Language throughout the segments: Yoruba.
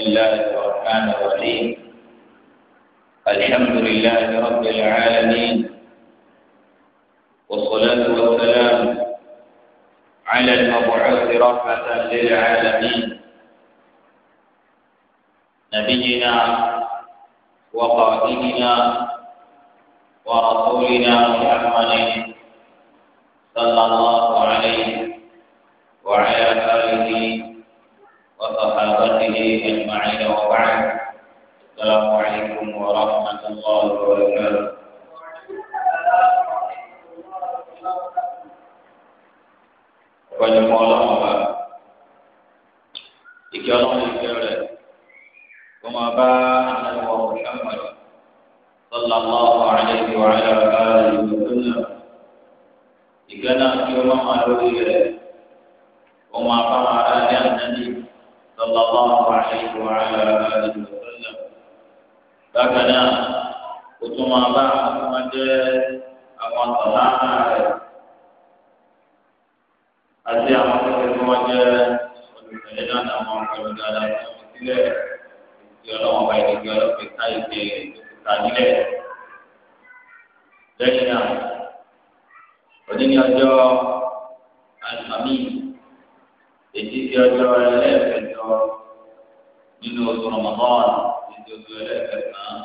الله الرحمن الرحيم الحمد لله رب العالمين والصلاة والسلام على المبعوث رحمة للعالمين نبينا وقائدنا ورسولنا محمد صلى الله عليه وعلى آله وصحابته أجمعين وبعد السلام عليكم ورحمة الله وبركاته Ọ̀pẹ̀lẹ̀mọ́ ọlọ́run ọba, ìkẹ́ ọlọ́run ìfẹ́ rẹ̀, kó máa bá àlẹ́wọ̀ Muhammad sallallahu alayhi wa alayhi wa sallam. Ìkẹ́ náà kí ó máa lórí rẹ̀, kó máa bá ara rẹ̀ ànáni. صلى الله عليه وعلى آله وسلم بكنا وتما بعد مجد àwọn tọ̀lá rẹ̀ àti àwọn akẹ́kọ̀ọ́ tí wọ́n jẹ́ olùtẹ̀lé náà ní àwọn ọ̀pọ̀lọpọ̀ dáadáa tí wọ́n sílẹ̀ ti ọlọ́wọ́n bá ìdíje ọlọ́pẹ̀ ká ìdè ìdókítà nílẹ̀. lẹ́yìn náà òní ní ọjọ́ àlùfàmì èyí ti ọjọ́ ẹlẹ́ẹ̀kẹ́ mẹ́jọ nínú oṣù Ramadan títí oṣù ẹlẹ́ẹ̀kẹsàn-án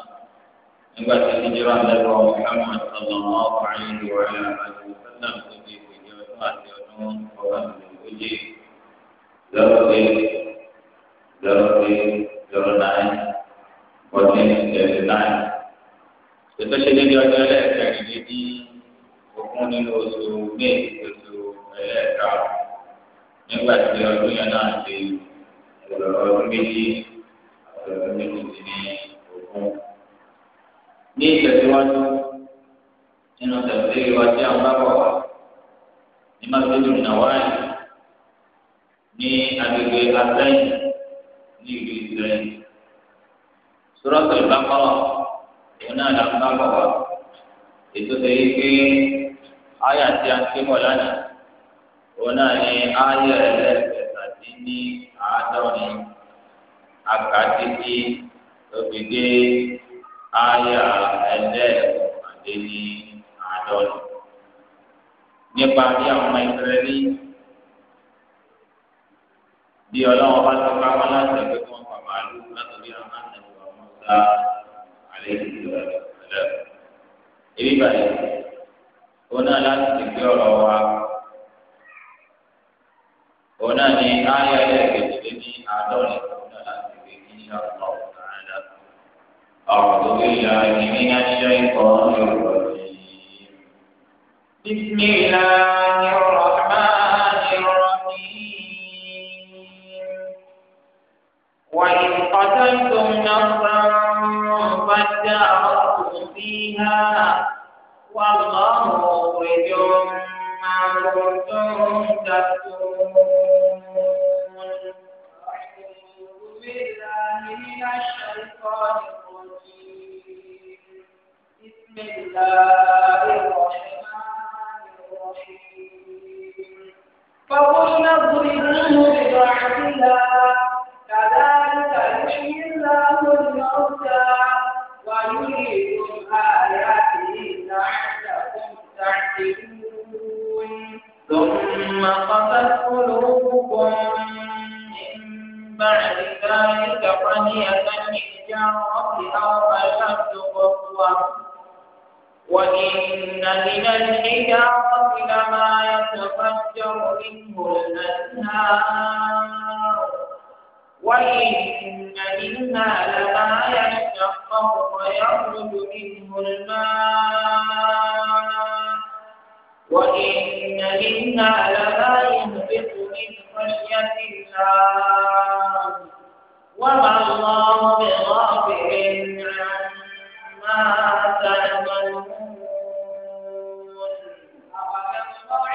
nígbà tí ìjọba lẹ́rọ Muhammad sallallahu alayhi wa sallam tó di ìpèjì ọdún àti ọdún ọ̀gáǹdínlógójì zero eight zero eight zero nine fourteen thirty nine ètò ṣe déédéé ọjọ́ ẹlẹ́ẹ̀kẹrin lé ní ogún nínú oṣù May oṣù ẹlẹ́ẹ̀ka nígbà tí ọdún yẹn náà ṣe àtọ̀lọ̀ ọdún méjì àtọ̀lọ̀ ọdún méjì ti ní ogún. ní ìtẹ̀síwájú nínú tẹ̀sí ìwà tí a ń bá bọ̀ wá ní mákèjì nàwáyé ní agbègbè atẹ́yìn ní ìlú ìsirẹ́yìn. sọ́rọ́sọ̀ ìbákọ́rọ̀ òun náà là ń bá bọ̀ wá ètò tẹ̀yí pé áyà tí a ń ké bọ̀ lánàá òun náà ní áyà ẹlẹ́ẹ̀kẹta dín ní àádọ́rin akadidi tóbi dé àyà ẹlẹ́ẹ̀kọ́kàndé ní àádọ́rin. nípa bí àwọn ọmọ ìsirẹ́lì bí ọlọ́wọ́ bá ti bá wọn láti ẹgbẹ́ tí wọ́n pa màálù látọ̀bí àwọn àtẹ̀wò àwọn ọ̀sá àlẹ́ ìdílé rẹ̀. èyí báyìí ó náà láti ti gbé ọ̀rọ̀ wa òun náà ní ayé ẹlẹ́gẹ̀dẹ̀ ní àádọ́rin òun náà láti gbé ní ṣàkóso àádá. أعوذ بالله من الشيطان الرجيم بسم الله الرحمن الرحيم وإن قتلتم نفسا فادارأتم فيها والله مخرج ما كنتم تكتمون فقلنا اضربوه ببعضها كذلك يحيي الله الموتى ويريكم آياته لعلكم تعقلون ثم قست قلوبكم من بعد ذلك فهي من الحجارة لما يتفجر منه الأنهار وإن منها لما يشقق ويخرج منه الماء وإن منها لما يهبط من خشية الله وما الله بغافل عما تعملون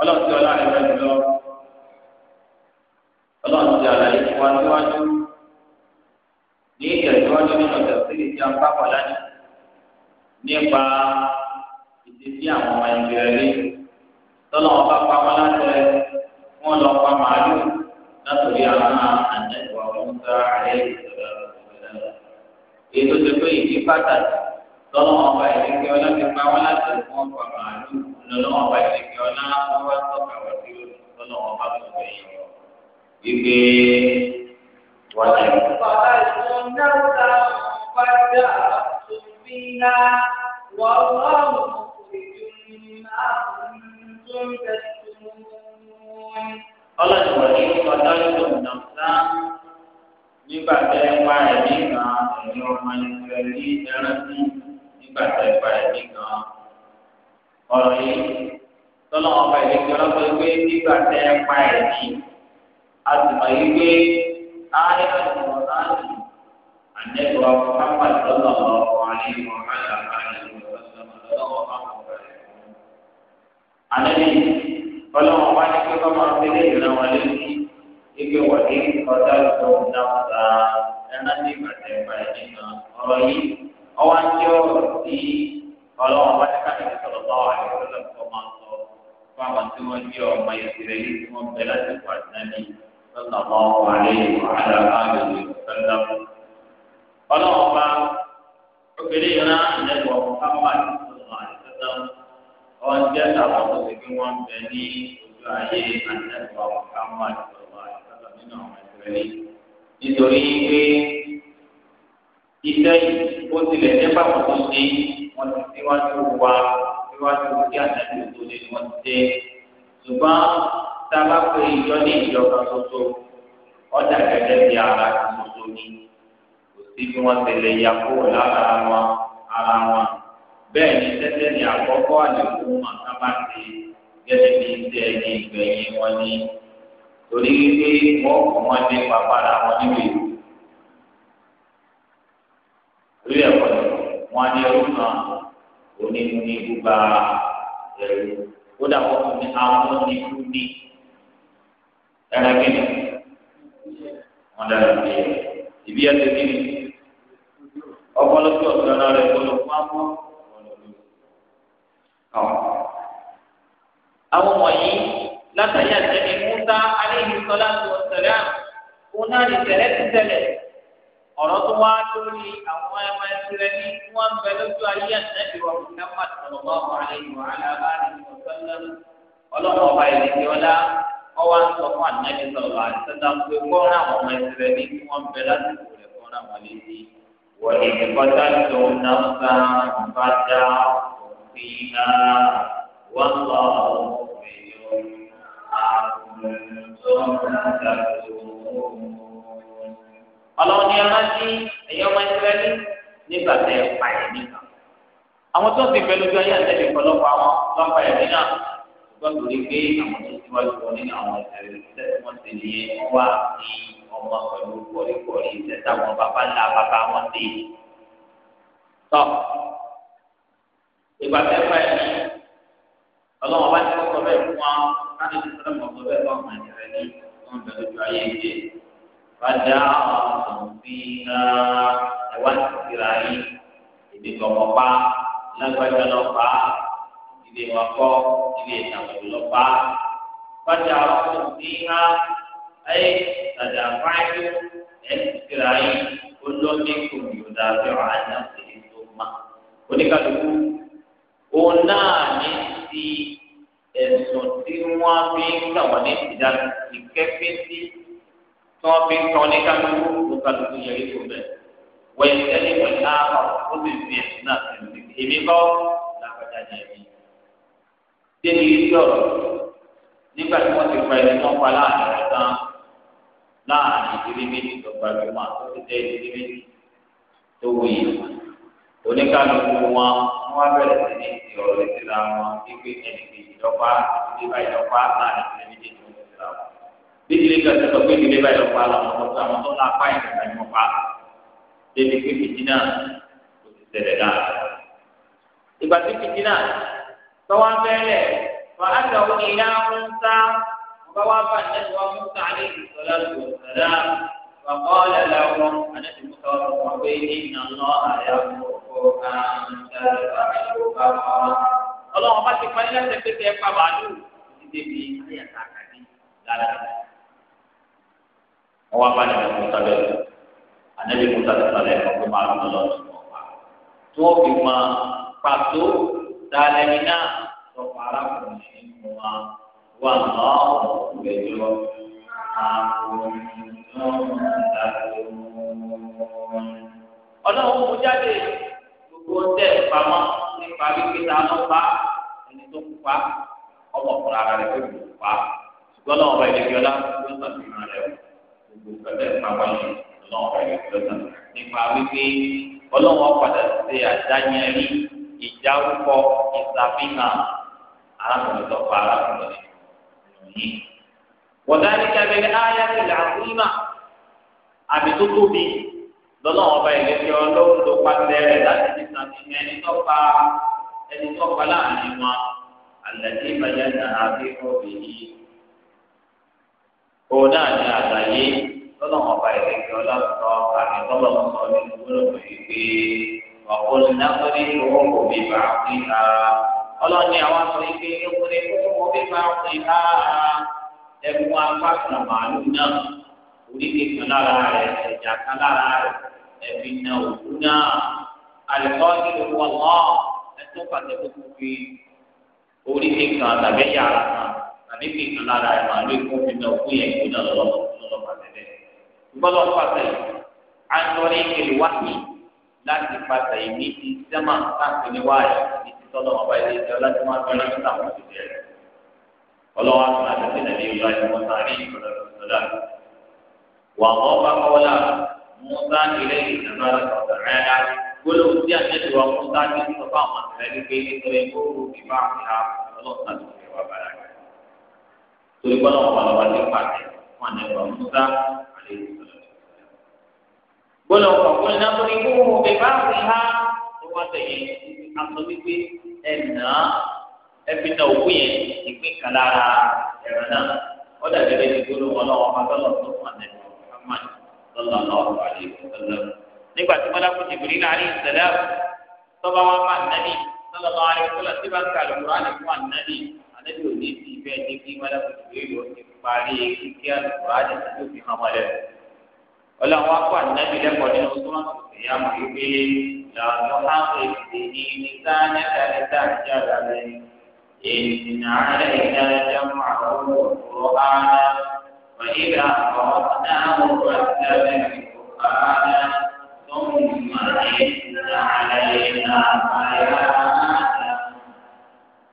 ọlọ́run ti ọlá rẹ̀ lọ́dún lọ ọlọ́run ti àlàyé fún wa síwájú ní ìtẹ̀síwájú nínú ìtẹ̀síwájú tí a ń pápọ̀ lánàá nípa ìdíjí àwọn ọmọ ìgbìrẹ̀lẹ̀ tọ́lọ́ wọn bá pa wọn láti rẹ̀ wọ́n lọ pa màálù látòrí àwọn àtẹ̀wọ̀ ọ̀hún sáà rẹ̀ èyí tó ti pé ìdí pàtàkì lọ́wọ́ ọba ìlẹ́kẹ́ ọlá ti pa wọ́n láti fún ọkọ̀ màálù lọ́wọ́ ọba ìlẹ́kẹ́ ọlá wọ́n wá tọ́ka wá sí lọ́wọ́ ọba tó fẹ́ yẹ wọ́n. wípé wọ́n ti. bàbá ìṣòro náà ta ọ̀pá-ìjà òfìnà wọ́n lọ́rùn ìjùmọ̀ tó wọ̀ ní ọjọ́ ìṣòro náà nígbà tẹ́ ń ẹ̀mí kan ẹ̀yọ́ ọmọ ìṣẹ̀lẹ̀ ní ẹran nígbà tá ẹ bá ẹ ní gan ọ̀rọ̀ yìí tọ́lọ́ ọba ìlẹ́kì ọlọ́pàá gbé nígbà tá ẹ pa ẹ ní àtùmọ̀ yìí gbé ayé àtùmọ̀ láti ànẹ́gbọ́ pápá ìtọ́lọ́ ọ̀pọ̀ àní mọ̀hálà àní ànẹ́bí ọlọ́wọ́n wá ní pé kọ́mọ abẹ́lé ìran wọn létí ike wọ̀dí ọ̀dà ìtọ́wọ́n náà ta ẹ̀rọ ní ìgbà tẹ̀ ẹ̀ka ìdí kan ọ̀rọ̀ yìí ọwọ́ àti ọ̀rọ̀ tí ọlọ́wọ́ bá ti káàkiri sọ̀rọ̀ bá wà ní ọ̀rọ̀ tó máa sọ fún àwọn tí wọ́n jẹ́ ọmọ ìṣẹ̀lẹ̀ yìí tí wọ́n bẹ láti kọ́ àtìlẹ́yìn lọ́nà bá wà ní wàhálà báyìí sọ́dọ̀. ọlọ́wọ́ bá obìnrin yìí rán àtìlẹ́wọ̀ káwọn àti sọ̀rọ̀ àti sọ́dọ̀ ọ̀n jẹ́ iṣẹ́ ó tilẹ̀ nípa tuntun sí wọ́n ti síwájú wa síwájú kí àtàlù tó lé wọ́n ti dé. ṣùgbọ́n tá a bá pe ìjọ ní ìjọ kan ṣoṣo ọjà gẹ́gẹ́ bí ara ti ṣoṣo ni kò sí bí wọ́n ti lè ya kúrò lára wọn ara wọn. bẹ́ẹ̀ ni tẹ́tẹ́ ni àkọ́kọ́ àlékún wọn ká bá ti gẹ́gẹ́ bí iṣẹ́ ní ìgbẹ̀yìn wọn ni. torí wípé wọ́n kọ́ wọn dé pàpàrà wọn níbi ìlú. wọn ní ẹrú kan onígun ní gbígba ẹrú ó dàpọ̀ fún mi àwọn onígun ní ẹrẹ́gbẹ́ wọn dára sí ẹ ìbí ẹsẹ̀ kí ni ọ̀pọ̀lọpọ̀ ọ̀sán ara rẹ̀ gbọ́dọ̀ fún akọ́ àwọn wọ̀nyí látàrí àtẹ̀mí Musa alayhi salatu wa salam òun náà lè tẹ̀lé ti tẹ̀lé ọ̀rọ̀ tó wá lórí àwọn ẹ̀ma ìṣẹ̀lẹ̀ ní wọ́n ń bẹ lójú ayé àtẹ́bí wa kò ká má tọ̀rọ̀ bá wà lẹ́yìn wà lábá nínú ọ̀sán ọlọ́run ọba ìdíje ọlá ọwọ́ ń sọ fún àtẹ́bí sọ̀rọ̀ àtẹ́tà pé kọ́ra àwọn ọmọ ìṣẹ̀lẹ̀ ní kí wọ́n bẹ lásìkò rẹ̀ kọ́ra wọn létí wọ́n ní wọ́n ọlọ́run ni ọmọ sí ẹ̀yọ́ ọmọ ìsirẹ́lì nígbà tẹ pààyàn nígbà. àwọn tó ń ti bẹ lójú ayé àtẹ̀lé ọ̀pọ̀lọpọ̀ àwọn tó ń pààyàn nínà ṣùgbọ́n torí pé àwọn tó ti wájú wọn nínú àwọn ìsirẹ́lì tẹ̀sí wọn ti lè wá sí ọmọ pẹ̀lú kọ̀ríkọ̀rí tẹ̀sí àwọn bàbá ńlá bàbá wọn ti. tọ́ ìgbà tẹ pààyàn ní ọlọ́run bá ti kọ́kọ́ bẹ́ẹ̀ fún wa padà ọ̀sìnà ẹ̀wá tìtìrà yìí èdè kọ̀ọ̀kan pa lágbájá lọ pa ilé wọn kọ́ ilé ìtàkùn lọ pa padà ọ̀sìnà ayé padà fáyọ ẹ̀ tìtìrà yìí olóyè kò ní o dà bí ọ̀hán náà ṣe é tó ma oníkàlùkù òun náà ní ti ẹ̀sùn tí wọ́n fi ń gbà wọ́n ní ìdá ìkẹ́fẹ́ sí tọ́ fi tọ́ ní kálukú ló kálukú yẹ kó bẹ́ẹ̀ wọ́n yẹ kẹ́lẹ́ wọ́n yá ó sì fi ẹ̀sìn náà sẹ́yìn sí èmi kọ́ làkàtà jẹ mí. débi sọ̀rọ̀ nígbà tí wọ́n ti pa ẹni tó ń pa láàrin rẹ̀ tán láàrin ìdílé méjì tó gbajúmọ̀ àtúntò jẹ́ ìdílé méjì tó wuyì oníkálukú wọn wọ́n bẹ̀rẹ̀ sí ní ìrọ̀lẹ́ síra wọn wípé ẹnì kejì lọ́pàá ìdílé báyìí lọ́pàá láàrin ìdílé méjì tó bí ilé kan tó sọ pé ìdílé báyìí lọ pa àwọn ọmọ tó àwọn tó ń la apá yìí kàkà ni wọn pa débi pé fìtínà kò ti ṣẹlẹ̀ náà. ìgbà tí fìtínà tọ́wọ́ abẹ́rẹ́ wà á lọ ní ilé amúnsá ọba wa bá nẹ́ẹ̀tì wọn mú sáré ìsọlá tó sọlá wàkọ́ọ̀lẹ̀ làwọn anẹ́tì mú sọ wọn pé iná lọ àyà kókó àǹtà ìgbà ọlọ́wọ́n bá ti parí láti pé kẹ́ ẹ pa màálù títí débi ayé àtàkàdé lára wọn wá bá nàbẹ musa bẹ́ẹ̀ anabi musa ti sọ lẹ́yìn ọgbẹ máa lọ lọ sí wọn pa tí wọn fi mọ pàtó dalẹni náà lọ pa arákùnrin mu wa wà lọ ìgbẹ́jọ́ ọlọ́run mú jáde gbogbo tẹ̀ pamọ́ nípa wípé ta ló pa ẹni tó kú pa ọmọkùnrin ara rẹ̀ tó kú pa ṣùgbọ́n náà ọba ìdíjọ́ lá ló ń sàfihàn rẹ̀ wọ̀ gbogbo ìfẹ́ pàápàá yìí ọlọ́run ọ̀rẹ́ ìfẹ́sán nípa wípé ọlọ́run ọ̀padà ṣe àdáyẹrí ìjáwúkọ ìsàfihàn arákùnrin tó pa arákùnrin yìí. wọ̀dáni kẹfẹ́lẹ́ ayáti làásìmà àmì tó tóbi lọ́lọ́run ọba ìlẹ́fẹ́ ọlọ́run ló pàṣẹ rẹ̀ láti fi sàfihàn ẹni tó pa ẹni tó pa láàrin wọn àlẹ́ tí ìbàjẹ́ náà á fi rọ̀ òun náà ní àlàyé lọ́nà ọba ìrẹ̀kẹ́ ọlọ́sọ àmì tọ́lọ̀ sọ nínú gbólóhùn yìí pé ọ̀pọ̀lù náà ní owó kò bí bá a pín ha ọlọ́ni àwọn sọ pé ọkùnrin kókó kò bí bá a pín ha ẹ̀gbọ́n apá kan màálù náà oríkèé kan lára rẹ̀ ẹ̀jà kan lára rẹ̀ ẹ̀fì náà òkú náà àlùkò nínú wọn lọ ẹ̀tún pàtẹ́kùn fi oríkèé kan tàbí yàrá kan àbí kí ìtàn lára ẹ̀ máa lé kó fún òkú yẹn kó náà lọ́wọ́ lọ́wọ́ pàṣẹ bẹ́ẹ̀. ìgbọ́dọ̀ pàṣẹ àtọ́rí kiri wáyé láti pàṣẹ ìmí ti sẹ́mà káàkiri ní wáyé ní ti tọ́lọ́ ọba ilé ìjọ láti máa fi ránṣẹ́ táwọn ti jẹ́ rẹ̀. ọlọ́wọ́ àti láti fi nàbí ìlú ayé wọn sáré ìgbọ́dọ̀ wà wọ́n bá kọ́lá musa ilé ìjọba rẹ̀ gbólóhùn tí torí kọ́ náà wọ́n wá sí pàtẹ wọn ní ọ̀rọ̀ musa àlẹ́ ìsọ̀rọ̀. gbọ́dọ̀ ọ̀gbọ́n iná tó ní kókó mo bẹ bá rí ha ló wá tẹ̀yẹ aṣọ wípé ẹ̀ nà ẹ̀ fi na òkú yẹn ìpín kàlà ẹ̀rọ náà ó dàbí ẹni tó ló wọn náà wọn bá tọ́lọ̀ tó wọn ní ọ̀hánmá lọ́lọ́ lọ́wọ́ àlẹ́ ìsọ̀rọ̀. nígbà tí mọ́lá kùn jìbìrì láàrin ìsẹ̀lẹ̀ tọ́ba wọn bá nàbì sọ́lọ́ anabi òní ti bẹ́ẹ̀ ní kí mọ́lẹ́kùn ìwé ìlú ti parí kíkí àlùkò àti tí yóò fi hàn mọ́lẹ̀. ọlọ́run wá kó ànábì lẹ́kọ̀ọ́ nínú sọ́mọ́tò ìyá mọ̀ wípé làwọn hàn èsì ní níta níta níta níta lálẹ́ ìnà àlẹ́ ìdá ẹja mọ́ àwọn olùkọ́ ààrẹ wàhíbà ọ̀nà àwọn olùkọ́ ààrẹ tó ń mọ̀ ní ìnà àlẹ́ ìdá ààrẹ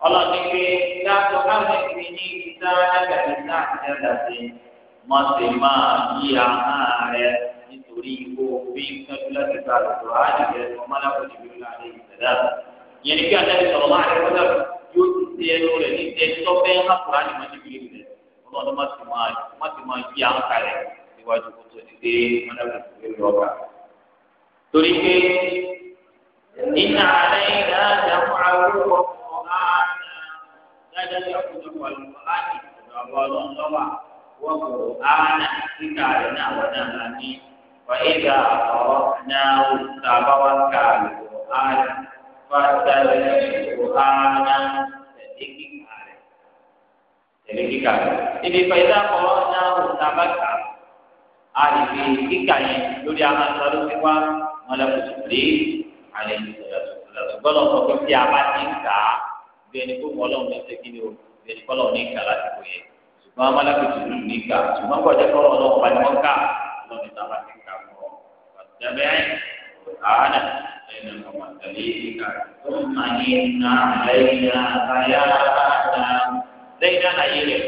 ọlọ́ni pé dáàtọ̀ káwọn ẹ̀mí ní ìdá ẹgbẹ̀rún náà ti dá sí wọ́n sì máa yí ahọ́n rẹ nítorí ikú bí kájú láti gba àlùkò àdìgbẹ ọmọ alákòjì bí wọn àlè ìṣẹ̀dá. yẹn ni kí adájọ́ sọ̀rọ̀ máa rẹ kọjá yóò ti ṣe ẹnu rẹ ní ìṣe tọ́pẹ́ hákùrá ni wọ́n ti fi lè rẹ má ti máa yí àwọn olùkọ́ dájọ́ ní ọ̀pọ̀lọpọ̀ àlùfáàdì ọ̀dọ̀ ọlọ́run lọ́wà wọ́n kò áánà kíkà rẹ̀ náà wọ́n náà là ní wàhídà ọ̀rọ̀ náà ó ta bá wá ká lò áánà fásitì lò áánà tẹ̀lé kíkà rẹ̀ tẹ̀lé kíkà rẹ̀. ibi pẹ̀lú ọ̀rọ̀ náà ó ta bá ká àìfi kíkà yẹn lórí àwọn àtọ́ ló ti wá mọ́lẹ́kùn tó lé àlejò ìṣẹ̀lẹ̀ tó lọ́sọ̀gbọ́n lọ́sọ̀gbọ́n tí a bá ti ń kà á bí ẹni kó mọ ọlọ́run lọ́sẹ̀ kí ni o bí ẹni kọ́ lọ́run ní ìka láti kò yẹ ṣùgbọ́n amálákòtò ló ní ìka ṣùgbọ́n kọjá kọ́ lọ́run ọba ni wọ́n ká lọ́ni táwa ti ká fún ọ pàtẹ́bẹ́ àánà ẹnu ọmọ tẹ̀lé ìka tó mà ní iná lẹ́yìn àbáyá lẹ́yìn àlàyé rẹ̀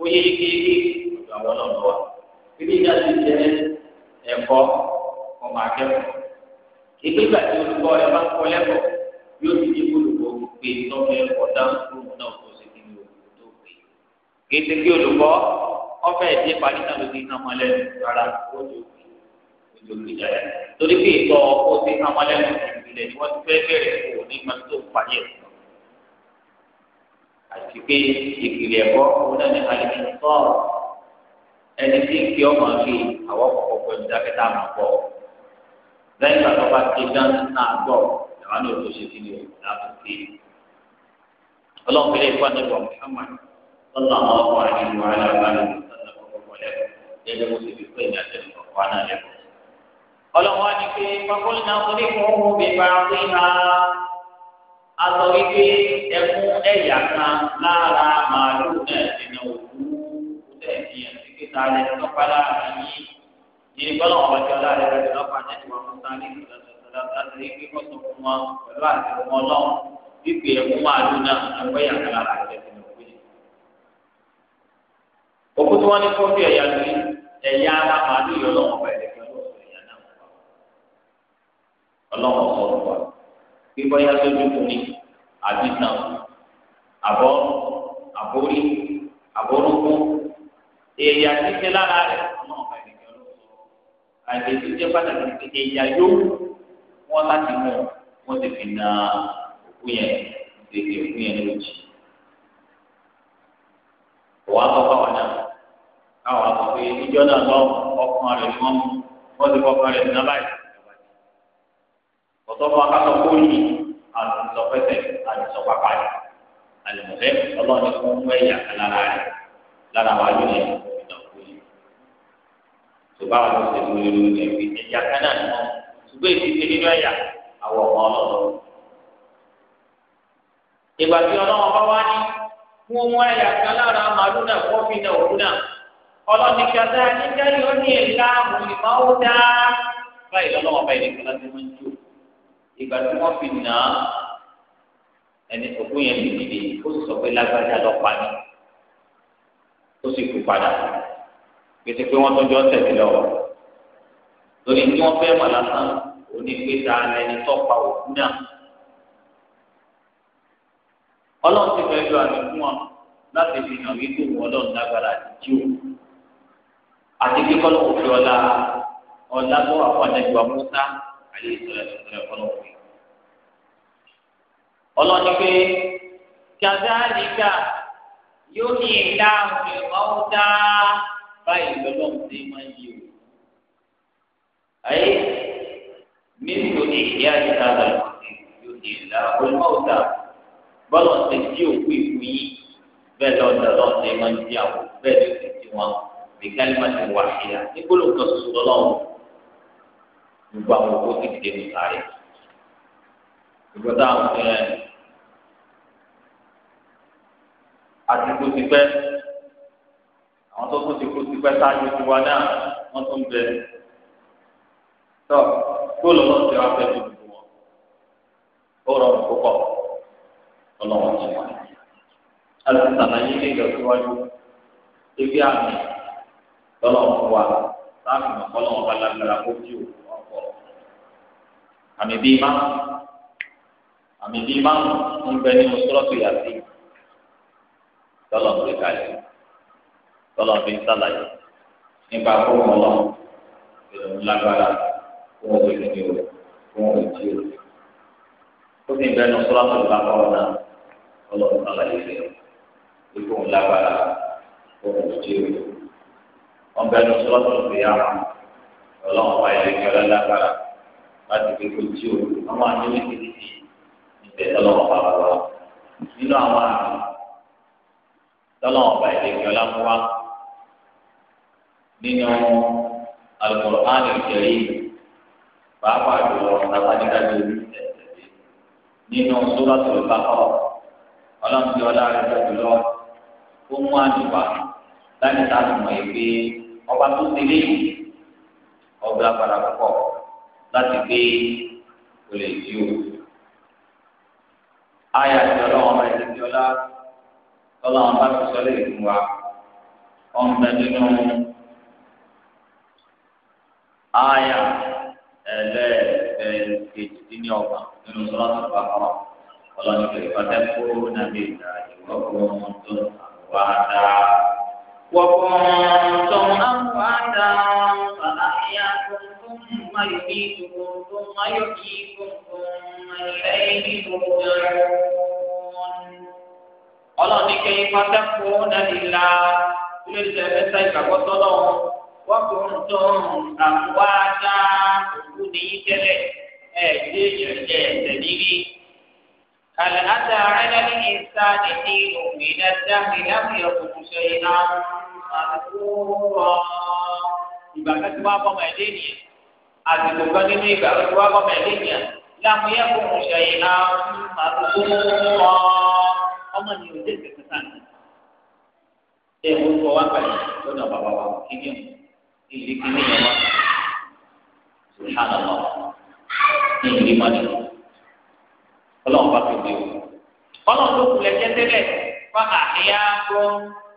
ó yé yékéyéké ọ̀dọ̀ àwọn ọlọ́run wa ilé ìjà ti jẹ ẹ̀kọ́ ọmọ akẹ́kọ̀ọ́ ìgbégbà tí olùkọ́ ẹ bá kọ́ lẹ́kọ̀ọ́ yóò ti di pé lọ́mọ ẹ̀kọ́ dáhùn tó mọ̀ náà kó ṣe kíni o tó pè. kéde kí olùkọ́ ọ̀fẹ́ ẹ̀dí parí náà ló ti ń hàn lẹ́nu rárá ó ti òkè ó ti òkè jáde. torí pé ìtọ́ ó ti hàn lẹ́nu ìpìlẹ̀ ni wọ́n ti fẹ́ bẹ̀rẹ̀ kó ní ma tó parí ẹ̀ àti pé ìpìlẹ̀ ẹ̀kọ́ ó náà ní alẹ́ ẹni tí ń kí ọmọ fi àwọn ọkọ̀ pẹ̀lú dákẹ́tà máa bọ̀ lẹ́yìn ìgbà tó bá ti dáńtì náà gbọ́ ìwádìí òtún ṣe kí ni o láti fi ọlọ́run fi lè fún àdébọ̀ Muhammad lọ́nà àwọn ọkọ̀ àdébọ̀ wàhálà wàhálà lọ́nà ọkọ̀ lẹ́kọ̀ọ́ lẹ́yìn mo sì fi pé ní àtẹnudọ̀ wà náà lẹ́kọ̀ọ́. ọlọ́run wá ní pé fakọ́lìnà oníkùnrin mi bá wí ha a sọ wípé ẹkún ẹ̀yà kan lára màálùú náà dènà òkú tẹ̀sí àti kíta rẹ̀ lọ́pàá lára yìí yìí bọ́lá wọn wípé ẹ̀kọ́ máa dún náà ẹ̀kọ́ yà kàlà àti ẹ̀sìn òkú yìí. òkú tí wọ́n ní fún bí ẹ̀yà lórí ẹ̀yà ara màálù yìí ọlọ́wọ́ bá ẹ̀dẹ̀ kan lọ́sọ̀ ẹ̀yà náà wà. ọlọ́wọ́ sọ fún wa bí bọ́yá lójú fún ni àbí tàn àbọ̀ àbórí àbórúkú ẹ̀yà títí lára rẹ̀ ọlọ́wọ́ bá ẹ̀dẹ̀ kan lọ́sọ̀ tó jẹ́ pàtàkì ẹ̀yà yóò òkú yẹn tètè òkú yẹn ló jì wàá kọ́kọ́ náà káwọn àgbà pé ìjọ náà lọ ọkàn rẹ̀ ni wọ́n mú ti kọ́kàn rẹ̀ ní abáyé ọ̀tọ́ fún akásọ̀ kóyì àtúntọ̀pẹ́sẹ̀ àtúntọ̀pápáyé àlùmọ̀lẹ́ ọlọ́ọ̀ni fún ẹ̀yà lára rẹ̀ lára wa wọn ni ìgbà tí ọlọ́wọ́n bá wá ní fún ọmọ ẹ̀yà kan lára màálù náà wọ́n fi náà òru náà ọlọ́ni kẹta nígbà yóò ní ìlà mùsùlùmá ó dá báyìí lọ́wọ́n bá ìdíkan láti máa ń jò ìgbà tí wọ́n fi nà á ẹni òkú yẹn bì dìde ó sì sọ pé lágbájá lọ pa ni ó sì kú padà pété pé wọ́n tọ́jú ọ̀sẹ̀ ti lọ́wọ́ lórí tí wọ́n fẹ́ mọ̀ lásán òní ẹni tó pa òkú náà ọlọ́run ti fẹ́ lu àmì fún wọn láti fi hàn wípé wọn ọlọ́run lágbára àti jí o àti kíkọ́ ló kò fi ọlá ọlá tó wà fún àtẹ̀jú amúsá àyè ìṣẹ̀lẹ̀ ìṣẹ̀lẹ̀ ọlọ́run fi. ọlọ́run pé kàdáàlìkà yóò ní ìlà àwọn ọ̀dà báyìí lọ́lọ́run ti máa yí o. ayé mímu ìyá ìta àgbà yóò ní ìlà àwọn bọ́lọ̀ ṣe jí òkú ìkú yìí bẹ́ẹ̀ lọ́dọ̀ lọ́dọ̀ máa ń jí àwọn bẹ́ẹ̀ ló ti jí wọn bìkálí máa ti wà ṣíra ní gbólóhùn kan ṣoṣo lọ́wọ́ gbogbo àwọn òkú ti dìde mú sáré ìgbọ́dọ̀ àwọn ẹ̀ àtìkú ti pẹ́ àwọn tó tún ti kú ti pẹ́ sáájú tiwa náà wọ́n tún bẹ tọ́ gbólóhùn ti wá fẹ́ lójú wọn ó rọrùn púpọ̀ ọlọ́wọ́ ti wà. alùpùpù yìí lè lọ síwájú ebi àmì lọ́lọ́wọ́ fún wa láàmì ọlọ́wọ́ bá lágbára kó tí o ọ̀pọ̀. àmì bíi má àmì bíi má ń bẹ nínú sọ́lọ́tù yàtí tọ́lọ́ọ̀gbé kalẹ̀ tọ́lọ́ọ̀gbé sálàyé nípa kó wọn lọ ìrònú lágbára kó wọn wọlé ní o kó wọn wọlé tí o. ó sì ń bẹ nínú sọ́lọ́tù yàtí ọlọ́run náà lè fi hàn ipò ńlágbára ohun tí o wọn bẹ lọ sọ́tọ̀ sí àwọn ọlọ́run ọba ìlẹ́kẹ̀ ọlọ́lágbára láti fi kó tí o wọn máa ní wíkì títí níbẹ̀ ọlọ́run ọba wa nínú àwọn àmì tọ́lọ́run ọba ìlẹ́kẹ̀ ọlọ́múwa nínú Al-Qur'an al pàápàá jùlọ nàbàdìdájọ́ nínú Suratul Baqarah. ọlọ́run tí ọlá rẹ̀ tẹ̀sí lọ ó mú àdùbà láti sàtúmọ̀ ebe ọba tó ti lé yìí ọgbà padà pọ̀ láti gbé olè tí o. ayé àti ọlọ́run ọba ìdíje ọlá ọlọ́run bá ti sọlé ìlú wa ọ̀nbẹ nínú ayé ẹlẹ́ẹ̀ẹ́ kejì ọlọ́ni pé pátákó nàbí ìgbà ìwọ́pọ̀ tó àwọn àdá. wọ́pọ̀ tó àwọn àdá fàlàyà tuntun máyò bí tuntun máyò bí tuntun ẹ̀yìn tuntun. ọlọ́ni pé pátákó nàbí ìlà ilé iṣẹ́ mẹ́ta ìgbàgbọ́ tọ́lọ́ wọ́pọ̀ tó àwọn àdá òkú nìyí tẹ́lẹ̀ ẹ̀ẹ́dẹ́gbẹ̀rẹ̀ ẹ̀ẹ́dẹ́gbẹ̀rẹ̀ هل أتى على الإنسان حين من الدهر لم يكن شيئا مذكورا ìgbà kan tí wàá bọ́ ọmọ ẹ̀dẹ́ nìyẹn àtìkò kan nínú ìgbà kan tí wàá bọ́ ọmọ ẹ̀dẹ́ nìyẹn láàmú yẹ kó mo ṣe yìí náà ọmọ ni òde ìgbà kan sáà ẹ ò ń bọ wá pẹ̀lú lọ́nà bàbá wa kíni o ìlú kíni yẹn wá sùhánà lọ ọlọ́run bá fi gbé o ọlọ́run tó kulẹ̀ jẹ́ tẹ́lẹ̀ wá àyà gbọ́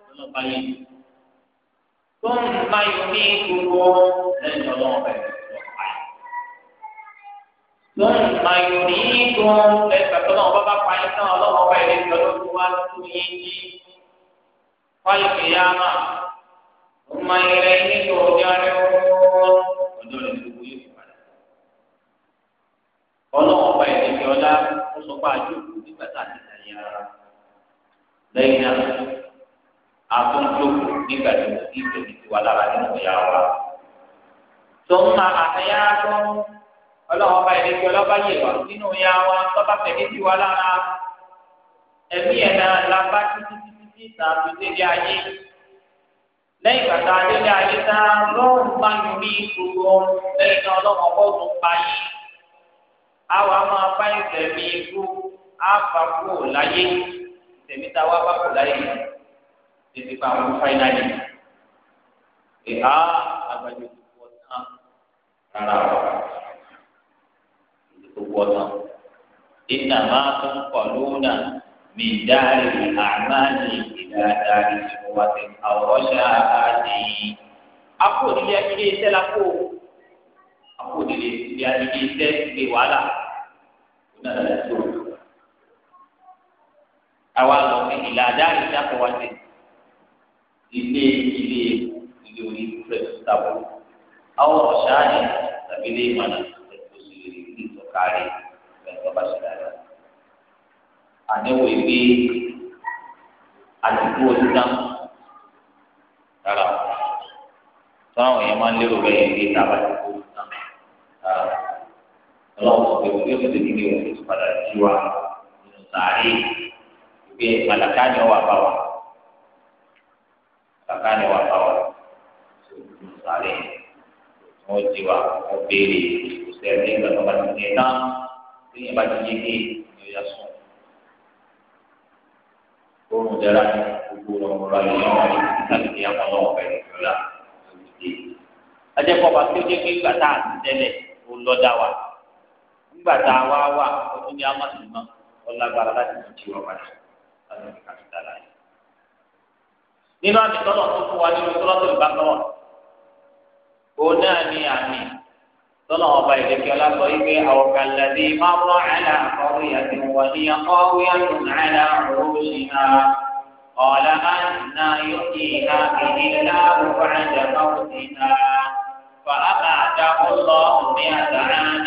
ọlọ́run bá yẹ tó ń bá yọ ní gbogbo lẹ́yìn ọlọ́run bá yẹ tó ń bá yọ ní gbogbo lẹ́yìn ọlọ́run bá bá pa yín tán ọlọ́run bá yẹ lẹ́yìn ọlọ́run wá tó yé ní wáyé kìlá náà ó máa yẹ lẹ́yìn ní gbogbo jáde ọ̀hún ọjọ́ rẹ̀ gbogbo yóò padà ọlọ́run bá yẹ lẹ́yìn ọlọ́run ó sọ pé àjòkù nígbà tá a ti tàn yín ara lẹ́yìn náà a tó ń jókòó nígbà tí mo ti tẹ̀lé ti wá lára nínú ìyá wa. tó ń ma àtẹ̀yà tó ọlọ́wọ́ bá ẹni tí ọlọ́ba yẹ̀ wá nínú ìyá wa lọ́ba tẹ̀lé ti wá lára ẹ̀mí ẹ̀ náà la bá títí títí tàbí délé ayé lẹ́yìn bàtà délé ayé tá lọ́rùn bá yọrí gbogbo lẹ́yìn náà ọlọ́wọ́ bọ́ọ̀lù pa yìí àwa máa bá ìtẹ̀mí ikú àfàkù láyé tẹ̀mí tá a wá fàkù láyé tètè pa àwọn fáìnàlì ìhà àgbàjọ gbogbo ọ̀tán rárá gbogbo ọ̀tán ìnà máa tó ń pọ̀ lónà mí dárí àmàlì ìdá dárí ìfowópamọ́ àwòrán ṣáà á di. akó ìdílé akíndé sẹ́la kó o àpò òdìdí ìdí àdìdí iṣẹ́ ìdí wàhálà ìdí àdìdí tó. àwa lọ sí ìlà àdáyé ìdáko wa ti ilé ilé ilé orí rẹ̀ sábò àwọn ọ̀ṣà yẹn tàbí ilé ìmọ̀nà ẹ̀kọ́ sí ilé ìtọ́kárí ẹ̀kọ́ bá ṣe dáadáa. àníwò ìgbé àdìgbò ìdáhùn rárá táwọn èèyàn máa ń lérò bẹ́ẹ̀ ní ìta báyìí ọlọ́wọ́ ọ̀gbẹ́ wọn itu tètè nílé pada jiwa padà jí wa nínú sàárè ìgbé màlàká ni wà bá wa màlàká ni wà bá wa nínú sàárè bagi jí wa wọn béèrè ìgbésẹ̀ nígbà tó bá ti ní ẹ̀ náà tí yẹn bá ti yé ké ni ó yà sùn oorun dara gbogbo olọ́dà wa nígbà tá a wá wà ọdún ní amásùnmọ́ ọlágbára láti fi tiwa padà láti fi kàtúntà láàyè. nínú àmì tọ́nà tó fún wa nínú tọ́lọ́tò ìbátanwọ̀ òun náà ní àmì tọ́nà ọba ìdẹ́kẹ́ ọlásọ yìí pé àwòkàn lẹ́dí máa rán àlà àkọ́wé àti wọ́n ní akọ́wé àtùn àlà òun ṣì náà. قال أنا يحيي هذه الله بعد موتها فأبعده الله مئة عام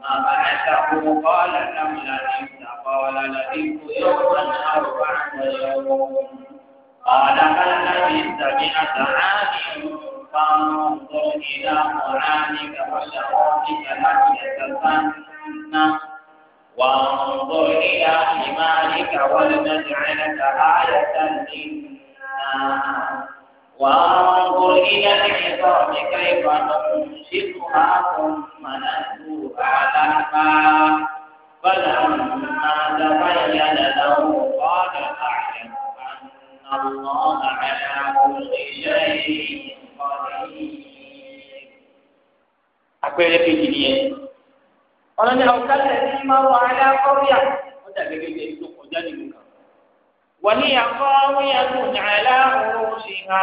ثم بعثه قال كم لبثت قال لبثت يوما أو بعد يوم قال هل لبثت مئة عام فانظر إلى قرآنك وشرابك لم يتسنى وانظر إلى حمارك ولنجعلك آية للناس وانظر إلى العظام كيف ننشدها ثم نتلوها لحما فلما تبين له قال أعلم أن الله على كل شيء قدير àpẹẹrẹ kejì nìyẹn ọlọ́ni àwùjọ àti ẹni máa wọ alẹ́ akọ́rìà ó dàbí gẹ́gẹ́ tó kọjá nínú kan wàlíyà kọ́ wíyà tó nyàlá oṣù ha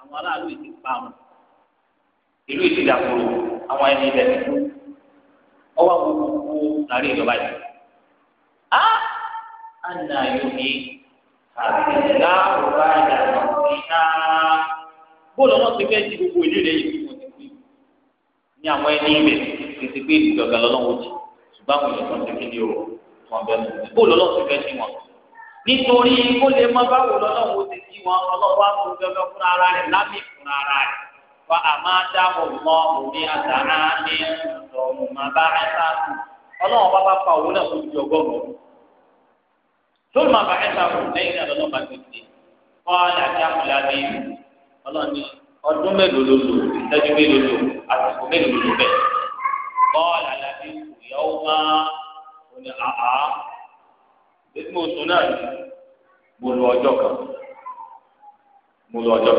àwọn aráàlú ìdí pa wọn ìlú ìdí dàkúrò àwọn ẹni ibẹ̀ ti kú ọwọ́ àwọn gbogbo láàrin ìjọba yìí á àná yóò ní àbílá òwá ìdàgbà oṣù ha bóòlù wọn ti fẹ́ di gbogbo ìlú rẹ̀ yìí wọn ti kú ní àwọn ẹni ibẹ̀ tètè pé ìdọ̀gà lọ́lọ́wọ́ jì ṣùgbọ́n àwọn èèyàn nítorí kó lè mọ báwo lọ́lọ́wọ́ ti di wọn ọlọ́wọ́ àwọn ọ̀dọ́dọ́ fúnra ara rẹ̀ lámì fúnra ara rẹ̀ wa àmà dáhùn mọ́ òní àtàrà ní ọ̀rùn má bá ẹ̀ta kù ọlọ́wọ́ bá bá pa òun náà kó ju ọgọ́rùn-ún lórí má bá ẹ̀ta kù lẹ́yìn náà lọ́lọ́ bá ti di kọ́ọ̀lì àti àkùlà ọlọ́ni ọdún mélòó ló lò ìtẹ́jú mélòó lò àsìkò mélòó ló bẹ̀ kọ́ọ̀lì àlàbí ètò oṣù náà mo lò ọjọ kan mo lò kan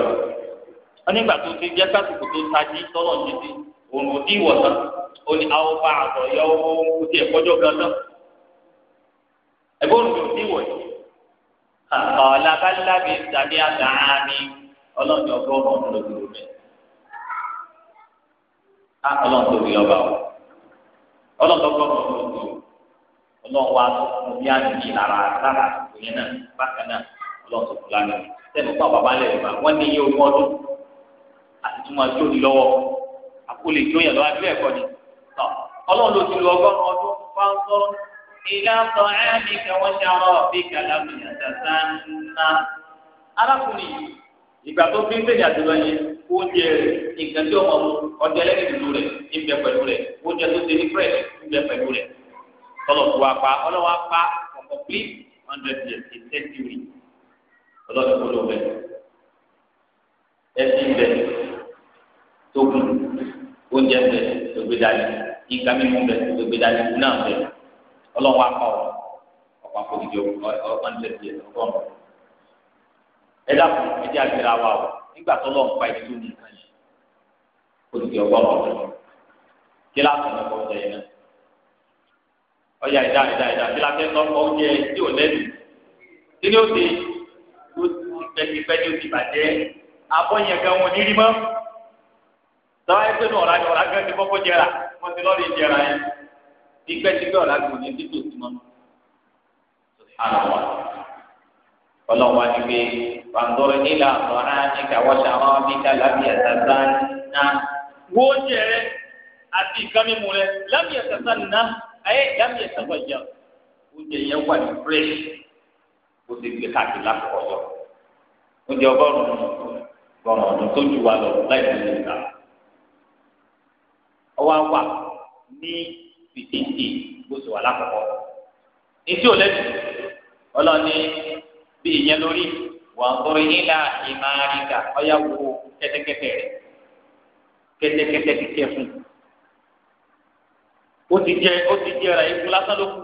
wọn nígbà tó ti jẹ́ sásìkò tó sáájú tọ́lọ̀ dị òun ò ọrụ ó ní àwọn bá àtọ̀ yọ ohun kó tiẹ̀ gan tán òun tàbí o ọlọ́run wa tó fún bí àmì lára lára àsìkò yẹn náà bákan náà ọlọ́run tó fún lánàá sẹ́nu pa bàbá lẹ̀ yorùbá wọ́n ní iye ogún ọdún àti tí wọ́n jó ní lọ́wọ́ àkólé tó yẹn lọ́wọ́ abẹ́rẹ́ ẹ̀kọ́ ni ọlọ́run ló ti lu ọgọ́rùn-ún ọdún wọn ń sọ kẹwọ́n ṣàrọ̀ bí kàlámù yàtà sáńnà arákùnrin ìgbà tọ́lọ̀ tó wá pa ọlọ́wọ́ apá ọ̀pọ̀ pé hundred years in century ọlọ́dún kó ló bẹ̀ ẹsìn bẹ̀ tó kùn oúnjẹ bẹ̀ tó gbé dání nǹkan mímú bẹ̀ tó gbé dání kú náà bẹ̀ ọlọ́wọ́ apá ọ̀ ọ̀pọ̀ àpòjìjọ hundred years ọgọ́rùn-ún ẹ dákun ẹ jẹ́ àgbèrè àwa o nígbà tó lọ́ọ̀ pa ìdílé nìkan yìí kó ti kí láti ọ̀nà kọ́ ọ̀dọ̀ náà ọyà ìdá ìdá ìdá tí lakẹ́ sọ fọ oúnjẹ tí ò lẹ́nu tí ni ó ti ó ti pẹ́kipẹ́ ni ó ti bàjẹ́ abọ́ yẹn gan wọn nírí mọ́ tọ́wá yẹn pé ní ọ̀rá ni ọ̀rá gan ti kọ́kọ́ jẹrà wọ́n ti lọ́ọ̀rì jẹrà yẹn tipẹ́tipẹ́ ọ̀rá gan ní títò sí mọ́ àlọ́wà ọlọ́wà ni pé pàǹdọ́rẹ́ nílà ọ̀rá ní kàwọ́sà ọ̀rá mi ká lábíyà tàbá náà wọ́n jẹ rẹ àti ìkànnì mu rẹ lábíyà tàbá náà ayé lámì ìsọgbọjà oúnjẹ yẹn wà ní fresh kó ti gbé káàkiri lásìkò ọjọ́ oúnjẹ ọgọ́rùn gbọràn ọdún tó ju wa lọ láì fún mi ta ọwọ àwà ní fìdíǹdì bó ti wà lákòókò etí ò lẹnu ọlọni bí ìyẹn lórí wà ń kọrin nílà ìmárìkà ọyà wo kẹ́tẹ́kẹ́tẹ́ rẹ kẹ́tẹ́kẹ́tẹ́ ti kẹ fún un ó ti jẹ ó ti jẹ ra ikú lásán ló kù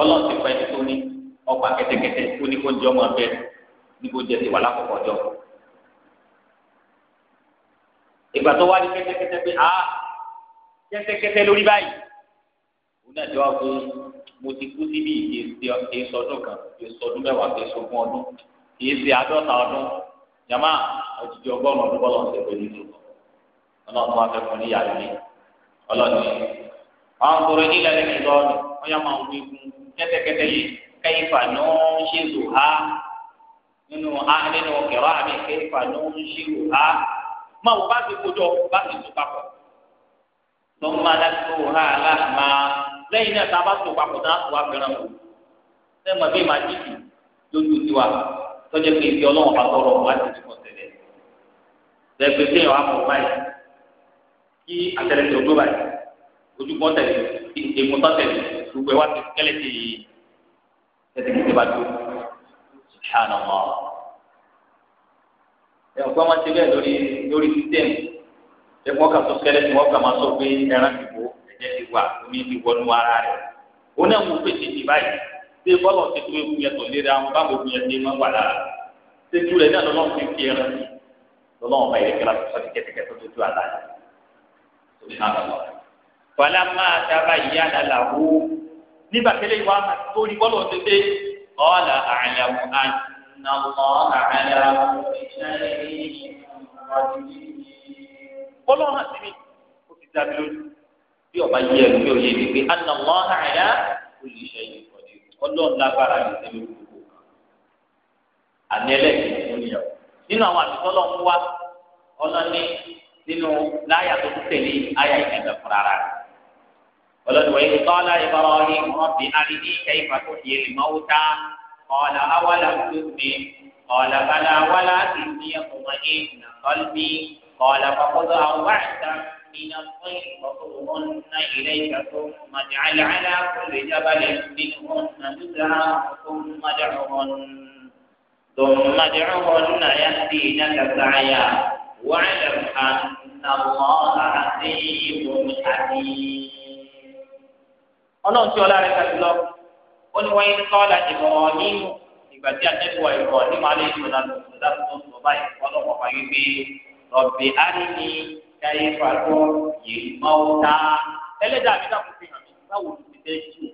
ọlọ́run ti fẹ́ tó ní ọgbà kẹ́tẹ́kẹ́tẹ́ ó ní kó jẹ́ ọmọ abẹ́ níbo jẹ ti wà lákòókò ọjọ́ ìgbà tó wá ní kẹ́tẹ́kẹ́tẹ́ pé a kẹ́tẹ́kẹ́tẹ́ lórí báyìí òun náà ti wá pé mo ti kú síbi ìyè sọdún kan ìyè sọdún mẹ́wàá ìyè sọdún ọdún ìyè sí àádọ́ta ọdún yàmá òjijì ọgọ́rùn-ún ọdún bọ́lá ọ̀sẹ̀ pẹ̀lú ìṣòro ọlọ́run wá fẹ́ fún ní yàrá mi ọlọ́run yìí wọn kúrò nílẹ̀ lẹ́yìn lọ́ọ̀nù wọn yà máa wí fún kẹ́tẹ́kẹ́tẹ́ yìí kẹ́yìfà ní wọ́n ń ṣe lò ha nínú ha nínú kẹ̀rọ àmì kẹ́yìfà ní wọ́n ń ṣe lò ha máa wò bá ti kójọ bá ti tó papọ̀ tó ń máa dájú ha aláàmà lẹ́yìn náà tá a bá tó papọ̀ náà tó wá fẹ́ràn wò sẹ́mọ̀ bí màá jìjì lójú tiwa tọ́jú pé ìfi ọlọ́run bá tọrọ wá ti ti kọ̀ tẹ̀lé lẹ́gbẹ̀ẹ́ kí àtẹlẹsẹ̀ ojú báyìí ojú kọ́ tẹ̀lé egun tọ́ tẹ̀lé gbogbo ẹ̀ wá ti kẹ́lẹ́ ti tẹ̀tẹ̀kẹ́tẹ̀ bá dúró ṣàánà mọ́ ẹ̀ ọ̀pẹ́ wọn ti bẹ́ẹ̀ lórí lórí system ẹ̀ wọ́n kà sọ kẹ́lẹ́ tí wọ́n kà máa sọ pé ẹran ti wò ẹ̀jẹ̀ ti wà omi ti wọnú ara rẹ̀ ó náà mú pèsè ti báyìí ṣé bọ́lọ̀ ti tó egun yẹn tó léra wọn báwo egun yẹn ti máa wà lára ṣé tu rẹ̀ náà fi fi ẹran lọ́nà ọmọ ẹ̀yẹ kẹlá tó sọ ti kẹ́tẹ́kẹ́tẹ́ tó tó àlàyé falama daba ìyá dala wo nígbà kẹlẹ ìwà máa tó ní bọ́lọ̀ tó dé ọ̀là àlàmù ànàmọ́ àlàmù bọ́lọ̀ hàn sí mi ó ti dábí lójú bí ọba yí ẹnu bí òye ni pé ànàmọ́ àlà olùṣe ìkọ̀dé ọlọ́run lágbára ní sẹ́mi gbogbo àmì ẹlẹ́gbẹ̀ẹ́ nínú àwọn àmì tọ́lọ́ ń wá ọlọ́ni nínú láyà tó tẹ̀lé ayà ìgbàgbọ́ fúnra rà ọlọ́dún wáyé tọ́lá Ibrahim rọ́bì arídì kẹ́yìfà tó fi èlì máa wó tá ọ̀là awàlà tó mi ọ̀là bàlà wàlà ìní ọ̀gbọ̀n ní nàkọ́lbí ọ̀là fàkọ́dọ̀ àwọn àṣà من الطير فطرهن إليك ثم اجعل على كل جبل منهن جزعا ثم ادعهن ثم ادعهن يهدينك سعيا واعلم أن الله عزيز حكيم ọlọ́run tí ọlá rẹ̀ kàdé lọ ó ní wọ́n yín kọ́lá ìmọ̀ nínú ìgbà tí àtẹ́kọ̀ọ́ ìmọ̀ nínú alẹ́ ìṣòro àti ìṣòro àti tó ń sọ báyìí ọlọ́run ọ̀pá yín pé rọ̀bì áríní káyé fàtó yìí mọ́ ó ta ẹlẹ́dàá mi fi hàn mí báwo ló ti fẹ́ jù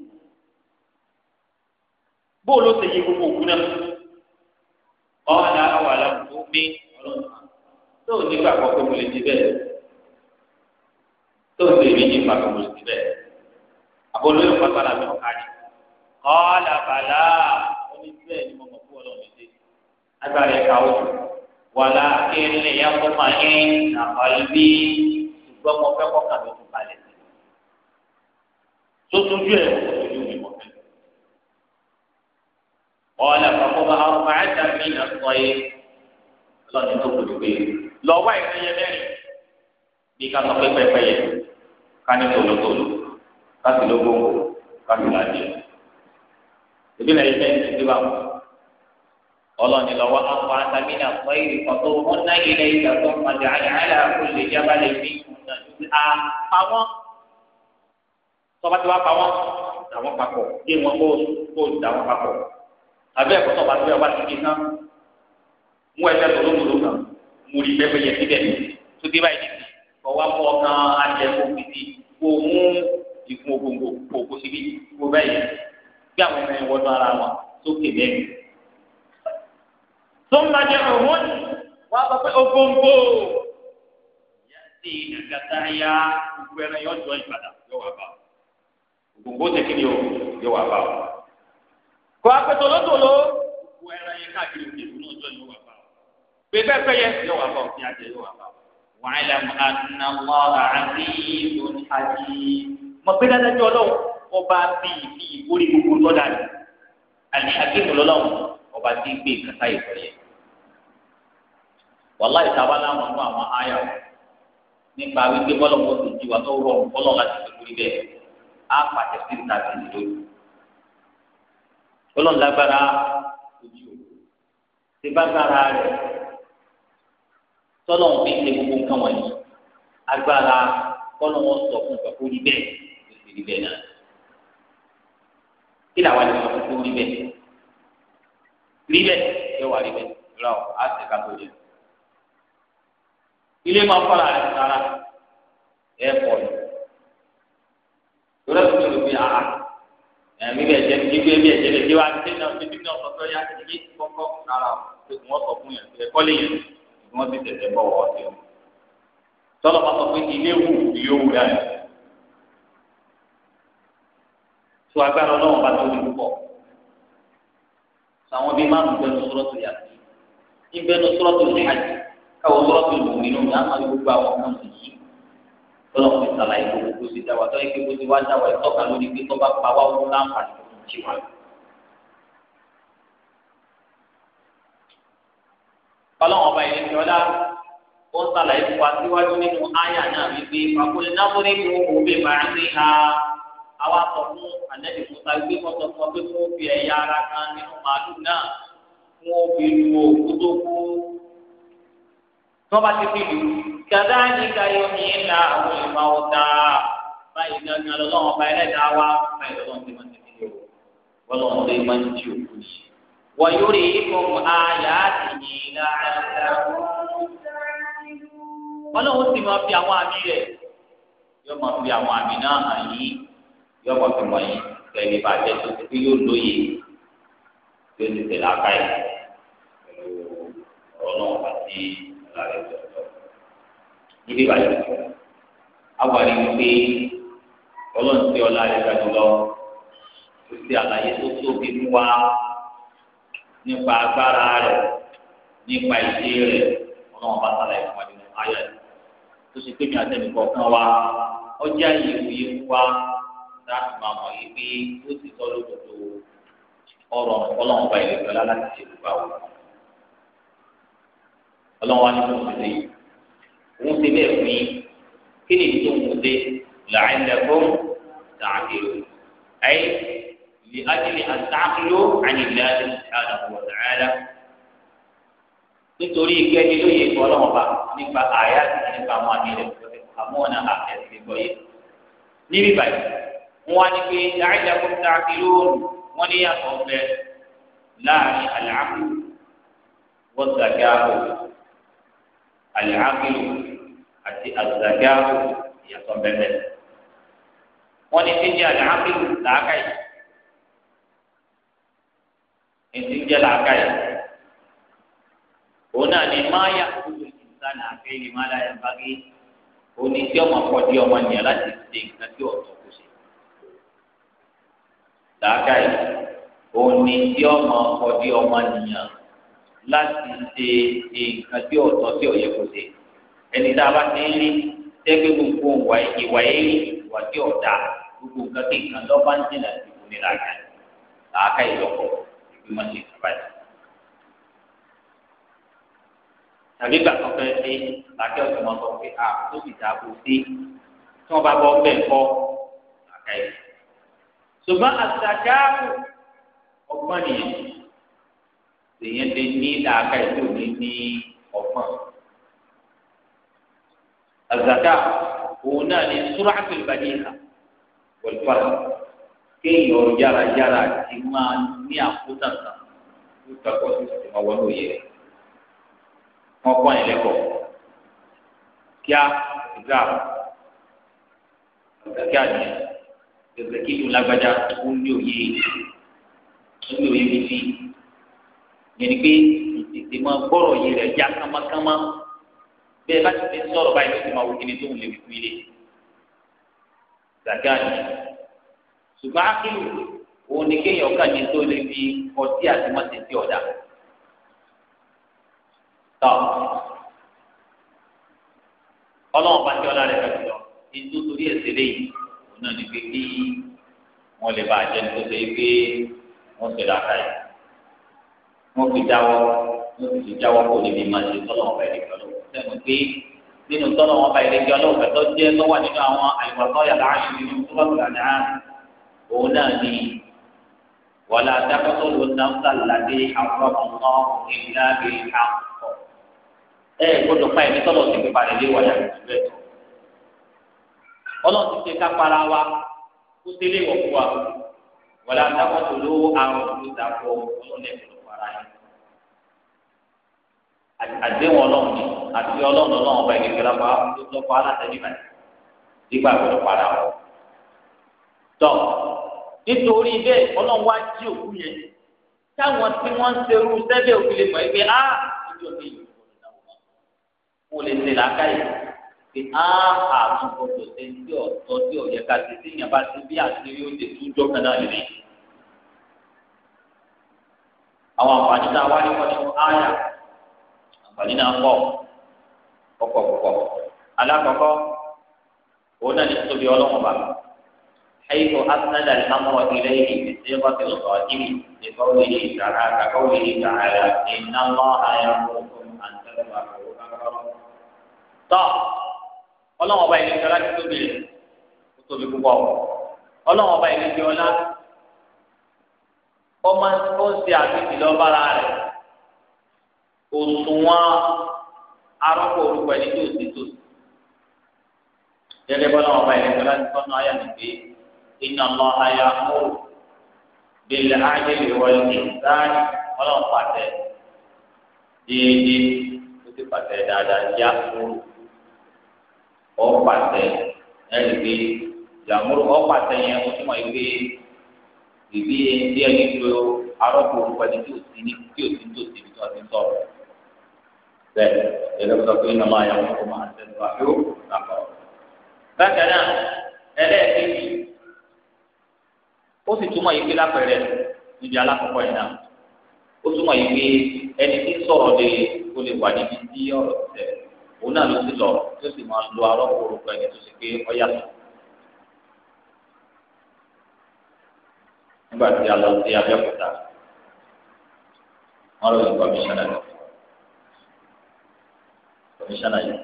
bóòlù ó ṣe yí gbogbo òkú náà ọ̀hún àdáwà làwọn tó gbé ọlọ́run tó o nígbà kan pé mo lè ti bẹ́ẹ̀ tó o sì rí nígbà kan mo lè ti bẹ́ẹ̀ àbólú yóò pàtàkì àmì ọ̀ka ni kọ́ọ̀lá bàlá omi bẹ́ẹ̀ ni mo mọ̀ fún ọlọ́run ìdè agbára ẹ̀ka oṣù wàlá ilé ẹ̀kọ́ máa ń nàkọ́lé bí ṣùgbọ́n mo fẹ́ kọ́ kàdé tó balẹ̀ tó tún jù ẹ̀ ojú mi mọ̀ fẹ́. kọ́ọ̀lá fàkọ́ bá lọ́wọ́ ìrẹyẹ mẹ́rin bí ká sọ pé pẹ́pẹ́yẹ ká ní tòlótòló ká sì lógóńgò ká sì lájẹ. ìbílẹ̀ yìí bẹ́ẹ̀ ti dìbà mọ́ ọlọ́ni lọ́wọ́ akọ àtàmínà fọ́ ìrìkọ́ tó wọ́n ná ilẹ̀ ìgbà tó ń padà àyàlá kó lè jábàlẹ̀ mí kùnà àpamọ́ tọ́ba ti wá pamọ́ dàwọn papọ̀ kí wọn kó kó dàwọn papọ̀ àbí ẹ̀kọ́ tọ́ba tó yẹ wá ti kí sán mú ẹ̀jẹ̀ tó lóko mo rí pẹ́pẹ́yẹ síbẹ̀ tó dé báyìí nìyí ọwọ́ akọ kan adìẹ kó fìdí kó mú ìfún ògòǹgò kó kó síbi kó báyìí bí àwọn ọmọ yẹn wọnú ara wọn sókè bẹ́ẹ̀. tó ń bàjẹ́ òun wá bá pé ògòǹgò yá sí gàgàtà ya gbogbo ẹran yóò jọ ìbàdàn yóò wá bá ògòǹgò tẹ̀kí ni yóò wá bá kó apẹ̀tọ̀ lọ́tọ̀ lọ gbogbo ẹran yẹn káàkiri òkè ìlú náà jọ ìlú wà bá bẹbẹ fẹyẹ yóò wà fọ òfin àjẹ yóò wà fọ wà á lẹmu àná lọ́la àti ìlú àti mọ pé dájú ọlọ́run ọba bí ibi ìkórè gbogbo tọ́da ni àlìhàkí ìmọ̀lọ́lọ́run ọba tí gbé kàtá ìfọ̀yẹ. wàlá ìtawá láwọn ọmọ àwọn àyà nípa wípé bọ́lọ̀mọ́ tó jí wa tó rọrùn bọ́lọ̀ láti fi kúrí bẹ́ẹ̀ á pàṣẹ sí ìta sí ìdójú. bọ́lọ̀ lágbára ojú o bá gbára rẹ̀ tọ́lọ̀ ń fi ṣe gbogbo nǹkan wọ̀nyí agbára kọ́lọ́ wọn sọ fún ìgbà kórìí bẹ́ẹ̀ kórìí bẹ́ẹ̀ náà kí làwọn àti ìgbà kórìí bẹ́ẹ̀ rí bẹ́ẹ̀ yẹ wà rí bẹ́ẹ̀ rà ọ́ á sì ká tó jẹ. ilé máa fọ́ra rẹ̀ sára ẹ̀ pọ̀ ní. lórí ẹ̀sùn tó fi àhà ẹ̀mí bẹ́ẹ̀ jẹ́ ní gbé bẹ́ẹ̀ jẹ́ lè dé wá sí náà sí náà sọ́kọ́ yá sí kọ́kọ́ rárá ọ̀ tí wọ́n ti tẹ̀tẹ̀ bọ̀ wọ́n ti o. tọ́lọ̀ bá sọ pé ilé wù ní yóò wù dáa. tó agbára ọlọ́run bá tó ní pọ̀. sàwọn bíi máa ń gbẹ ní sọ́rọ́ tó yà sí. ń gbẹ ní sọ́rọ́ tó ní hajj káwọn sọ́rọ́ tó lù mí lómi àmọ́ gbogbo àwọn kan sì yí. tọ́lọ̀ fi sàlàyé gbogbo sí dáwà tọ́ ọlọ́run ọba ìlẹ́kì ọlá ó ń sàlàyé fún wa síwájú nínú àyà náà wípé àkọlé náfọ́rí mú òbí máa ń rí ha àwa sọ fún ànẹ́bí musa wípé wọ́n sọ fún ọ pé kó fi ẹ̀yà ara kan nínú màálù náà fún òbí lu òkú tó kú tọ́ba ti fi lù kàdáàní káyọ̀ ní ìlà àwọn ìmọ̀ ọ̀tá báyìí ní ọlọ́run ọba ẹlẹ́dàá wa báyìí lọ́wọ́ ti ọlọ́run sì máa fi àwọn àmì rẹ̀ yọ máa fi àwọn àmì náà hàn yìí yọ máa fi wọ̀nyí tẹ̀lé bàjẹ́ tó ti fi yóò lóye tí ó ti tẹ̀lé aká yìí pẹ̀lú ọ̀rọ̀ náà àti ọ̀la rẹ̀ lọ́tọ̀. níbi bàjẹ́ tó awàrí wípé ọlọ́run ti ọ̀la rẹ̀ gbàdúrà lọ ó ti àlàyé tó tóbi fún wa nípa agbára rẹ̀ nípa ìdí rẹ̀ ọlọ́run bá sálàyé fún wa nínú tó ṣe pé mi àtẹnì kọ̀ọ̀kan wa ọjà ìwòye wa láti máa mọ̀ yìí pé ó ti tọ́ lódodo ọ̀rọ̀ ọlọ́run ọba ìrẹ̀lẹ̀ ọlá láti ṣe gbogbo àwọn ọlọ́run wa ní kò sí lè òun ti bẹ́ẹ̀ fún yín kí ni ìdí tó ń wọlé làálẹ̀kùn tààkìlò ayé lè ájílẹ̀ àtàkìlò àyìnlá àdàbọ̀ tààlà nítorí ìkẹ́ni ló yẹ kọ́ lọ́wọ́ bá nípa àyà àti nípa àwọn àmì rẹ̀ àmọ́ ọ̀nà àtẹ̀sí gbọ́ yẹ. níbí báyìí wọn á ní pé àìjà kó ta kí lóòrùn wọn ní yàtọ̀ ọ̀fẹ́ láàrin àlàáfù wọ́n zàgáàbò àlàáfù àti àzàgáàbò yàtọ̀ bẹ́ẹ̀ wọ́n ní ti jẹ́ àlàáfù làákàyè ètí ń jẹ́ làákàyè òun ni maya yà kúrò ìsánà àfẹ́ ni máa láyà bági òní tí ọmọ pọ̀ di ọmọ nìyà láti ṣe nǹkan tí ọ̀tọ̀ kò ṣe. Dàákà yìí òní tí ọmọ pọ̀ di ọmọ nìyà láti ṣe nǹkan tí ọ̀tọ̀ tí ọ̀yẹ kò ṣe. Ẹni tá a bá ti ń rí tẹ́gbẹ́ gbogbo ìwà yẹn ìwà tí ọ̀dà gbogbo nǹkan tí nǹkan lọ́ba ń dènà ìdìbò nílà kan. Dàákà yìí lọ́kọ̀ ìgbìmọ̀ ṣe ìjọba tàbí gbà kan fẹ́ẹ́ ṣe làkẹ́ ọ̀sẹ̀ wọn sọ pé a tó ti dà kó sí tí wọ́n bá bọ́ bẹ́ẹ̀ kọ́ àkà yìí. ṣùgbọ́n àtàkàrù ọgbọ́n nìyẹn lèyẹn ti ní làákà yìí tó ní ní ọgbọ́n. àzàkà òun náà ní súràtù ìbàdíhà pẹ̀lúpà kéèyàn yára yára ti máa ní àkótàntà tó takọ́ sí ìsìnkú àwọn olóyè rẹ̀ wọn kọ́ yẹn lẹ́kọ̀ọ́ kíá exam ọ̀sẹ̀ kíá ni ọ̀sẹ̀ kí ló lágbájá ó ní òye ó ní òye fífi yẹn ni pé ìtètè máa gbọ́rọ̀ yìí rẹ̀ já kámákámá bẹ́ẹ̀ bá ti fi sọ̀rọ̀ báyìí ló ti máa wo kíni tó ń lè fi wílé zaka ni ṣùgbọ́n akílù òun ni kéèyàn kàn ní tó lè fi ọtí àti mọ́tẹ́tì ọ̀dà tọ Ọlọ́run bá tí ọlá rẹ fẹ jùlọ ètò torí ẹsẹ lẹ́yìn òun náà ní pé kí wọn lè bá àjẹ ní tó ṣe pé wọn ṣe dáadáa yìí wọn fi jáwọ́ wọn fi jáwọ́ kó níbi máa ṣe tọlọ́run bá ẹni pẹ̀lú sẹnu pé nínú tọlọ́run bá ẹni pẹ̀lú ọlọ́run jẹ lọ́wọ́ nínú àwọn àyùwà yàrá àyè nínú tó bá tó yàrá òun náà ní wàlá dákọ́tò lónà ń sàlàdé àwọn ọmọ ìlànà ìhà ẹ gbọ́dọ̀ pa ẹ̀mí tọlọ ti fi balẹ̀ lé wọlé àti bẹ́ẹ̀ tọ Ọlọ́run ti ṣe kápára wa kó tẹ́lẹ̀ wọ fún wa wọlé àtàkọtò ló àrùn tó dà pọ Ọlọ́run lẹ fún wa ráyè àdéhùn Ọlọ́run ni àti Ọlọ́run Ọlọ́run ọba ìgbésẹ̀ lọpọ àwọn tó lọpọ alátẹlẹ báyìí nígbà gbọ́dọ̀ para wọn tọ nítorí bẹ́ẹ̀ Ọlọ́run wá jí òkú yẹn táwọn tí wọn ń serú sẹbẹ kó lè ṣe làákàyè pé á àrùn gbọdọ̀ ṣe tí ọ̀tọ̀ tí ọ̀yẹ́ ká ṣe tí ìyẹn bá ṣe bí àṣírí ó ṣe tún jọ́ kan náà lè àwọn àǹfààní tá a wá ní wọn áyà àǹfààní náà pọ̀ pọ̀pọ̀ pọ̀pọ̀ alákọ̀ọ́kọ́ òun náà ní tóbi ọlọ́wọ́n bá حيث أسند الأمر إليه بصيغة القائم لقوله تعالى كقوله تعالى إن الله يأمركم أن تذبحوا tọ́ ọlọ́wọ́n ọba ìlú ìjọba ti tóbi rẹ̀ kó tóbi púpọ̀ ọlọ́wọ́n ọba ìlú ìjọba ọmọ ó ń ṣe àbíkì lọ́bàrà rẹ̀ òṣùwọ̀n arọ́pò orúkọ ẹni tó ti tó gẹ́gẹ́ bọ́lá ọba ìlú ìjọba ti tọ́nu ayé mi pé iná lọ ayé ayé ó ti dáadáa ọ̀pàtẹ ẹni pé jàmúrò ọ̀pàtẹ yẹn ó túmọ̀ yìí pé bìbí ẹni ẹni tó arọ́pò orúkọ ẹni tí ò sí ní tí ò sí ní tòsí ibi tí wọ́n ti ń sọ̀rọ̀ bẹ́ẹ̀ ẹgbẹ́ sọ pé iná máa yàwó kó máa tẹ̀lé wá yóò nàkọ́. bákan náà ẹlẹ́ẹ̀kejì ó sì túmọ̀ yìí pé lápẹ̀rẹ̀ níbi alákọ̀ọ́kọ́ yìí náà ó túmọ̀ yìí pé ẹni tí sọ̀rọ̀ lè kó lè wà níbi tí ọ̀rọ̀ tẹ̀lé òun náà ló ti lọ̀rọ̀ tí ó sì máa lo arọ́pò orúkọ ẹni tó ṣe pé ọ yàtọ̀. nígbà tí a lọ sí abẹ́òkúta wọ́n lọ sí kọmíṣánná yìí kọmíṣánná yìí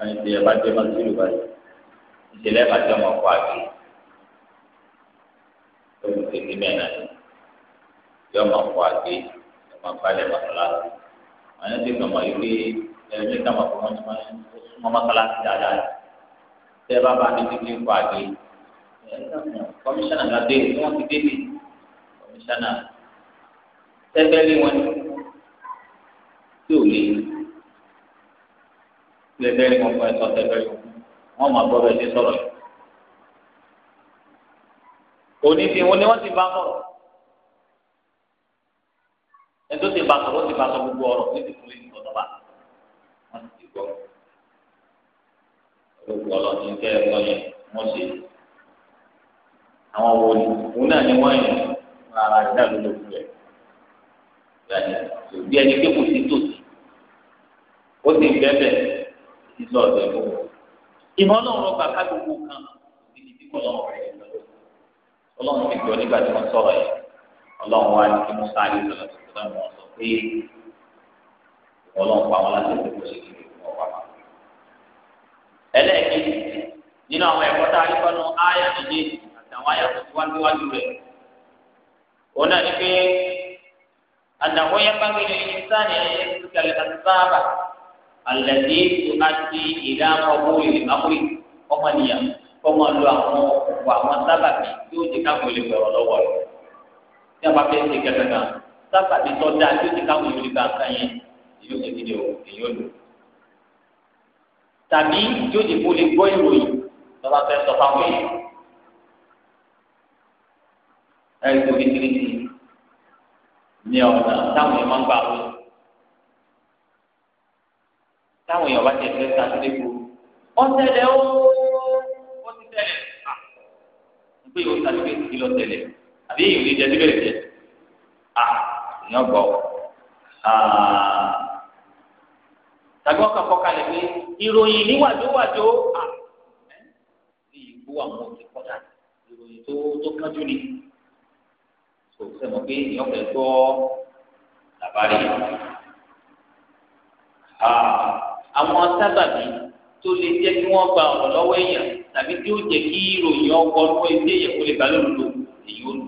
ẹni tí ẹ bá jẹ́ máa sílù báyìí ìṣẹ̀lẹ̀ bá jẹ́ ọmọ ọkọ̀ àgbè olùkèké mẹ́rin àti yọ ọmọ ọkọ̀ àgbè ọmọ àgbàlẹ̀ màtọ́lá àwọn ẹni tí kàn máa ẹlẹmi kama kò wọn nyuma súnmọ́ masalasi dáadáa yìí tẹ bá bá ní títí kọ àgbé kọmíṣánná gàdé ni wọn ti débi kọmíṣánná tẹtẹlí wọn tí ò lè tẹtẹlí wọn fún ẹ̀tọ́ tẹtẹlí wọn máa gbọ́ bẹ́ẹ̀ ṣe sọ̀rọ̀ yìí òní ti wọn ni wọn ti bá sọ̀rọ̀ ẹ̀tọ́ ti bá sọ̀rọ̀ ó ti bá sọ gbogbo ọ̀rọ̀ ní ti fún mi ní ọdọ bá gbọ́ gbogbo ọlọ́ọ̀tì ń kẹ́ ẹ̀kọ́ yẹn wọ́n ṣe àwọn wòlíì òun náà ni wọ́n yẹn ara ìdá ló lókun rẹ̀ ìdájọ́ bí ẹni pé kò sí tòsí ó sì ń bẹ́ẹ̀ bẹ́ẹ̀ sí sọ̀rọ̀ ẹ̀kọ́ ìmọ̀ ọlọ́run ọgbà ká gbogbo kan níbi tí ọlọ́run rẹ̀ yẹn lọ ọlọ́run ti jọ nígbà tí wọ́n sọ̀rọ̀ yẹn ọlọ́run wa ní kí musa àdìsọ̀rọ̀ tó fẹ́ wọn sọ pé ọlọ́run pa wọn láti ẹgbẹ́ pamọ́. ẹlẹ́ẹ̀kejì nínú àwọn ẹ̀kọ́ tá a rí fọ́nù áyà méje àtàwọn áyà tó ti wá níwájú rẹ̀ òun náà ni pé àdàkọ́ yẹn bá gbé ní sáàni ẹ̀yẹ kíkalẹ̀ àti sáàbà àlẹ́dí tó a ti ìdá ọgbó ìlẹ̀mọ́gbé ọmọnìyàn kọ́mọ lu àwọn ọkọ̀ àwọn sábàbí yóò di káwọn olè bẹ̀rọ̀ lọ́wọ́ rẹ̀ tí a bá fẹ́ ṣe kẹfẹ́ kan sábàbí tó dáa yóò di káwọn olè bá kan yẹn èyí ò ti o èyí ò lò tàbí yóò dìbò lè gbọ́ ìròyìn lọ́ba fẹ́ sọ fáwọn èèyàn. ẹ̀rí tó fi kiri sí ní ọ̀nà táwọn èèyàn máa ń gbà wọ́n. táwọn èèyàn bá ti ẹ̀fẹ́ ta sílé kú. ó tẹ̀lé ó ó ti tẹ̀lé. pé yóò ta sílé kí lọ tẹ̀lé àbí ìrìn jẹ́ síbẹ̀ jẹ́. à ìyàn gbọ́. àà tàbí wọn kàn kọ́ kalẹ̀ pé ìròyìn níwàjówàjó à ẹ́ ìlú àwọn òkè kọ́dà ìròyìn tó tó kánjú ni kò sẹ́mo pé èèyàn fẹ́ gbọ́ làbárí àwọn sábàbí tó lè jẹ́ kí wọ́n gba ọ̀rọ̀ lọ́wọ́ èèyàn tàbí tí ó jẹ́ kí ìròyìn ọkọ̀ lọ́wọ́ ẹgbẹ́ èèyàn kó lè bá lòlù èyí ó lò.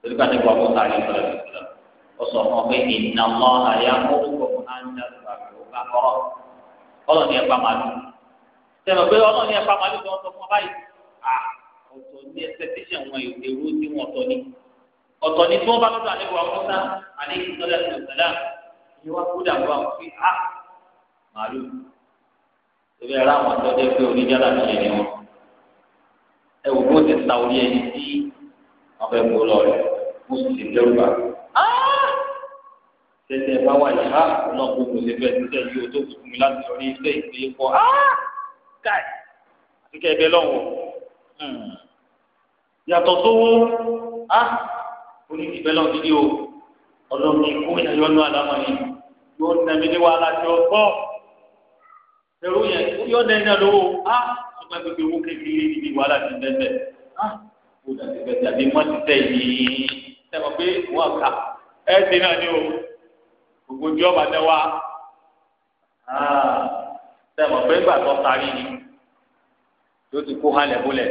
torí pàtẹ́kọ̀ ọkọ̀ sáré sọ̀rọ̀ ọsọ fún ọ pé ìnà mọ àyà mọ́tòkò àńdà ìgbàgbọ́ bá kọ́rọ́ ọlọ́ni ẹ̀ pa màlúù sẹ́mi pé ọlọ́ni ẹ̀ pa màlúù tó ń sọ fún ọ báyìí à ọ̀tọ̀ ní ẹsẹ̀tíṣẹ̀ wọn èrò tí wọ́n tọ́ ni ọ̀tọ̀ ni tí wọ́n bá lọ́dọ̀ àlejò àwọn ọ̀sán àlejò sọ́lá ẹ̀sìn ọ̀sẹ̀lá ni wọ́n kú dàgbà wọn fi à màlúù ebi ara àwọn àtọ́jú pé oníjàlá ti ṣe ni wọn ẹ wò bó ti ta orí ẹni tí wọn fẹ́ gbó lọ rẹ bó sì ti dẹrù tẹsẹ ẹ bá wà yìí á náà gbogbo ṣe fẹ tẹsẹ yìí o tó fi fún mi láti lọ rí iṣẹ́ ìpè kọ á káì àtikẹ ẹbẹ lọ́wọ́ yàtọ̀ sówó á onídìí bẹ lọ́wọ́ dídí o Ọlọ́run ní kó ìyàyọ nù àdámọ yìí yóò nà mí ní wàhálà tí ó gbọ́ ẹrú yẹn yóò nà ẹni àlọwọ á ṣùgbọ́n gbogbo owó kékeré níbi wàhálà ti bẹbẹ á ah, kó dàbí bẹbẹ àbí mọ́tì tẹ̀ yìí tẹ̀ pé wọ́n kà ẹ̀ dín náà ni o gbogbo ní ọba dẹ wá sẹ́wọ̀n ah, pé ńgbà tó tarí ni tó ti kó halẹ̀ bólẹ̀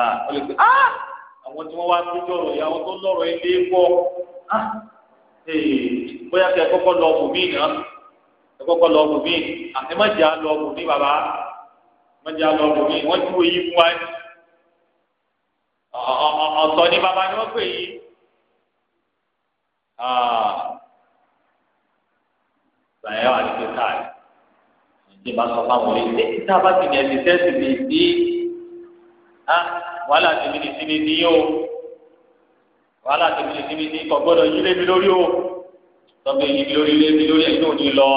ah, ó lè pe ah! àwọn tí wọ́n wá tójú ọ̀rọ̀ yìí àwọn tó lọ́rọ̀ ilé wọ́ bóyá kẹ́ ẹ kọ́kọ́ lọ ọ̀bùn mí náà ẹ kọ́kọ́ lọ ọ̀bùn mí àti má jẹ́ àlọ́ ọ̀bùn mí bàbá má jẹ́ àlọ́ ọ̀bùn mí wọ́n ti wo yí fún wa ọ̀tọ̀ ni bàbá ni wọ́n pè yí gbàyà wà ní kíkà rẹ ìdí bá sọ fáwọn olè tẹ tá a bá ti yẹn ti tẹsí mi sí á wàhálà tèmi ní sí mi ní o wàhálà tèmi ní sí mi ní kò gbọ́dọ̀ yí lé mi lórí o tọ́gbẹ́ yí mi lórí lé mi lórí ẹ̀ yóò ní lọ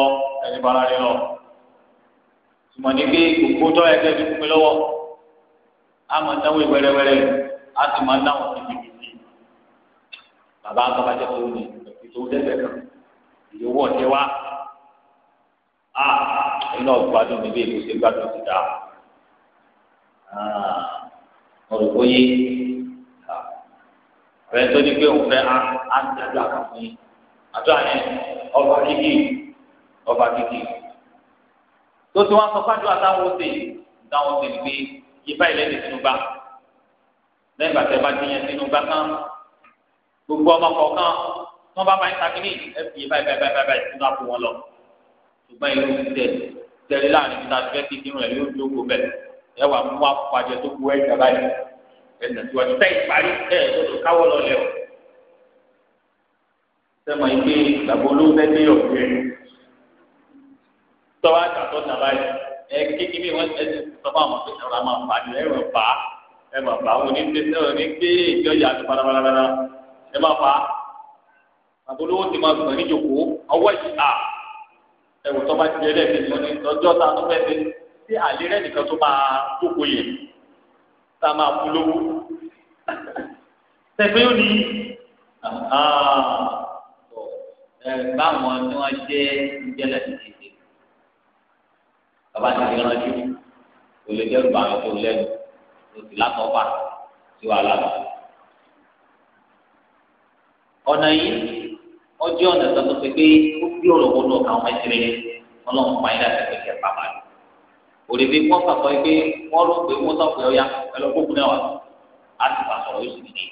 ẹni bá ara rẹ lọ tùmọ̀ ní pé gbogbo tọ́ ẹgbẹ́ mi fún mi lọ́wọ́ á máa náwó wẹ́rẹ́wẹ́rẹ́ á sì máa náwó kìkìkì bàbá àgbàbàjẹ́ tó ní ìtòwúdẹ́gbẹ̀ẹ́ kan ìyówó ọ̀tẹ́ wa a iná gbádùn mi bí èkó ṣe gbádùn ti dà mo rò bóyé ọ̀rẹ́ tó ní pé òun fẹ́ á ń dájú àkàkùn yìí àdúrà yẹn ọba kíkì ọba kíkì tó ti wá sọ fájú àtàwọn ọ̀sẹ̀ ìdáwọn ọ̀sẹ̀ gbé yípa ìlẹ́yìn tinubu lẹ́yìn bàtẹ́ bá ti yẹn tinubu kan gbogbo ọmọ kọ̀ọ̀kan wọ́n bá máa ń ta kínní ẹ̀ fi yípa ìbáyìí báyìí báyìí tinubu àpò wọn lọ ṣùgbọ́n ìlú ti tẹ̀ tẹ̀lé láàrin níta fẹ́ kí kí rẹ̀ yóò dógò bẹ̀ ẹ wà mú apàjẹ tó kú ẹ̀jẹ̀ báyìí ẹ̀ nàtí wọ́n ti tẹ̀ ìparí tẹ̀ ẹ̀ tó káwọ́ lọ lẹ̀ o. sẹ́mọ̀ yìí pé ìgbàgbọ́ olóńgbẹ́ ní ọ̀gbẹ́ tọ́wọ́ àtàtọ́ nàbáyìí ẹ kékeré wọn ẹ ti sọ fún àwọn pẹ̀lú àwọn àǹfààní ẹ wọ̀ fà á ẹ máa fà á wọn ní tẹsán wọn ní gbé ìjọ yà tó balabala ẹ máa fà á àbúrò wọn ti máa sàn níjòkó ọwọ́ ìta ẹwù tó bá ti ẹlẹ́ mi lónìí lọ́jọ́ ta tó fẹ́ ṣe sí àlérẹ́ nìkan tó máa kókó yẹ tá a máa fún lówó tẹ̀pẹ́ yóò ní báwọn ni wọ́n ṣe ń jẹ́lẹ̀ títí bàbá ti di rántí kò lè dẹ́rù bá tó lẹ́nu kò sì látọ̀ fà sí wàhálà ọ̀nà yìí ọjọ́ ọ̀nà tó tó pé pé ó bí ọ̀rọ̀ wọn lọ káwọn ẹsẹ̀ rẹ̀ ọlọ́run pa ẹ̀dá tẹ̀lé kẹ̀ pàmò rẹ̀ òrèbí wọn fàkọ pé wọn rò pé wọn tọ̀ pé ọya ẹlọ kókó náà wà á ti fà sọ̀rọ̀ yóò sì dìde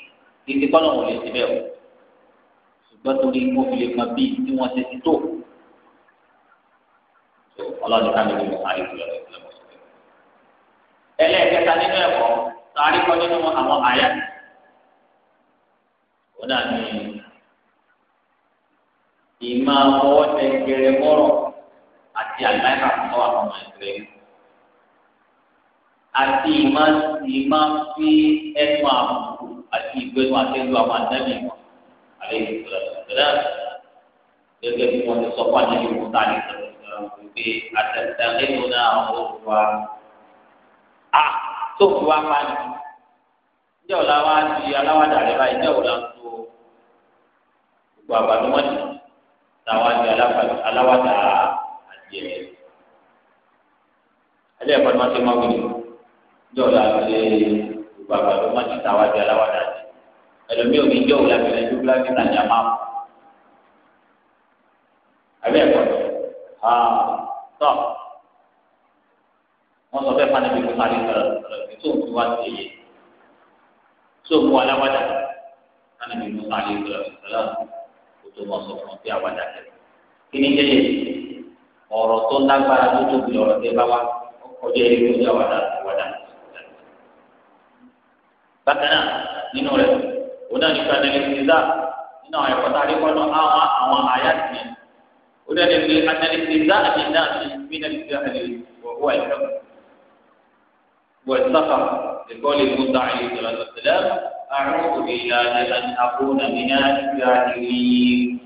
títí kọ́ náà wọn lè síbẹ̀ o ṣùgbọ́n torí wọn fi lè mọ bí tí wọ́n ti ti tó ọlọ́run ká nínú ẹ̀kọ́ sàárẹ̀ kọ́ nínú àwọn ìmọ̀ ọwọ́ tẹ gẹrẹ mọ́rọ̀ àti àgbáyà fún àwọn ọmọ ẹgbẹ́ àti ìmọ̀ ìmọ̀ fi ẹnu àbùkù àti ìgbẹ́nu àtẹ́lu àwọn àdáni wọn àlẹ́ ìṣẹ̀lẹ̀ ìṣẹ̀lẹ̀ gẹ́gẹ́ bí wọ́n ti sọ fún àlẹ́ ìwọ̀n tá a lè sọ̀rọ̀ ìṣẹ̀lẹ̀ wípé àtẹ̀tẹ̀ ẹ̀nu náà àwọn olùwà à tó fi wá pa ni ǹjẹ́ wa di aláwàdà rẹ báyìí ǹjẹ́ ọ̀la tó gbogbo àgbàdo wọn ti tàwájú aláwàdà àdìẹ ẹlẹ́yà pẹ̀lú wọn ti máa wí ni dọ́ọ̀lá lè gbogbo àgbàdo wọn ti tàwájú aláwàdà àdìẹ ẹlòmí ò ní jẹ́ òun láti rẹ̀ dúró láti tàjà máa mú abẹ́ ẹ̀kọ́ tọ́ wọ́n sọ fẹ́ fani bí kò sáré sọ̀rọ̀ sọ̀rọ̀ tó ń fi wá sí iye tó ń mú aláwàdà fani bí kò sáré sọ̀rọ̀ sọ̀rọ̀ tó mọ sọ fún pé àwàdà rẹ kí ni jẹjẹ ọ̀rọ̀ tó lágbára tó tóbi ọ̀rọ̀ tẹ bá wa ọjọ́ ìlú tó jẹ àwàdà àwàdà bákan náà nínú rẹ òun náà nípa ẹni ti dá nínú àwọn ẹ̀kọ́ tá a rí kọ́ lọ àwọn àwọn àyà tì í òun náà nípa ẹni ti dá àti náà ti mí náà ti dá ẹni wọ́wọ́ ẹ̀kọ́ wọ́n sáfà ẹ̀kọ́ lè mú ta àyè ìjọba lọ́sẹ̀lẹ́ أعوذ بالله أن أكون من الكاذبين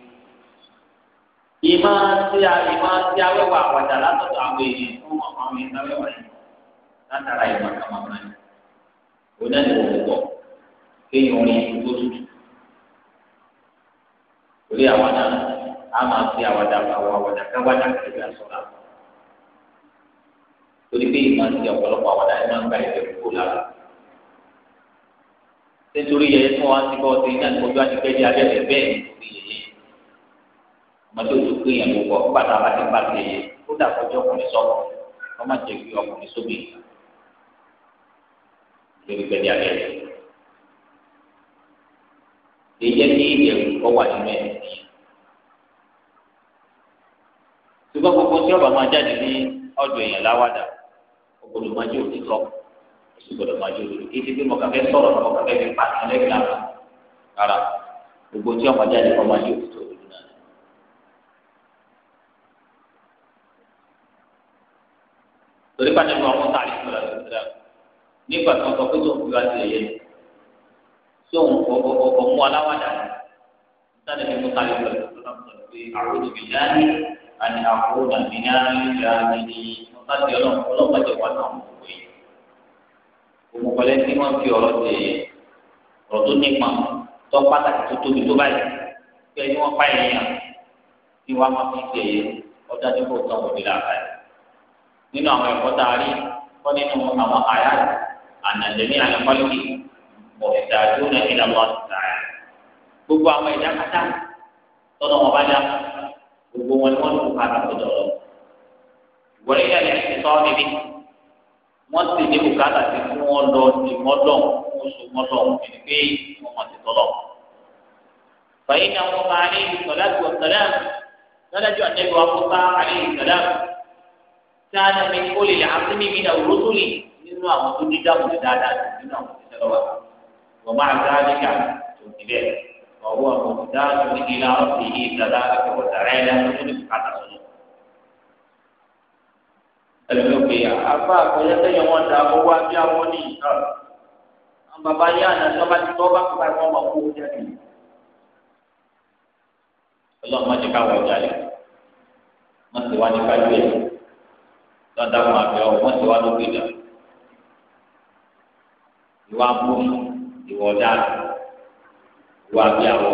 ìmọ̀ tí a ìmọ̀ tí a wẹ́wà àwàdà látọ̀dọ̀ àwọn èèyàn tó mọ̀ fún àwọn ìta wẹ́wà yìí látara ìmọ̀ kàmọ́kàn yìí kò náà ní òun pọ̀ kéèyàn orin ìlú tó tutù orí àwàdà a máa fi àwàdà àwọ̀ àwàdà káwàdà kiri nítorí yẹyẹ tí wọn ti bọ ọtí náà ní ojú àti kẹjẹ abẹrẹ bẹ́ẹ̀ nítorí yẹyẹ ọmọdé ojú pé yẹn ló wọ pátá bá ti bá ti yẹyẹ ó dàgbọjọ ọkùnrin sọkọ ọmọ jẹ kí ọkùnrin sóbì lórí kẹjẹ abẹrẹ yẹyẹ ní ìyẹwò kọ wà nínú ẹ ṣùgbọ́n gbogbo tí ọba máa jáde ní ọdún èèyàn láwàdà ọgbọdọ máa òtítọ́ gbọ́dọ̀ máa jó lórí kí títí mọ kàfẹ sọ̀rọ̀ mọ kàfẹ fi pàṣẹ lẹbi àná rárá gbogbo tí ọmọ jáde kọ máa jó tó lórí náà. torí pàṣẹ fún ọmọ tá a lè sọ̀rọ̀ àti ìṣẹ̀lẹ̀ nígbà tí wọn sọ pé tóun fi wá sí ẹyẹ tóun ọkọ mú aláwàdà sani ní mo sáré lọ sí ọlọ́pàá sọ pé àwọn olùbíjáde àti àwọn olùbíjáde ní mo sáré ọlọ́pàá ọlọ́pàá jẹ wà náà mọ òwe òkùnkọ̀lẹ́ tí wọ́n fi ọ̀rọ̀ tẹ̀ ọ̀rọ̀ tó nípa tó pàtàkì tó tóbi tó báyìí pé ẹni wọ́n pa èèyàn kí wọ́n máa fi tẹ̀ ọjà tó kò tán òbí làbá yìí. nínú àwọn ẹ̀kọ́ tá a rí kọ́ nínú àwọn àyà ànàdẹ̀mí àlẹ́kọ́lẹ́kì ọ̀ẹ̀dà tó nà kí lọ́wọ́ sàáyà. gbogbo àwọn ẹ̀dá pátá tọ́nà wọn bá dá gbogbo wọn ni wọ́n lù wọ́n sì ní bùkátà sí kí wọ́n lọ sí mọ́dọ̀n oṣù mọ́dọ̀n ìdí pé wọ́n mọ̀ sí tọ́lọ̀. fàyín ni àwọn ọmọ alẹ́ ìsọ̀lá ti ọ̀sẹ̀lẹ̀ lọ́dájú àtẹ́gbẹ́ afọ́fá alẹ́ ìsọ̀lá sáánà ní olè làásìmí mi náà rótólì nínú àwọn tó dídá kò sí dáadáa nínú àwọn tó dídá lọ́wọ́ wọ́n máa dá níkà tó ti bẹ́ẹ̀ ọwọ́ àwọn òṣìṣẹ́ àti oníkìlá ọ̀sìn yìí dáadáa kò ẹlòmíkè yà afá àkọyẹsẹ yẹn wọn da owó abí àwọn ní ìtọ àwọn bàbá yẹn àná tí wọn bá ti tọ́ bá kó bá wọn bá kó jáde ọlọ́run má ti ká wọ jáde má ti wá ní kájú ẹ̀ lọ́dà wọn àbẹ̀ ọ̀ wọ́n ti wá lókè dà ìwà bùn ìwọ̀ dà ìwà abí àwọn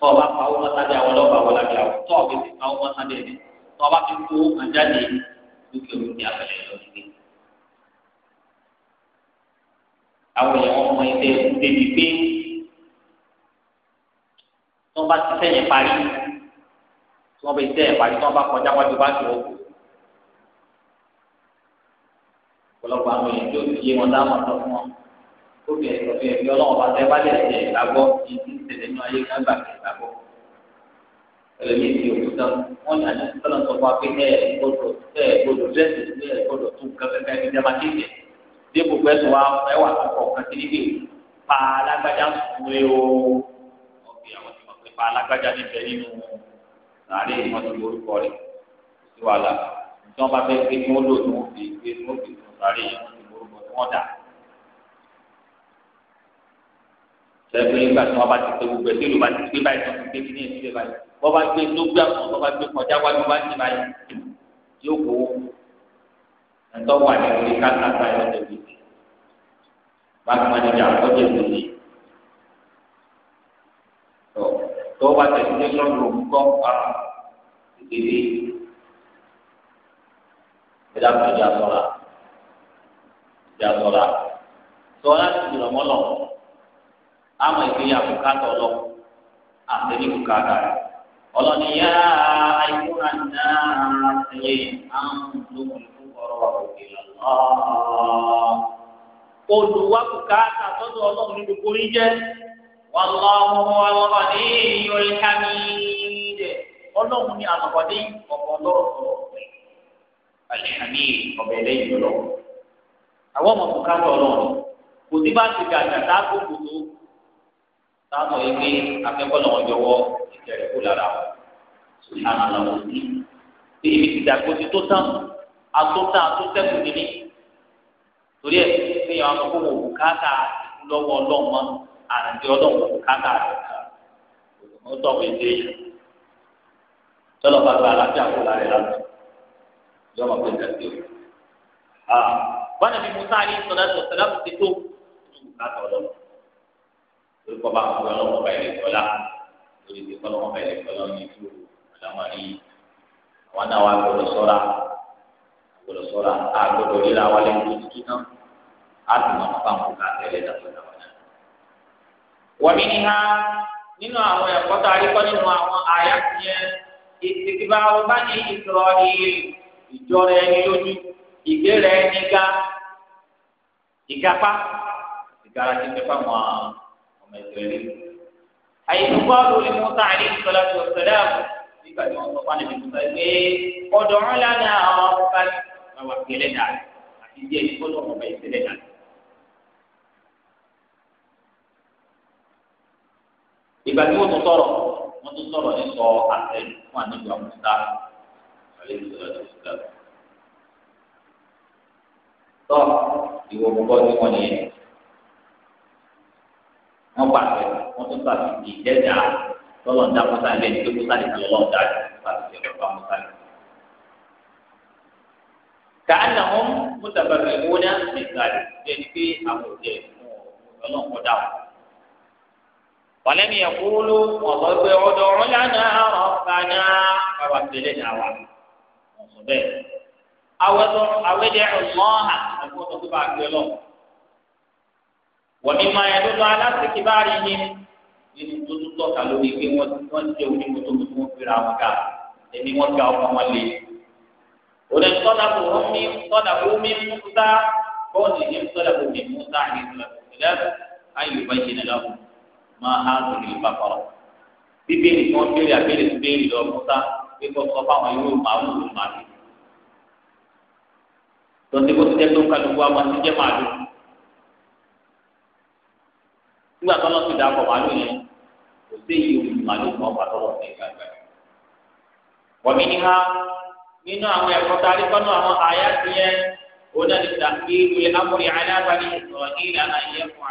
tọ́ bá pa owó mọ́tàdé àwọn lọ́ba àwọn lábẹ́ àwọn tọ́ bí ti pa owó mọ́tàdé tọ́ ọ bá fi kó àjáde dúkìá olóde abẹ́lẹ̀ lọ nígbè. àwọn èèyàn ọmọ ẹgbẹ́ débi pé tí wọ́n bá ti sẹ́yìn parí tí wọ́n bá ti sẹ́yìn parí tí wọ́n bá kọjá wájú bá tó o. ọ̀pọ̀lọpọ̀ àwọn èèyàn tó ti yé wọn dáhùn ọ̀tọ̀ fún wọn obìnrin ìtọ́jú ẹ̀mí ọlọ́run bá tẹ́ bá lè ṣe ìgbàgbọ́ ìdí ìṣẹ̀lẹ̀ ní ayé gbàgbà ìgbàgbọ́ ẹlẹ́mìí kan wọ́n ní àti sọ́nà sọ fún wa pé ẹ gbọdọ̀ ẹ gbọdọ̀ dẹ́sẹ̀ sí ẹ gbọdọ̀ tó kẹfẹ́fẹ́ ní jama kéde dépò pẹ́sùn wa ẹ wà kọ́kọ́ kan ni níbi pa alágbájá sùn o ọ̀gbìn àwọn tí wọ́n pè pa alágbájá níbẹ̀ nínú sàárè wọn ti orúkọ rẹ̀ sí wàhálà tí wọ́n bá fẹ́ pé kí wọ́n lò ní wọ́n fi gbé ní wọ́n fi sùn sàárè yẹn wọ́n ti orúkọ tí wọ́n dà lẹ́gbẹ̀ẹ́ nígbà tí wọ́n bá ti pé gbogbo ẹ̀sìn ìlú bá ti gbé báyìí tó ti gbé kíní ẹ̀sìn báyìí wọ́n bá gbé tó gbé àwọn wọ́n bá gbé kọjá wájú wá sí báyìí yóò kó ẹ̀tọ́ wà ní orí kátàkà yóò débi bákan náà níbi àkọ́jọ́ ìlú yìí tó bá tẹ̀sí ní sọ́ọ̀rù òkúkọ́ àrùn ìdílé ìdàkùnrin ìjà sọ́ra ìjà sọ́ra sọ́ra ti dùn ọmọ náà àwọn ìgbéyàwó kátó lọ àtẹ̀lé bùkátà rẹ̀ ọlọ́ni yá àìkúra náà ṣe àwọn olókùnkùn kọ̀ọ̀rọ̀ òkè lọ́wọ́. olùwà bùkátà tọ́jú ọlọ́run ní gbogbo orí jẹ́ wàlọ́hùn ọlọ́run ní ìyọrí kámi dẹ̀ ọlọ́run ní àlọ́kọ̀dé ọ̀pọ̀ ọlọ́run sọ̀rọ̀ pẹ̀ alihami ọbẹ̀ lẹ́yìn lọ́wọ́ àwọn ọmọ bùkátà ọlọ́run kò sí bá ti gbàgbà tá a kó kò tó táwọn ìwé akẹ́kọ̀ọ́ náà yọwọ́ ìjẹ̀rẹ̀ kó lára wọn sùlánà làwọn sí bí ibi ti dàgbò ti tó tán atótá atótẹ́kù níní torí ẹ̀ ní àwọn akọ́kọ́ wò káàkà lọ́wọ́ ọlọ́mọ àrùndí ọlọ́mọ káàkà rẹ̀ kà ó tọ̀wé dé yìí tọ́lọ̀ bá gba aláfíà kó lára ẹ̀ lánàá yọmọ pé dàgbé o. bọ́dà mi mú sáré sọ̀dọ̀ sọ̀dọ̀ ti tó ìlú ọlọ́mọ lórí kọ́ bá ń gbọ́ ọlọ́wọ́ ọba ilé kọ́lá lórí ti kọ́ ọlọ́wọ́ ọba ilé kọ́lá ní ìlú àlámọ̀rí àwọn náà wà gbọdọ̀ sọ́ra gbọdọ̀ sọ́ra a gbọdọ̀ ríra wa lẹ́nu tó ti tán a sì mọ̀ nípa àwọn ọ̀gá àtẹ̀lẹ́ dàgbàdàgbà náà. wọ́n ní ní ha nínú àwọn ẹ̀kọ́ tó aríkọ́ nínú àwọn àyà yẹn ìsìnkìbá ọba ní ìsọ̀rọ̀ ìjọra ẹni lójú ìgbéra ẹni ga àyìnbó lórí musa àlejò sọlá tó sọlá nígbà tí wọn sọ fún àlejò sọlá pé ọ̀dọ̀ wọn lánà àwọn ọba àwọn àgbẹlẹ dà àti díẹ̀ ní gbọ́dọ̀ wọn bá ìṣẹ̀lẹ̀ ìgbà tí wọn tún sọ̀rọ̀ wọn tún sọ̀rọ̀ ní sọ àtẹ fún àlejò àmúta àlejò sọlá tó sọlá wọn pàṣẹ wọn tún pàṣẹ kì í dẹ́dà lọ́lọ́ ń dá musa ilé ní pé musa lè fi ọlọ́run dá pàṣẹ ọ̀pá musa lè. kàánà wọn mùtàbà ìwọ ní àtìgbàdì ṣe ni pé àwọn òjẹ ọlọ́run kọ dá wọn. wàlẹ́mi ẹ̀kúrú ọ̀sọ́ pé ọdọ ọ̀rọ̀ lánàá ọ̀pá náà tẹ̀lé náà wà. wọ́n sọ bẹ́ẹ̀ awẹ́dẹ̀ ọ̀sán àti ọ̀pọ̀ tó bá gbé lọ́wọ́ wọ́n ní máa yẹn lọ́dọ̀ aláṣẹ́kì bá rí ni nínú tó tún tọ́ka lórí pé wọ́n wọ́n jẹ́ onímọ̀tòmọ̀ tí wọ́n fira wọn ga ẹni wọ́n ga ọmọ wọn lé. òní tọ́lá kò wọ́n mi tọ́lá kò mi Musa bọ́ọ̀lù ní tọ́lá kò mi Musa àti ìlẹ̀ ayò bá jẹ́ lọ́wọ́ máa há lórí ìpapọ̀rọ̀. bíbélì kan béèrè àbẹ̀rẹ̀ bíbélì lọ Musa pé kó sọ fáwọn yóò máa wù ú máa lò. tọ́sí nígbà tó lọ́ọ́ fi dà pọ̀ màálù yẹn kò sí èyí òfin màálù kan wà lọ́wọ́ ní gbàgbà. wọ̀mí ni ha nínú àwọn ẹ̀kọ́ tá a rí kọ́nà àwọn àyà ti yẹn onáníta ìwé amúrí alábàárí ìsọ̀rọ̀ ní ìlànà ìyẹn fún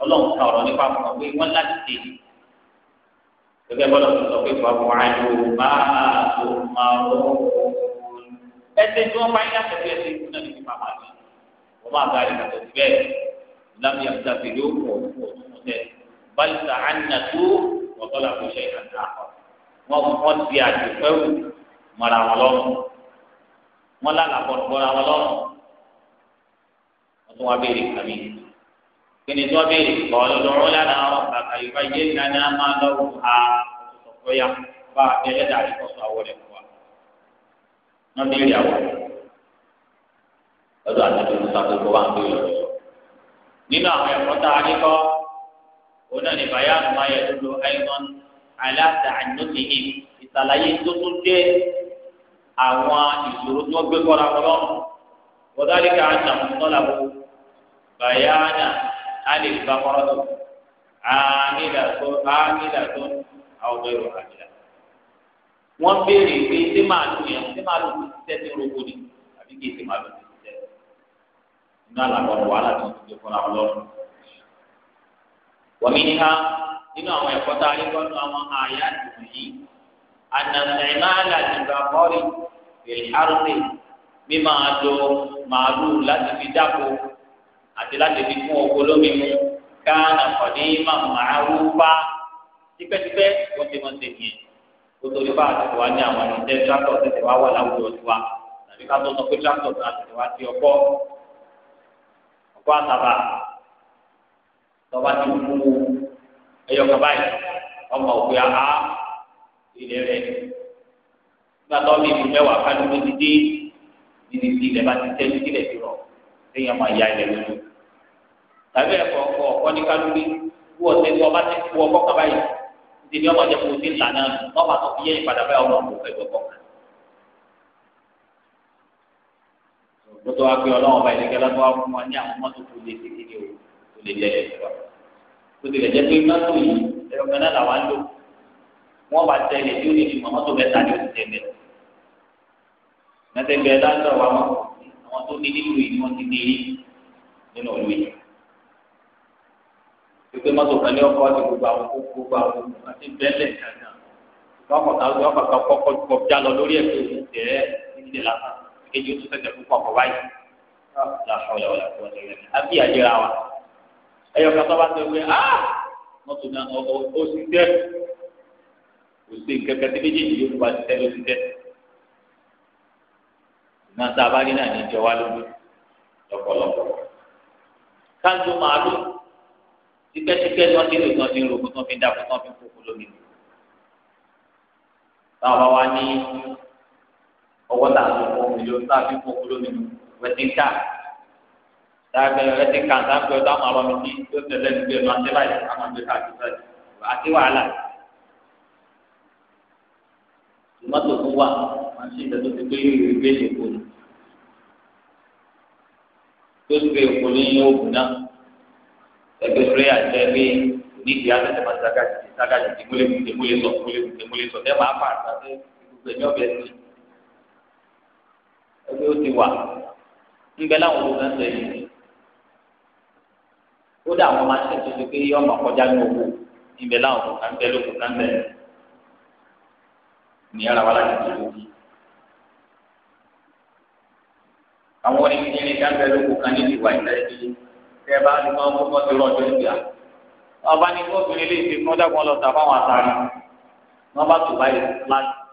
àlọ́ ọlọ́run ká ọ̀rọ̀ nípa àwọn ọ̀gbẹ́ wọn láti ṣe gẹ́gẹ́ bọ́lá tó sọ pé bàbá àlọ́ máa tó máa rọ̀ ẹsẹ̀ tí wọ́n bá yín láti ẹ̀sẹ̀ ìkúná ní ìpamọ́ àti wọ́n máa gbá àdìgbà tó ti bẹ́ẹ̀. لم يبتذلوه ومؤتمر بل تعنتوا وطلبوا شيئا آخر وقد بيعجبوا مراولون ولا لقد مراولون وتوا بيري كمين kini tó béèrè kọ́ọ̀lù lọ́rọ́ lánàá ọ̀pá kàyọ̀bá yé nana máa lọ́wọ́ ha sọ̀tọ̀ ya bá abẹ́rẹ́ dàrí kọ́sọ̀ àwọ̀ rẹ̀ fún wa. wọ́n béèrè àwọ̀ rẹ̀ lọ́dọ̀ àti tó ń sàkóso wa ń béèrè lọ́wọ́ nínú àwọn ẹ̀kọ́ tá a rí kọ́ òun náà ní bàyá àmọ́ ayẹ tó lo ayọ́n aláta ànyókèyí ìsàlàyé tó tún jẹ́ àwọn ìṣòro tí wọ́n gbé kọ́ra wọn lọ́rùn wọ́dálí ká àjà mọ́tòlábó bàyá àjà alẹ́ ìbámọ́rọ́ tó àmìlà tó àmìlà tó wọ́n béèrè pé ṣé màálù yẹn ṣé màálù ti tẹ́tí rogo ni àbí kì í ṣe màálù ni náà làbọ̀rọ̀ wàhálà tó ti dé fúnra ọlọ́run. wọ́n mi ní ha nínú àwọn ẹ̀kọ́ tá a rí gbọ́nú àwọn àyà tuntun yìí ànàmẹ́màlà nígbà bọ́ọ̀lì ìlhárùnì mi máa do màálù láti fi dáko àti láti fi fún oko lómi mu káànà kọ̀dé máa máa wú bá tipẹ́tipẹ́ wọ́n ti mọ̀ ṣe yẹn kótóri bá àtẹ̀tẹ̀ wa ní àwọn ẹ̀jẹ̀ tractor tẹ̀tẹ̀ wa wà láwùjọ tiwa tàbí ká tó sọ pé tractor tẹ̀tẹ̀ wa ti ọkọ́ kó àkàbà tọ́ba ti kú ẹyọ kaba yìí ọmọ òkú ya á ilé rẹ̀ nígbà tó ní ìlú mẹ́wàá ká ló ń ti dé níbi tí ilẹ̀ bá ti tẹ́ ní ilẹ̀ ti rọ̀ lẹ́yìn máa ya ilẹ̀ lójú tàbí ẹ̀kọ́ ọkọ ọkọ ní kálórí kú ọ̀sẹ̀ tí ọba ti kú ọkọ kaba yìí ti ní ọmọdé kó o ti ń là náà lọ́pàá tó fi yẹ ìpadà báyọ̀ ọmọ òkú ẹ̀jọ̀ lótó wá pé ọlọ́wọ́n ọba ìdíkẹ́ lọ́tọ́ wá fún wa ní àwọn mọ́tò tó lè ṣe kíni o tó lè jẹ́ ẹ̀sìn wa tó ti lè jẹ́ pé mọ́tò yìí ẹ̀rọ kan náà làwọn lò wọ́n bá tẹ̀lé tí ó lè fi mọ́tò mẹ́ta ní oṣù tẹ̀lé mẹ́tẹ́gbẹ́ lásán wa mọ́ àwọn tó ní nílùú yìí wọ́n ti ní nínú ìlú yìí pípé mọ́tò kan ní ọkọ̀ ti gbogbo àwọn gbogbo àwọn àti bẹ́ẹ̀lẹ̀ kejì ó tún fẹsẹ̀ púpọ̀ kọ̀ wáyé làṣọlẹ̀ ọ̀là tó ọ̀tẹ̀ yẹn àbí àyẹ̀rà wa ẹ̀yọ̀ kan tó bá tó wé á ah! mọ́tò náà ó sì tẹ́ kò sí kẹ̀kẹ́ tí méjèèjì yóò fún wa ti tẹ́ ló ti tẹ́ náà tá a bá rí náà ní ìjọ wa lójú lọ́pọ̀lọpọ̀ káńtó màálù tipẹ́tipẹ́ tí wọ́n ti lò tí ti ro kó tí fi ń dàpọ̀ tí fi ń kókó lómi. táwọn wá ní ọwọ́ tá a fi kó mílíọ̀nù tá a fi kó kúlómìnú wẹ́tíńkà tàbí wẹ́tíńkà tá a fi ọ̀dọ́ àwọn ọmọ mi tí yóò tẹ̀lé ní gbẹ̀rù àti báyìí àwọn àgbẹ̀ káàkiri àti wàhálà. tòmátò tó wà máa ń ṣe ìdájọ́ ti pé yóò gbé èkó ni tó ti gbé èkó ní oògùn náà ẹgbẹ́ fúlẹ́ àti ẹgbẹ́ onídìí àtẹ̀tẹ̀ máa ń sagàjì sagàjì tẹ̀múlẹ̀ tẹ̀múlẹ̀ sọ̀ tẹ̀múlẹ̀ sọ̀ tẹ̀ ẹgbẹ́ ó ti wà ńbẹ láwọn olùkọ́ sọ yìí ó dà àwọn machine tó ti pé ọmọ kọjá ní owó ńbẹ láwọn olùkọ́ ńbẹ lókùnkọ́ ńbẹ ní ara wa láti tó lókì. àwọn oníkìkìrì ká ńbẹ lókùnkọ́ níbi ìwà ìtẹ́jú yìí tẹ́ ẹ bá ní kọ́ kó kọ́ ti rọ̀jò ọba ní kó obìnrin lè fi kọ́ dàgbọ́n wọn bá tó báyìí láti.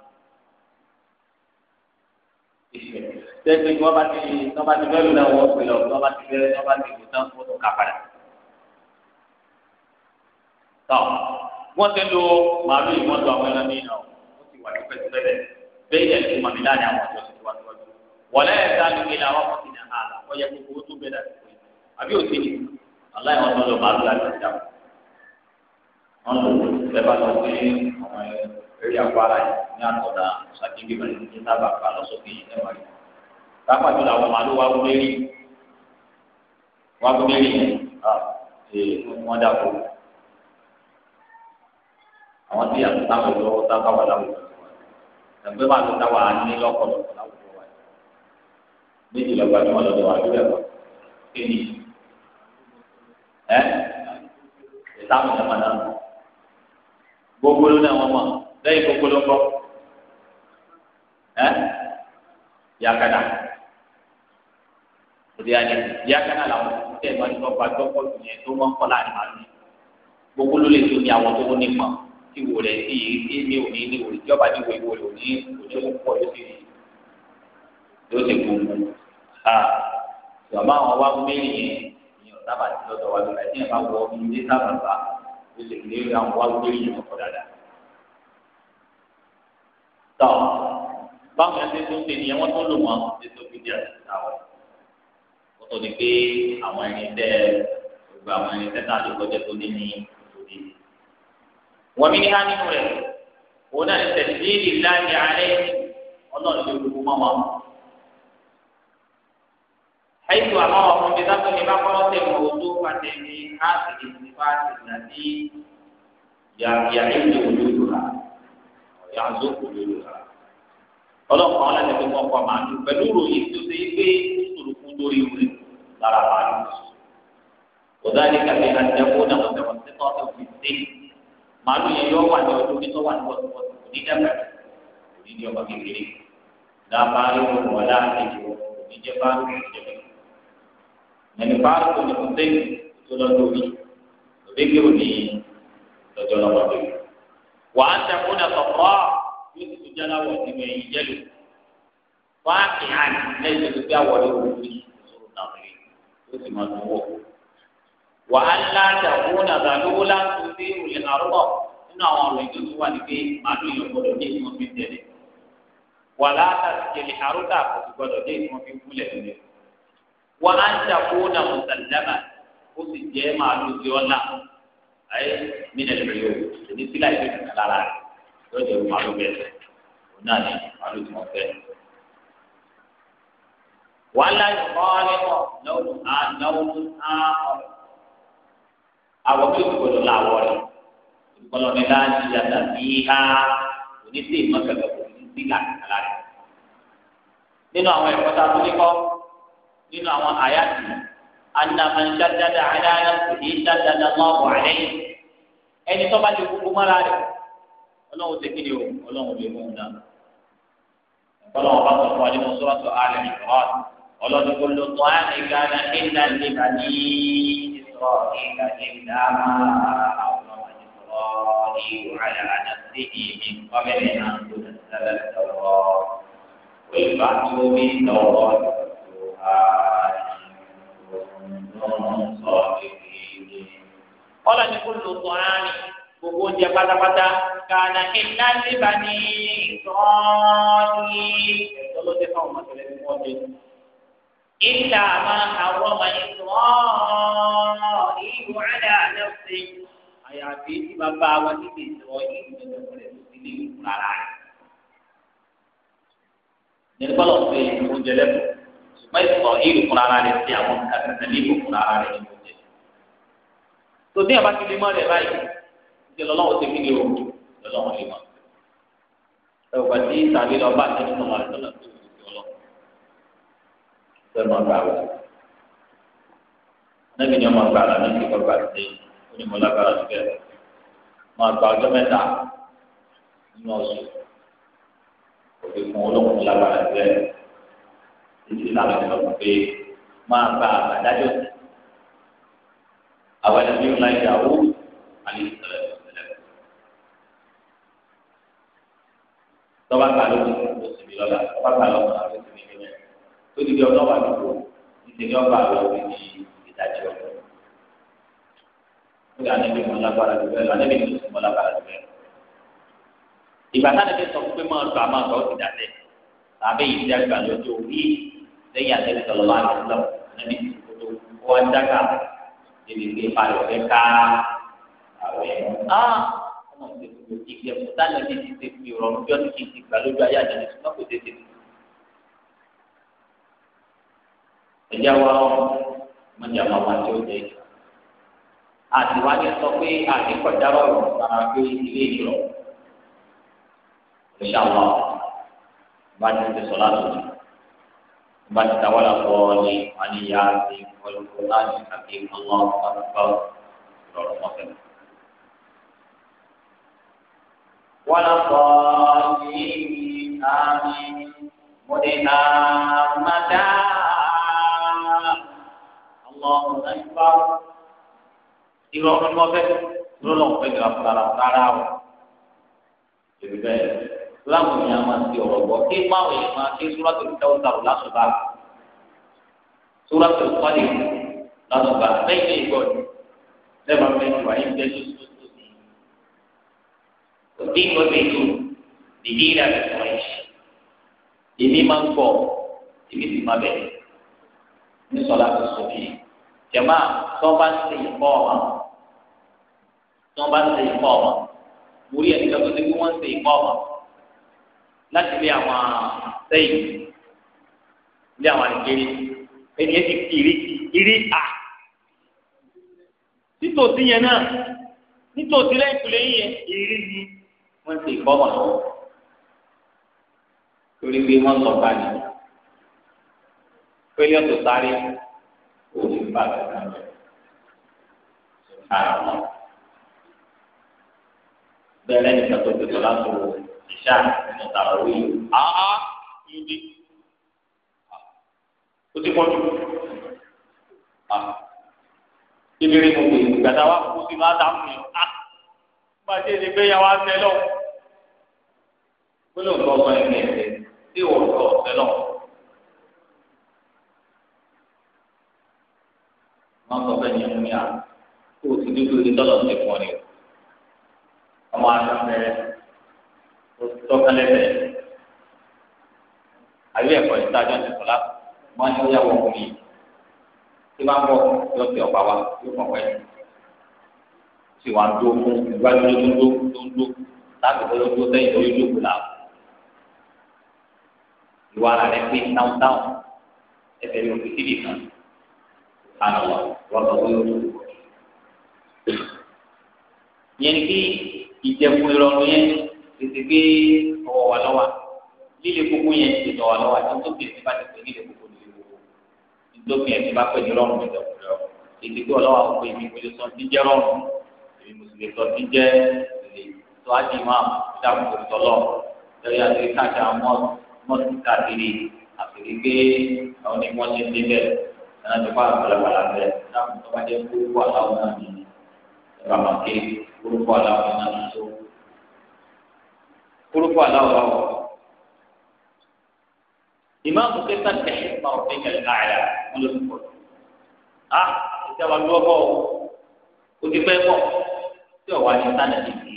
tẹ́gbẹ́ tí wọ́n bá ti wọ́n bá ti fẹ́ lónà wọ́n pè lọ wọ́n bá ti fẹ́ wọ́n bá ti lò tán wọ́n tó kápára. tọ́ wọ́n ti lo màálù ìwọ́n tó àwọn ẹran ní ìnáwó wọ́n ti wà ní pẹ́tẹ́pẹ́tẹ́ bẹ́ẹ̀ yẹn ti mọ̀mí láàrin àwọn ọ̀dọ́ ti wá síwájú. wọ̀lẹ́ ẹ̀ka ló gbé làwọn ọmọ ti ní àlà wọ́n yẹ kókó tó bẹ̀rẹ̀ àtìkò yìí àbí òsì ni aláì wọn tó lọ màálù láti ìjà wọn lò lẹ́bàá lọ sí ọmọ eré àpárá yìí ní àtọ̀dá ṣàkíńbí bẹ̀rẹ̀ ní sábà pa lọ́sọ̀kè yìí yìí pápá jùlọ àwọn màálù wa wúlé rí wa wúlé rí yẹn ṣe wọn dà kó àwọn tí yàtọ̀ táwọn lọ táwọn wà láwùjọ ẹgbẹ́ màálù táwọn á ní lọ́kọ̀lọ́kọ̀ láwùjọ wa méjì lọ́gbà tí wọ́n lọ́dọ̀ wà lórí ẹ̀kọ́ kéde ẹ ìtàkùn ìjọba náà gbogbo ló náà wọ́n mọ̀ lẹ́yìn gbogbo ló ń bọ̀ ẹ yàgàdà ìdí àná ìdí àkànnà làwọn tẹ ẹ máa ń tọpa tọpọ yẹn tó wọn kọ láàrin màálù gbogbo ló lè tó ní àwọn tó ní mọ tí wò rẹ sí yìí èmi ò ní ní wò ìjọba ní wò ìwò rẹ ò ní òní wò pọ yóò sì yóò sì gbogbo a ìjọba àwọn wa mẹ́rin yẹn ìyẹn sábà ti lọ́dọ̀ wa lọlá ìyẹn bá wọ ilé sábà bá ó lè lé àwọn wa mẹ́rin yẹn kọ dáadáa tọ báwọn yẹn ti tó ń tẹ ìyẹn wọn tó lò wọn ti tó fi di àti ìta wọn tó di pé àwọn ẹni tẹ gbogbo àwọn ẹni tẹ tá a lè kọjá tó ní ní òde. wọ́n mi ní há nínú rẹ̀ òun náà tẹ̀sí ìlànà alẹ́ ọlọ́run ló gbogbo mọ́ wọn. حيث أمرهم بذبح بقرة موصوفة بهذه الصفات التي يعز وجودها ويعزو وجودها ọlọ́pàá wọn láti fi wọn kọ màálù pẹ̀lú ròyìn tó ṣe é pé sòròkú lórí rẹ̀ lára màálù. ọ̀dáàdì kàbí àtẹ̀wọ́ náà wọ́n tẹ̀wọ́ sí tọ́tù fi dé màálù yẹn yọ wà ní ọdún tó wà ní wọ́tọ̀wọ́tọ̀ kò ní dẹ́pẹ̀ kò ní di ọba kékeré dábàá yóò wọ̀ láàrin ìwọ̀ kò ní jẹ́ bá rò ní jẹ́bẹ̀. ẹni bá rò ní kò tó lọ lórí òbí kí ò ní lọ́jọ́ lọ́wọ́ yóò sì tún jáláwọ nínú ẹ̀yìn jẹlò wá ìhàn lẹ́yìn tó gbé àwọlé òun ní ìṣòro náà rè yóò sì máa tún wọ. wàhálà dàgbò nàgbà lówó láti dé òlè àrùbọ nínú àwọn ọ̀rọ̀ ìjọ tó wà ní pé màálù yẹn gbọ́dọ̀ dé ìwọn fi tẹ́lẹ̀ wàhálà àtàkìlẹ àrùtà kò sì gbọ́dọ̀ dé ìwọn fi kúlẹ lulẹ̀. wàhálà dàgbò nàmùsàlámà ó sì jẹ màálù tí ọ náà ayé mí lọ́jọ́ ìpàlú bẹ̀rẹ̀ òun náà ní ìpàlú tí wọ́n fẹ́. wàhálà ìkọ́ nínú lọ́wọ́ àdáwọ́ àọ̀ àwọn tó ti gbọdọ̀ làwọ̀ rẹ̀ ìkọlọ̀ ní láti yàtà bí ha oníṣẹ́ ìmọ̀kẹ́kẹ́ kò ní sí làkàlà rẹ̀. nínú àwọn ẹ̀kọ́ tá a tún ní kọ́ nínú àwọn àyàtì anamọ̀nsádàdà aláyàtì ìdádàdà lọ́wọ́ àlẹ́ ẹni tó bá ti kú ọlọ́run ti kíni o ọlọ́run lè mú un náà. ọlọ́run bá sọ fún wa nínú sọ́wọ́sọ alẹ́ ìfọ́n ọlọ́run kò ló tọ́ àyè gánà ìlà nígbà ní ìsọ̀ ìgbà ìgbà àwọn àti sọ̀rọ̀ ìwà àyàrá sí ìmì kọ́mẹ́lẹ́ náà tó lè sẹ́lẹ̀ sọ̀rọ̀ ìgbà tó mi lọ́wọ́ ọlọ́run kò ló tọ́ àyè gbogbo oúnjẹ pátápátá kàná iná níbà ní ìtọ́ni ẹ̀tọ́ ló dé fáwọn ọmọdé fún wọn jẹ. ìlà máa àwọn ọmọ ìtọ́ni ìlú àdá àdáfẹ́ àyàfi tí bàbá wa níbi ìtọ́ ìlú ẹ̀dọ́gbọ̀n rẹ̀ ti lè wù rárá. nínú bọ́lá ọ̀sẹ̀ oúnjẹ lẹ́kọ̀ọ́ ṣùgbọ́n ìtọ́ ìlú fúnra rẹ̀ ti àwọn kàtàkì ní ìlú fúnra rẹ̀ ní oúnjẹ ṣe lọ́lọ́wọ́ ti kíni o lọ́lọ́wọ́ lè mọ̀ ẹ ò bá tí tàbí lọ bá tẹ́lẹ̀ sọ̀rọ̀ àti lọ́lọ́ tó ti fi ọlọ́ fẹ́ mọ̀ gbà wẹ̀ nẹ́bí ni ọmọ gbà rà ní kíkọ́ gbà sí onímọ̀lágbára síbẹ̀ máa gba ọjọ́ mẹ́ta nínú ọ̀sùn òfin fún olóhùn lágbára síbẹ̀ títí làwọn ẹ̀rọ pé máa gba àgbàdájọ́ àwọn ẹni tí láyé àwọ̀ àlè ìsẹ̀lẹ̀. tọ́ba kà ló ti kó sinmi lọ́la tọ́ba kà lọ́mọ náà ló sinmi lọ́la tó ti di ọlọ́wà dúró nítorí ọba àlọ́ ti di ìdájọ́ ọ̀dọ́. ó yà níbi mọ́ lágbára jù bẹ́ẹ̀ lọ níbi tó sì mọ́ lágbára jù bẹ́ẹ̀ lọ. ìgbà táwọn ẹgbẹ́ sọ pé máa tọ́ àmọ́ àtọ́ ti dàtẹ̀ tàbí yìí ti àgbà lọ́jọ́ orí lẹ́yìn àtẹ́bí sọ̀rọ̀ láti lọ níbi tó kó wá dáká níbi pé balẹ̀ fẹ́ ká àwẹ̀ ìgbẹ̀mú sálẹ̀ ní ti ṣe fi ìrọ̀rùn bí ọdún kìí ti gbà lójú ayé àjẹjẹ ṣùgbọ́n kò tètè tó. ẹ̀jẹ̀ wa ọmọdé àwọn ọmọ àti ọ̀dẹ̀ yìí. àtiwájú sọ pé àdékọ̀dá ọ̀rọ̀ sára pé ilé ìrọ̀ ìṣá wa bá ti ti sọ láti jù bá ti ta wàlà pọ̀ ní àníyá àti ọlọ́kọ̀ láti àti ọlọ́kọ̀ àti mọ́fẹ́mi. والضالين آمين مدهامتا الله أكبر irú ọmọ ní wọn fẹ́ ló lọ pé gbà fúnra rárá o èmi bẹ́ẹ̀ láwọn èèyàn máa ti ọ̀rọ̀ gbọ́ kí máwọn èèyàn máa ké súrátò ní tẹwọn sàrò lásùbà súrátò kọlì lásùbà lẹ́yìn ìgbọ ni lẹba mẹ́jọ ayé ń bẹ lóṣù òdìgbò bèjò dìdí ìlànà ìfọ̀rẹ́sì èmi máa ń bọ̀ èmi sì máa bẹ̀rẹ̀ ní sọlá tó sọ̀bì jẹ̀má tó bá ń ṣe ìfọ̀ ọ̀mà tó bá ń ṣe ìfọ̀ ọ̀mà mo rí ẹ̀ka tó ti kí wọ́n ń ṣe ìfọ̀ ọ̀mà láti lé àwọn sẹ́yìn lé àwọn àlejò ẹni ẹ ti kiri kiri à nítòsí yẹn náà nítòsí lẹ́yìn kùlẹ̀ yìí yẹn ìrírí ni wọ́n ti kọ́ mọ̀ lọ́wọ́ torí pé wọ́n lọ bá ní pélé ọ̀tọ̀ sáré kò ní bá àgbà náà lọ. bẹ́ẹ̀ lẹ́yìn ìgbà tó ti sọ láti wo ìṣá nínú tàwọn yìí áá yóò ó ti pọ́jú ìbéèrè mo pè é ìgbà táwa kú sí máa dáhùn yẹn pàṣẹ ìdígbéyàwó àtẹlọ gbólóhùn tó ọgbọ́n ẹgbẹ́ ẹgbẹ́ tí ò ń tọ ọtẹlọ. wọn sọ bẹ́ẹ̀ yẹn múyà kó o ti dúdú ní tọlọ ti pọ ni ọmọ àtàmẹ o ti tọkalẹ bẹ́ẹ̀ àyè ẹ̀kọ́ ìtajọ ti kọlá wọn ni ó yà wọ omi tí wọn bọ yọ ti ọba wa yóò kàn wẹ sì wá dó fún ìwájú ló ń dó tó ń dó láti tó ń dó sẹ́yìn lórí lòkù ìwà ara rẹ pé táwọn táwọn ẹsẹ̀ mi fi síbi kan àná wà wọ́n sọ pé ó tó yẹn kí ìjẹkùn ìrọ̀rùn yẹn tètè gbé ọwọ́ wa lọ́wọ́ líle kókó yẹn ti tọ̀ wá lọ́wọ́ àti nítorí ẹ̀sìn bá ti pè líle kókó líle kókó nítorí ẹ̀sìn bá pè ní rọ̀rùn ìjẹkùn ìrọ̀rùn tètè gbé ọlọ́wọ́ àwọn ọmọ ìbí èmi mùsùlùmí sọ ti jẹ́ ìlè tó á di máa dàpọ̀ sọlọ lórí àti káàkiri àwọn mọ́tò káàkiri àfìrí pé àwọn ni wọ́n ṣe ń débẹ̀ ẹ̀rọ ti pa àgbàlagbàlà rẹ̀ dáhùn tó bá jẹ́ kórópọ̀ aláwọ̀ náà ní ìbámakẹ́ kórópọ̀ aláwọ̀ náà ní tó kórópọ̀ aláwọ̀ láwọ̀. ìmáàmù kẹta tẹ̀lé máa fi kẹ̀lẹ́ láàyà wọn ló ti ah, lọ́wọ́ o ti pẹ́ pọ̀ tí ọ̀wá ní sánà ti fi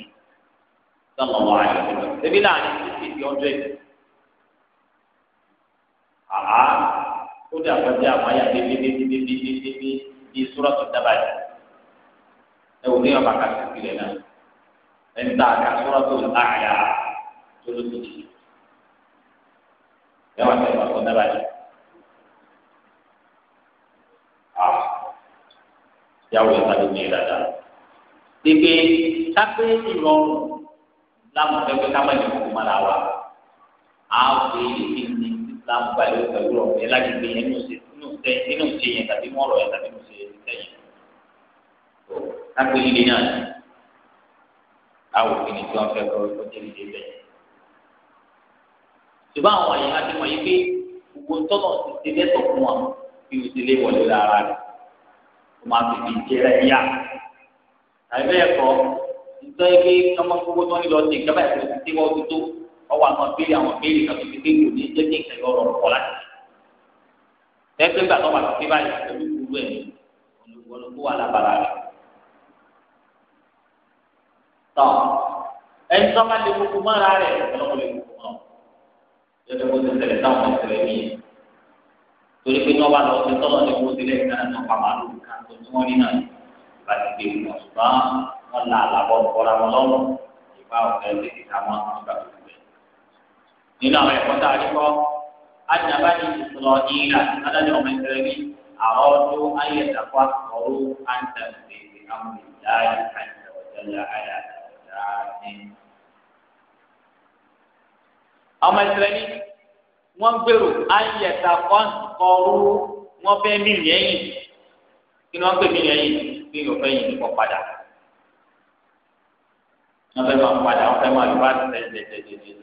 sọ̀rọ̀ wá yọ ebi láàrin títí di ọjọ́ ìlú àá ó dà kọjá àwọn ayà bíbíbíbíbíbí di sùrọ̀tù dábàá yìí ẹ wò ní ọba kàtó ìpìlẹ̀ náà ẹ̀ ń ta àkàsùrọ̀tù àyà tó ló ti di yàwó àti ẹ̀fọ́ tó dábàá yìí. yàwó ìpàdé ní ìdájà pépé sápé ìrọ̀rùn láwọn pépé ká má ní kókó má la wa àwọn èyí ti ní láwọn pẹ̀lú pẹ̀lú ọ̀rẹ́ láti gbé yẹn nínú ṣe nínú ṣe yẹn tàbí mọ́ ọ̀rọ̀ yẹn tàbí mọ́ ṣe sẹ́yìn sápé líle náà ni àwọn òfin tí wọ́n fẹ́ kọ́ ẹ̀kọ́ tẹ́lẹ̀ lé bẹ́ẹ̀. ṣùgbọ́n àwọn àyè láti mọ̀ yí pé gbogbo tọ́nà ti ṣe lẹ́tọ̀ fún wa bí o ti lé wọlé lára rẹ̀ o máa fi àìbẹ́ẹ̀kọ́ nítorí pé ọmọkúgbó tó ń lọ sí ìjọba ìpínlẹ̀ ti tẹ́wọ́ ti tó ọwọ́ àwọn béèrè àwọn béèrè kan tó fi gbé kò ní jẹ́ kí nǹkan yọ ọ̀rọ̀ kọ́ láti. ẹgbẹ́ gbà tó wà lọ sí báyìí pẹ̀lú gbogbo ẹ̀ olùkọ́ wà lábàrá rẹ̀. tọ́ ẹni tó bá lè kúkú mọ́ra rẹ̀ ọlọ́run lè kúkú mọ́ bá ti gbé wọn ṣùgbọ́n wọn là àlàbọ̀ kọ́ra wọn lọ́rùn ìbá ọ̀gá ẹgbẹ́ kíkà wọn nígbà tó ti bẹ̀. nínú àwọn ẹ̀kọ́ tá a rí kọ́ ajaba ni ìṣòro ìlà adájọ́ ọmọ ìṣẹ̀lẹ̀ ní àwọn ọdún ayé ìdàpọ̀ ọ̀rọ̀ àǹtàǹtì àwọn wọ́n gbèrò ayé ìdàpọ̀ ọ̀rọ̀ wọ́n fẹ́ mílíọ̀nù kí wọ́n gbé mílíọ̀nù kí yóò fẹ́ yìí nípa padà wọ́n fẹ́ máa padà wọ́n fẹ́ máa yorùbá tẹ̀tẹ̀tẹ̀tẹ̀tẹ̀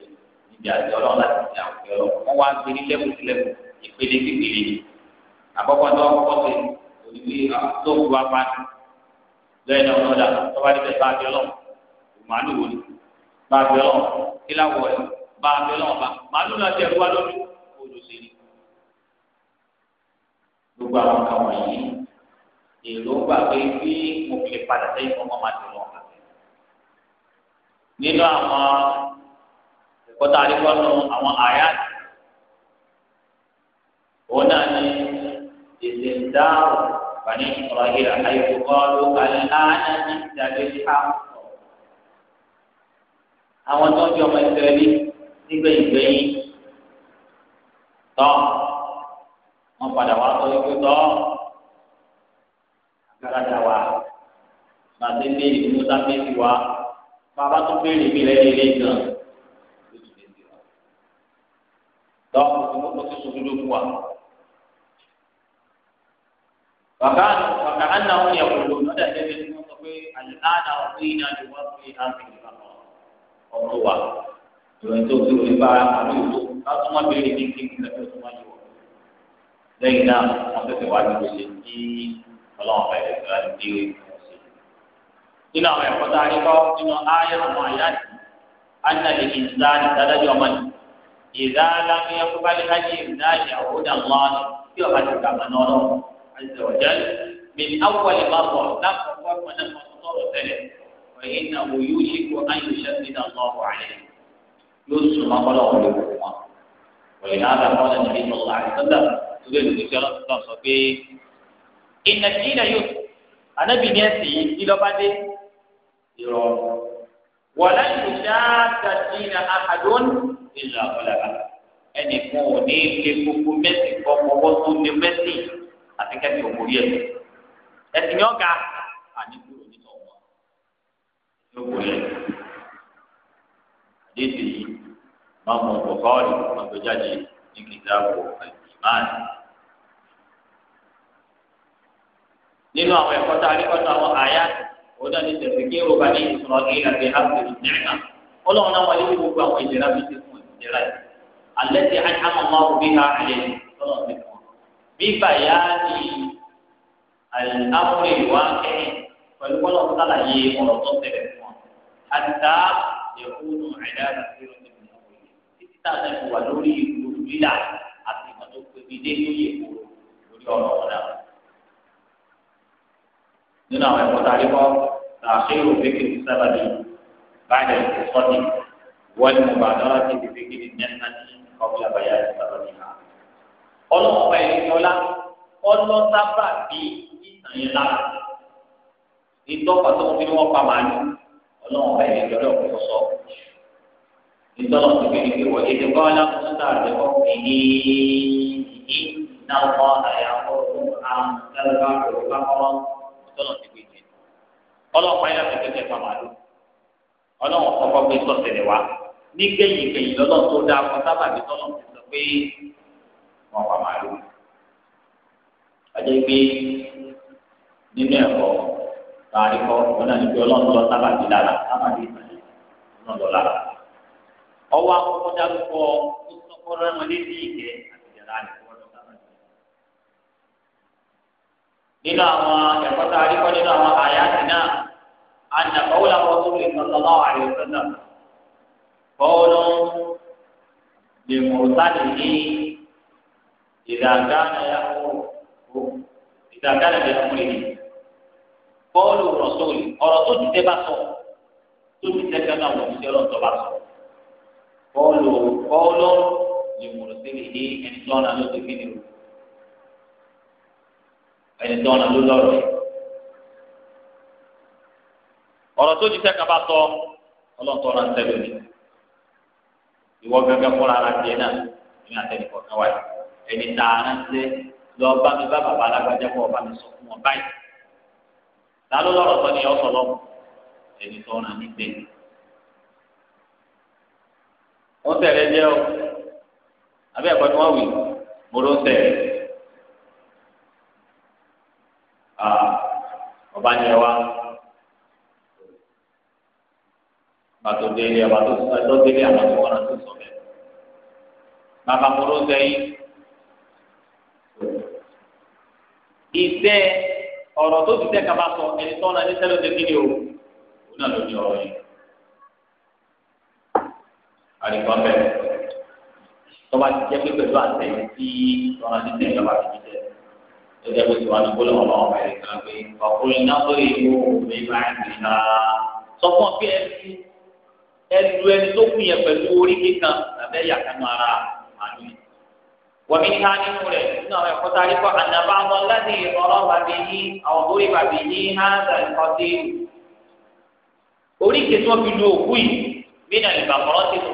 níbi àti ọlọ́run láti ti àwọn ìfẹ́ lọ wọ́n wá gbé ní lẹ́kùn sí lẹ́kùn ìpele sí ìpele àkọ́kọ́ tó kọ́kọ́ sí òyìnbí tó kú wá pa lẹ́yìn náà lọ́dà tó bá dé bá abẹ́ ọlọ́run màálù wò ni bá abẹ́ ọlọ́run kí láwọ̀ ẹ̀ bá abẹ́ ọlọ́run bá màálù náà tẹ̀ wá lórí olùsèlú gbogbo àwọn kan wọ̀nyí èròǹgbà pé bí mo fi lè padà sẹ́yìn fún ọmọ máa tẹ̀lé ọ̀gá. nínú àwọn ẹ̀kọ́ tá àwọn àyà òun náà ni èdè ń dá bani ìsọ̀rọ̀yìn àyẹ̀wò kọ́ọ̀lù aláàánà ní ìdàgbé káàkó. àwọn tó ń jẹ ọmọ ìsirẹ́lì nígbẹ̀yìngbẹ̀yìn tọ́ wọ́n padà wá sọ wípé tọ́ káradà wa màtí béèrè fún mọ́tà béèrè wa bàbá tó béèrè bí rẹ̀ lélẹ̀ gan lójú béèrè wa. tọ́ mo ti sọ dúdú fún wa. bàbá bàbá àná òun yẹ kúló lọ́dà tẹ́lẹ̀ tí wọ́n sọ pé àlùkáàdà ọ̀gbìn iná ni wọ́n fi àmì ìgbà kan ọ̀tọ̀ wa. ìròyìn tó fi òní bá àbí òtó bá tún wọ́n béèrè ní kí n kí n lọ́dọ̀ tó wáyé wọ̀. lẹ́yìn náà wọ́n fẹ́fẹ́ wá ní gbèsè ní ọlọ́run bá ẹ̀rẹ̀ gbọ́dọ̀ dé ìwé ìfún sí. nínú àwọn ẹ̀kọ́ tá a rí kọ́ nínú ayé àwọn àyà yìí anna lè ní sáàni dáadájú ọmọ ni ìdá alámi ẹkú bá lè kájí ìdá ìyàwó dà lọ́ọ̀nì tí ọba ti gbà mọ́ náà lọ́wọ́ àti ọ̀jẹ́ mi ni awọ lè má bọ̀ lákòókò ọ̀pọ̀ náà kọ́ sọ̀rọ̀ tẹ́lẹ̀ ọ̀yìn náà wò yóò ṣe kó ayọ̀ṣẹ́ sí náà lọ́wọ́ àlẹ́ yóò sùn mọ́ bọ́lá òun wọn. ọ̀yìn náà bá kọ́ ìnàjì náà yóò anábì ní ẹsẹ̀ yìí ìlọ́badé ìrọ̀ wọ̀lá ìlúṣà tàbí ìnà àhàdùn ìlà ọ̀làbà ẹnì kan ò ní ilé gbogbo mẹ́sì kọ́ ọwọ́ tó ní mẹ́sì àti kẹ́sì òkúrí ẹ̀ ẹ̀sìn ní ọ̀gá àníkúrò nínú ọ̀wọ́ lókòrí ẹ̀ àdéhùn yìí máa mọ̀ ọ̀gbọ̀kọ́ ọ̀rẹ́ ọ̀gbẹ́jáde ní kìtàbù ẹ̀sìn máa nínú àwọn ẹ̀kọ́ tá a rí kọ́tà àwọn àyà òun ní tẹ̀sí kí yorùbá ní ìsọ̀rọ̀ ní ìlànà àbúrò nìyẹn ọlọ́run náà wọlé ní gbogbo àwọn ìdẹ̀ra bíi ti fún ìdẹ̀ra yìí alẹ́ ti àjàmọ̀ máa wù bí ha àlẹ́ sọ̀rọ̀ ní fún un bí bàyá ni àmúrè wá kẹ́yìn pẹ̀lú kọ́lọ̀ sálàyé ọ̀rọ̀ tó tẹ̀lé fún un àtà yẹ̀kúnù ẹ̀dá àti ìrọ̀lẹ́ nínú àwọn ẹ̀kọ́ tàbí kọ́ tàṣírò fíkì sábàbí báyìí sọ́ọ̀tì wọ́n mú bàdọ́rọ́ ti fi fíkì ní nẹ́ẹ̀nà ní ọ̀gbìn àbáyá sábàbí ha. ọlọ́wọ́ bá yẹn yọlá ọlọ́ sábà bí ìtàn yẹn lára ìtọ́pà tó ń fi wọ́n pa màálù ọlọ́wọ́ bá yẹn yọlá ọ̀pọ̀ sọ ìtọ́nà tó fi fi wọ́n ètò kọ́ lákòóso àdéhùn ìní ìní náà wọ́n tọ́lọ̀ ti gbé jẹ ọlọ́pàá yẹn láti gbẹgbẹ pa màálù ọlọ́wọ́n kọ́kọ́ gbé sọ̀tẹ̀lẹ̀ wá ní kẹ́yìnkẹ́yìn lọ́lọ́ tó dáa fún sábàbí tọ́lọ̀ ti sọ pé wọ́n pa màálù ajẹ́ pé nínú ẹ̀kọ́ tààrí kọ́ wọn náà ní pé ọlọ́run lọ sábàbí lára sábàbí ìtàlẹ̀ ọlọ́run lọ lára ọwọ́ akọ́kọ́ dárúkọ ó sọ fọ́nrán wọn létí nínú àwọn ẹ̀kọ́ tá a rí kọ́ nínú àwọn àyàtì náà ànàkọ́wò làwọn tó lè sọ̀tọ̀ lọ́wọ́ àyè sọ́nà bọ́ọ̀lù lè mọ̀ sáré ní ìdàgánà yàgò ìdàgánà yàgò rẹ̀ bọ́ọ̀lù rọ̀sọ̀lì ọ̀rọ̀ tó ti tẹ́ bá sọ tó ti tẹ́ fẹ́ náà wọ̀ ní sẹ́lọ̀ tó bá sọ bọ́ọ̀lù bọ́ọ̀lù lè mọ̀ sáré ní ẹni tó ọ̀nà ló ti fi ní rò. ẹni tó ọ̀nà ló lọ́rọ̀ yìí. ọ̀rọ̀ tó jíṣẹ́ kaba sọ ọlọ́tọ̀ mi ìwọ gẹ́gẹ́ fúnra ara tiẹ̀ náà ní àtẹ̀lé kọ̀ọ̀kan wáyé ẹni tá a rántí lọ bá mi bá bàbá alágbájá kọ́ ọba mi sọ fún wọn báyìí ta lọ́rọ̀ sọ ni lọ́mù ẹni tó o àbí ẹ̀kọ́ ni wọ́n wì mo ló ń tẹ̀lé. ọba ni ẹ wá bàtò délé ẹ bàtò ẹjọ délé àwọn tó wọn àti sọfẹ bàbá kúrò sẹ́yìn ìṣe ọ̀rọ̀ tó ti tẹ kaba sọ ẹni tó ń náà ní ṣẹlẹ̀ tó kéde o òun náà ló ní ọ̀rọ̀ yìí àdìgbọn bẹ́ẹ̀ tọba ti jẹ pé pẹ̀lú àtẹ̀yìn tí tọ́nà ní tẹ̀yìn lọ́ba ti fi tẹ̀ lọ́jọ́ pé tí wàá dúró lọ́wọ́ lọ́wọ́ bá yẹn kan pé ọkùnrin náà tó yẹ kó omi bá ń gbé ha sọ fún ọ pé ẹnu ẹnu ẹni tó kù yẹn pẹ̀lú orí kíkan tàbí ẹ̀yà kanú ara màlúù wọ́n mi ká nínú rẹ̀ nínú àwọn ẹ̀kọ́ tari kọ́ ànàbà wọn láti ọ̀rọ̀ bàbí yí àwọn orí bàbí yí há sàlùkọ́ sí orí kí tí fi lu òkú yìí bí nà lè bàkọ́rọ́ sí lè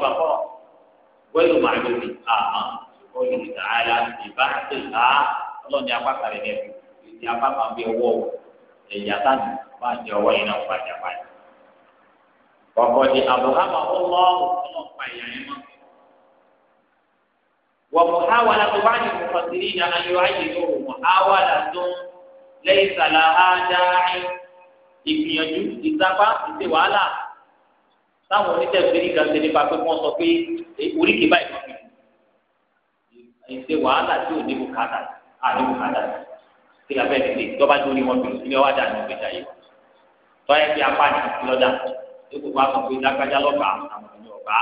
wẹ́lú màlúù àmọ́ olùdàlá ìbáṣẹ̀ ọlọ́run ní apá kàlẹ́ ní ẹ̀kú ní apá kan bí ọwọ́ ẹ̀yà sáàdì máa ń jẹ ọwọ́ yìí náà pàjà pàjà. ọkọ di àbúhámà ó lọ ọlọ́run pa ìyá yẹn mọ́. wọ́n mú háwàlà tó bá yẹ kọ́ sí ní ayọ̀ ayé yóò mú háwàlà tó lẹ́yìn sàlá ádáì ìgbìyànjú ìsapá ìṣe wàhálà táwọn onítẹ̀sírí kan ṣe nípa pé wọ́n sọ pé oríkèé báyìí ìṣe wàhálà tí ò ní bùkátà sí àní bùkátà tí la fẹ́ tètè tọ́ba tó ní wọn tó ní ọwọ́ àdá ní ìgbésà yìí tọ́yẹ ti apá ní lọ́dà tó kò bá sọ pé lágbájá lọ́ba àwọn ọ̀nà ọ̀bá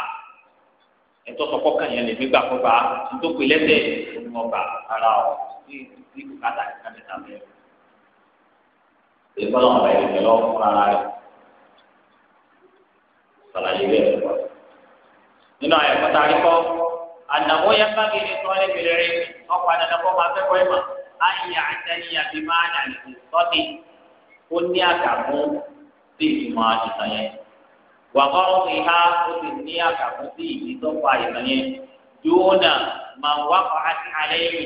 ẹ̀tọ́ sọkọ́ kàn yẹn lè mí gbà fún ba tó pè lẹ́sẹ̀ ọ̀nà ọ̀bá ara ọ̀ ní bùkátà kíkà mẹ́ta bẹ́ẹ̀. èyí fọlọ́n ọ̀rọ̀ ìrìnlẹ̀ lọ́wọ́ fún ara rẹ̀ sàlàyé bẹ́ẹ̀ nínú àyẹ̀kọ́ta rí kọ́ àdàbọ̀ yẹn ọkọ̀ àdàdà kọ́ máa fẹ́kọ̀ọ́ ìmọ̀ ayé àtẹ́lẹ́ àti máa nà lè sọ́ọ̀tì ó ní àkàkùn sí ìtumọ̀ ìtàn yẹn wàkọ́ ìhá ó sì ní àkàkùn sí ìdítọ́fà ìtàn yẹn dúnà máa wá kọ́ àti alẹ́ yìí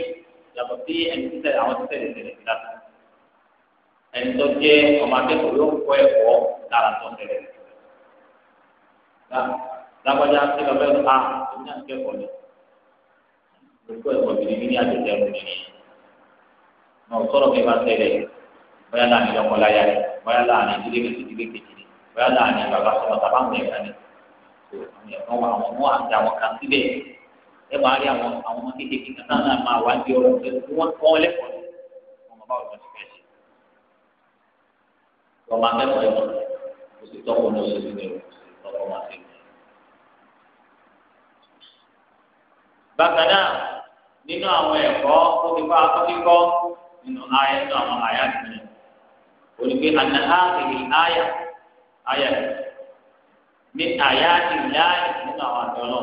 yàtọ̀ sí ẹni títẹ̀ àwọn títẹ̀ lè tẹ̀lé sí láti ẹni tó jẹ́ ọmọ akẹ́kọ̀ọ́ yóò kọ́ ẹ̀kọ́ lára tó tẹ̀lé lágbájá sí lọ́bẹ̀ẹ́ ah, kó ẹ̀kọ́ bìrìbì ní àjọjẹ ọdún nìyẹn náà sọ̀rọ̀ mi máa tẹ̀lé bóyá láàrin ọmọláyà rẹ bóyá láàrin ìdílé kejì ìdílé kejì ni bóyá láàrin bàbá sọ̀rọ̀ bàbá mọ̀ ẹ̀ka ni tó àwọn ẹ̀kọ́ wa àwọn ọmọ àti àwọn kan síbẹ̀ ẹ máa rí àwọn àwọn ọmọ kékeré kan náà náà máa wá di ọ̀rọ̀ pé wọ́n kọ́ lẹ́kọ̀ọ́ ọmọ báwo ló ti fẹ́ ṣe ọmọ akẹ́kọ̀ọ́ ẹ̀kọ́ kò sí tọ́kọ̀ ní oṣù tó lẹ́wọ̀ tọ́kọ̀ máa bákan náà nínú àwọn ẹ̀kọ́ tó ti fa akọ́kíkọ́ nínú ayé nínú àwọn àyà nìyẹn olùgbé anaha kiri àyà àyà ní àyà ti láàyè nínú àwọn àjọ náà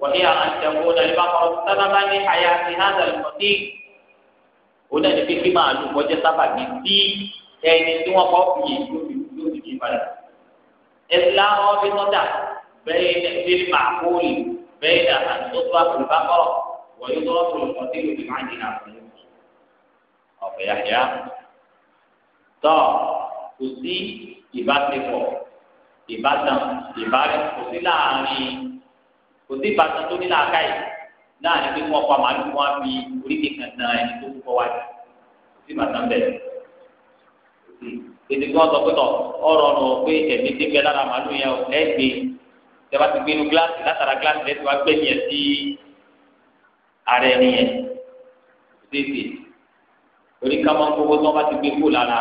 wọ́n yà á tẹ̀wọ́ lẹ́yìn bá kọ́ sábàbá ní àyà ti hàdà lọ́dí òun náà ní pé kí máa lò kọjá sábàbí tí ẹni tí wọ́n kọ́ fi yè yóò fi yóò fi yé padà ẹ̀sìlá ọ̀bí sọ́dà bẹ́ẹ̀ ní ẹ̀sìn màkúrì bẹ́ẹ̀ ní àtúntò àkùrùbá kọ́rọ̀. ويضاف المقاتل بمعنى عظيم ọ̀pẹ yàyà tọ́ kò sí ìbáṣepọ̀ ìbátan ìbárẹ̀ kò sí láàrin kò sí ìbátan tó ní làákàyè láàrin pé wọ́n pa màálù wọn fi oríkè kan tan ẹni tó kúkọ wájú kò sí ìbátan bẹ́ẹ̀ ètò ìgbọ́n sọ pé tọ̀ ọ̀rọ̀ ọ̀nà pé ẹ̀mí ti bẹ lára màálù yẹn ẹ̀ gbé e. tẹ bá ti gbé ara ẹni yẹn tètè torí ká máa ń kówó tí wọn bá ti gbé kó lára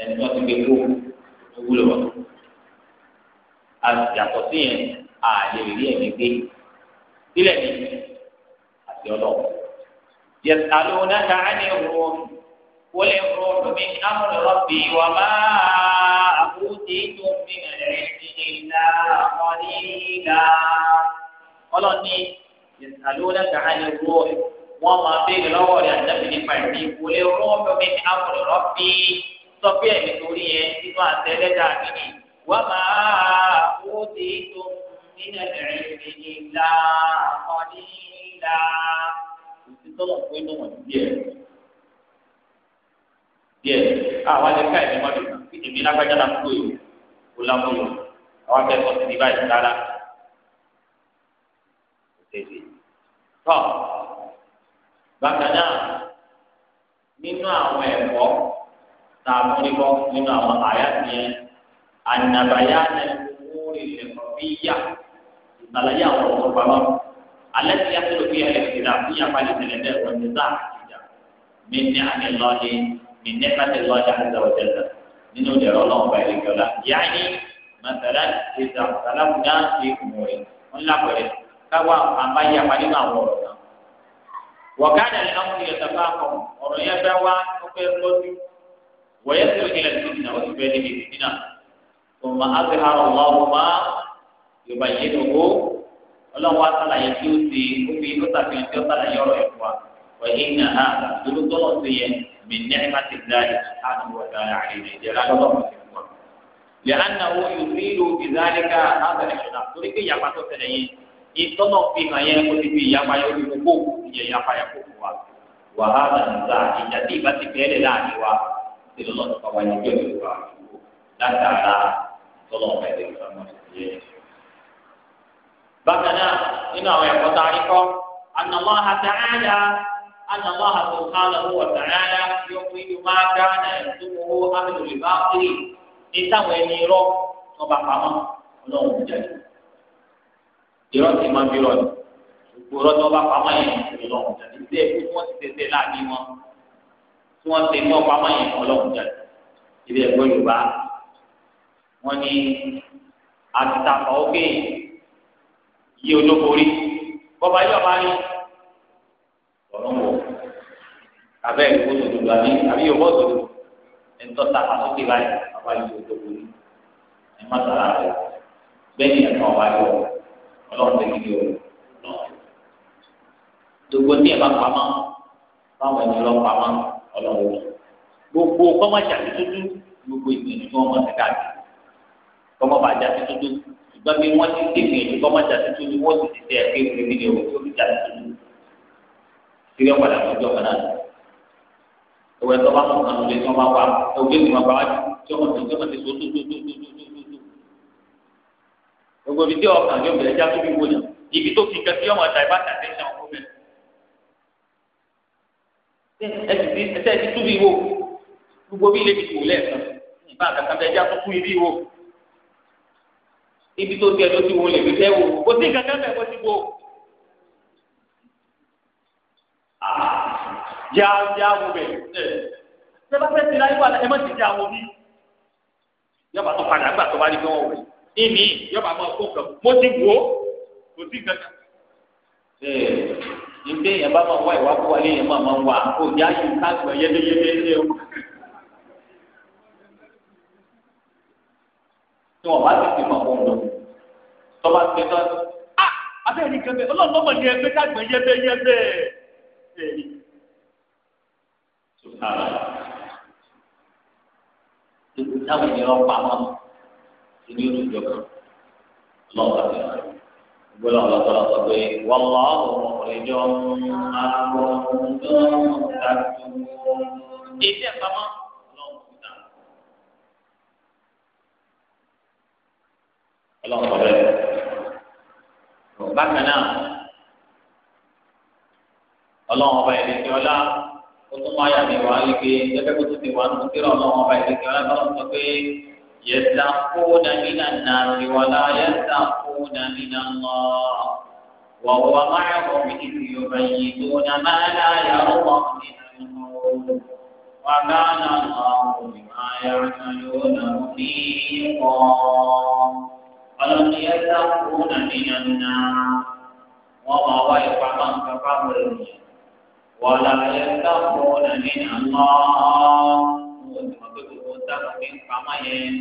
ẹni tí wọn ti gbé kó ló wúlò wọn àyàtọ̀ sí yẹn àlè rí ẹ̀mí gbé sílẹ̀ ní àti ọlọ́wọ́ yẹtàlónàkà ẹni rún wọlé rún mi amúlò rọ̀bì wà má àbúté tó mi rẹ̀ ní ìlà ọ̀nìyàn ọlọ́ni yẹtàlóra kàánì wọ́ọ̀rì wọ́n máa béèrè lọ́wọ́ rẹ̀ àtàbí nípa ìdí ìwọlé rọ́ọ̀bù mi ní àkùrẹ̀ rọ́ọ̀bì sọ́bí ẹ̀ nítorí ẹ̀ nínú àtẹ́lẹ́dà mi ni wọ́n máa ó ti tó nínú ẹ̀rìn mi ìlà ọ̀nì ìlà òtítọ́lọ̀ fún inú wọn díẹ̀ díẹ̀ àwọn ẹ̀ka ẹ̀mí mọ́tò ìdèmí lágbájá làkúrò yìí kó lámúlò àwọn akẹ́kọ̀ọ́ ti di báyìí rárá. tọ bákan náà nínú àwọn ẹ̀kọ́ tá a múlẹ̀ bọ́ nínú àwọn àyà yẹn ànàbàyà ẹ̀kúrì lẹ́kọ̀ọ́ bí yá ìgbàláyà àwọn ọ̀rọ̀ pamọ́ alẹ́ ti yá sílò bí ẹlẹ́kìtì rà bí yàrá lè tẹ̀lé bẹ́ẹ̀ wọ́n ti sá àkìjà mí ní àmì lọ́ọ̀dì mí ní pàtẹ lọ́ọ̀dì àti ọ̀dẹ̀ náà nínú ìdẹ̀rọ̀ ọlọ́run bá ilé jọlá yáa ní màtàlá ìdàgbàlá káwa àbá yà wá nínú àwọn ọ̀rọ̀ náà. wọ̀gádà ni àwọn ènìyàn tàbá kọ ọ̀rọ̀ yẹn fẹ́ wá ó fẹ́ lọ́jú wọ̀nyẹ́ tó ilẹ̀ tó ti nà ó ti fẹ́ níbi ìdí náà. tòmà áti harọ̀ lọ́wọ́ má yorùbá yìí ló kó ọlọ́wọ́ àtàlàyé tí ó ti ó fi ó tí ó tàlàyé ọ̀rọ̀ ẹ̀ fún wa wọ̀nyí nà á dúró tó ìtọ́nà fi hàn yẹn kó ti fi ìyapa yẹn kó ti kó ìyẹn ìyapa yẹn kó fún wa wàhálà nígbà ìjà tí ìbá ti bẹ́ẹ̀lẹ̀ láàrin wa ti lọ́nà tó kọ́wa yẹn jẹ́ òṣèlú wa látara tọ́lọ̀ ọ̀pẹ̀lẹ̀ ìfọ̀nà yẹn. bákan náà nínú àwọn ẹ̀kọ́ tá a rí kọ́ anamọ́ àtàràdà anamọ́ àtòkálà owó àtàràdà yóò fún máa dáná ìdúnwó amílùmí bá ń pè é ní táwọn ẹni rọ́ irọ́ ti máa ń bírọ̀ ni gbogbo irọ́ tí wọ́n bá pamọ́ yẹn ọlọ́run jáde ṣé ẹ̀kú tí wọ́n ti tẹ̀sẹ̀ láàbí wọn tí wọ́n ti mọ́ pamọ́ yẹn ọlọ́run jáde ibi ẹ̀kọ́ yorùbá wọ́n ní àtìtàkọ̀ ókè yí olóborí bọ́ba yóò máa rí ọ̀rọ̀ wọ̀ abẹ́ ìkó tòdodo àbí àbí yóò bọ́ tòdodo ẹ̀ńtọ́ta àtúntì báyìí bàbá yóò tòdodo ẹ̀ má sàrà rẹ̀ bẹ́ẹ̀ ni ẹ̀ka ọlọ́run pé kí o lọ. gbogbo tí ẹ bá pamọ́ báwọn ẹni lọ pamọ́ ọlọ́run lọ. gbogbo kọ́mọ̀jà tuntun gbogbo ìgbìyànjú tí wọ́n mọ̀ sí káàkiri kọ́mọ̀bàjà tuntun ṣùgbọ́n bí wọ́n ti tètè ìlú kọ́mọ̀jà tuntun ni wọ́n ti ti tẹ ẹgbẹ́ ìwé mi ní òwe tó fi jà tuntun. ìrẹ́ padà lọ́jọ́ kan náà òwe tó bá fún kan lóde tí wọ́n bá wà òwe tí gbogbo ibi tí ọkàn yóò bẹ̀rẹ̀ já tó bí wò ibi tó fi kẹsí ọmọ ọ̀tá ìbá tà tẹ̀sán ọkọ bẹ̀rẹ̀. ẹsẹ̀ ti tú bí wò gbogbo bí ilé ti kù lẹ́ẹ̀kan ìbá kankan bẹ̀rẹ̀ já tó tú ibi wò ibi tó tiẹ̀ tó ti wò lè fi fẹ́ wò kò sí kankan bẹ̀rẹ̀ kó ti wò. já já wò bẹ̀rẹ̀ ṣé bá fẹ́ ti láyé wà ẹ má ti já wò bí yọ̀bà tó padà gbà tó bá rí gbọ́n wò bẹ̀rẹ̀ ìmí yọba máa kó nǹkan mo ti wò ó kò sí nǹkan kan. ee ìgbé yẹn bá máa wá ìwákúwá léyìn máa máa wà kó ní ayé káàgbọ̀ yẹ́dẹ́yẹ́dẹ́ ṣe o. tí wọn bá ti fi mọ ohun lọ tọba ti tọ a abẹ́rẹ́ nìkan bẹ́ẹ̀ ọlọ́run lọ́mọ ni ẹgbẹ́ káàgbọ̀ yẹ́dẹ́yẹ́dẹ́ ẹ̀rí. táwọn ènìyàn pa wọn ní olùjọ kan lọ́wọ́ àti gbọ́dọ̀ ọ̀lọ́tọ̀lọ́ sọ pé wọ́n lọ́ ọ̀rẹ́jọ́ àwọn ọ̀dọ́ dájú. Èyí ẹ̀ pamọ́ lọ́wọ́ síta. Ọlọ́wọ́ bẹ̀rẹ̀. Bákan náà, ọlọ́wọ́ bá ẹ̀rí tí ọlá ó tún máa yà ní wàhálì pé gẹ́gẹ́ bó tún ti wà ní kíra ọlọ́wọ́ bá tí ọlá bá wọn sọ pé. يستخفون من الناس ولا يستخفون من الله وهو معهم إذ يبيتون ما لا يرضى من القول وكان الله بما يعملون محيطا ولم يستخفون من الناس وما ويق من كفر ولا يستخفون من الله táwọn fi ń pamọ́ yẹn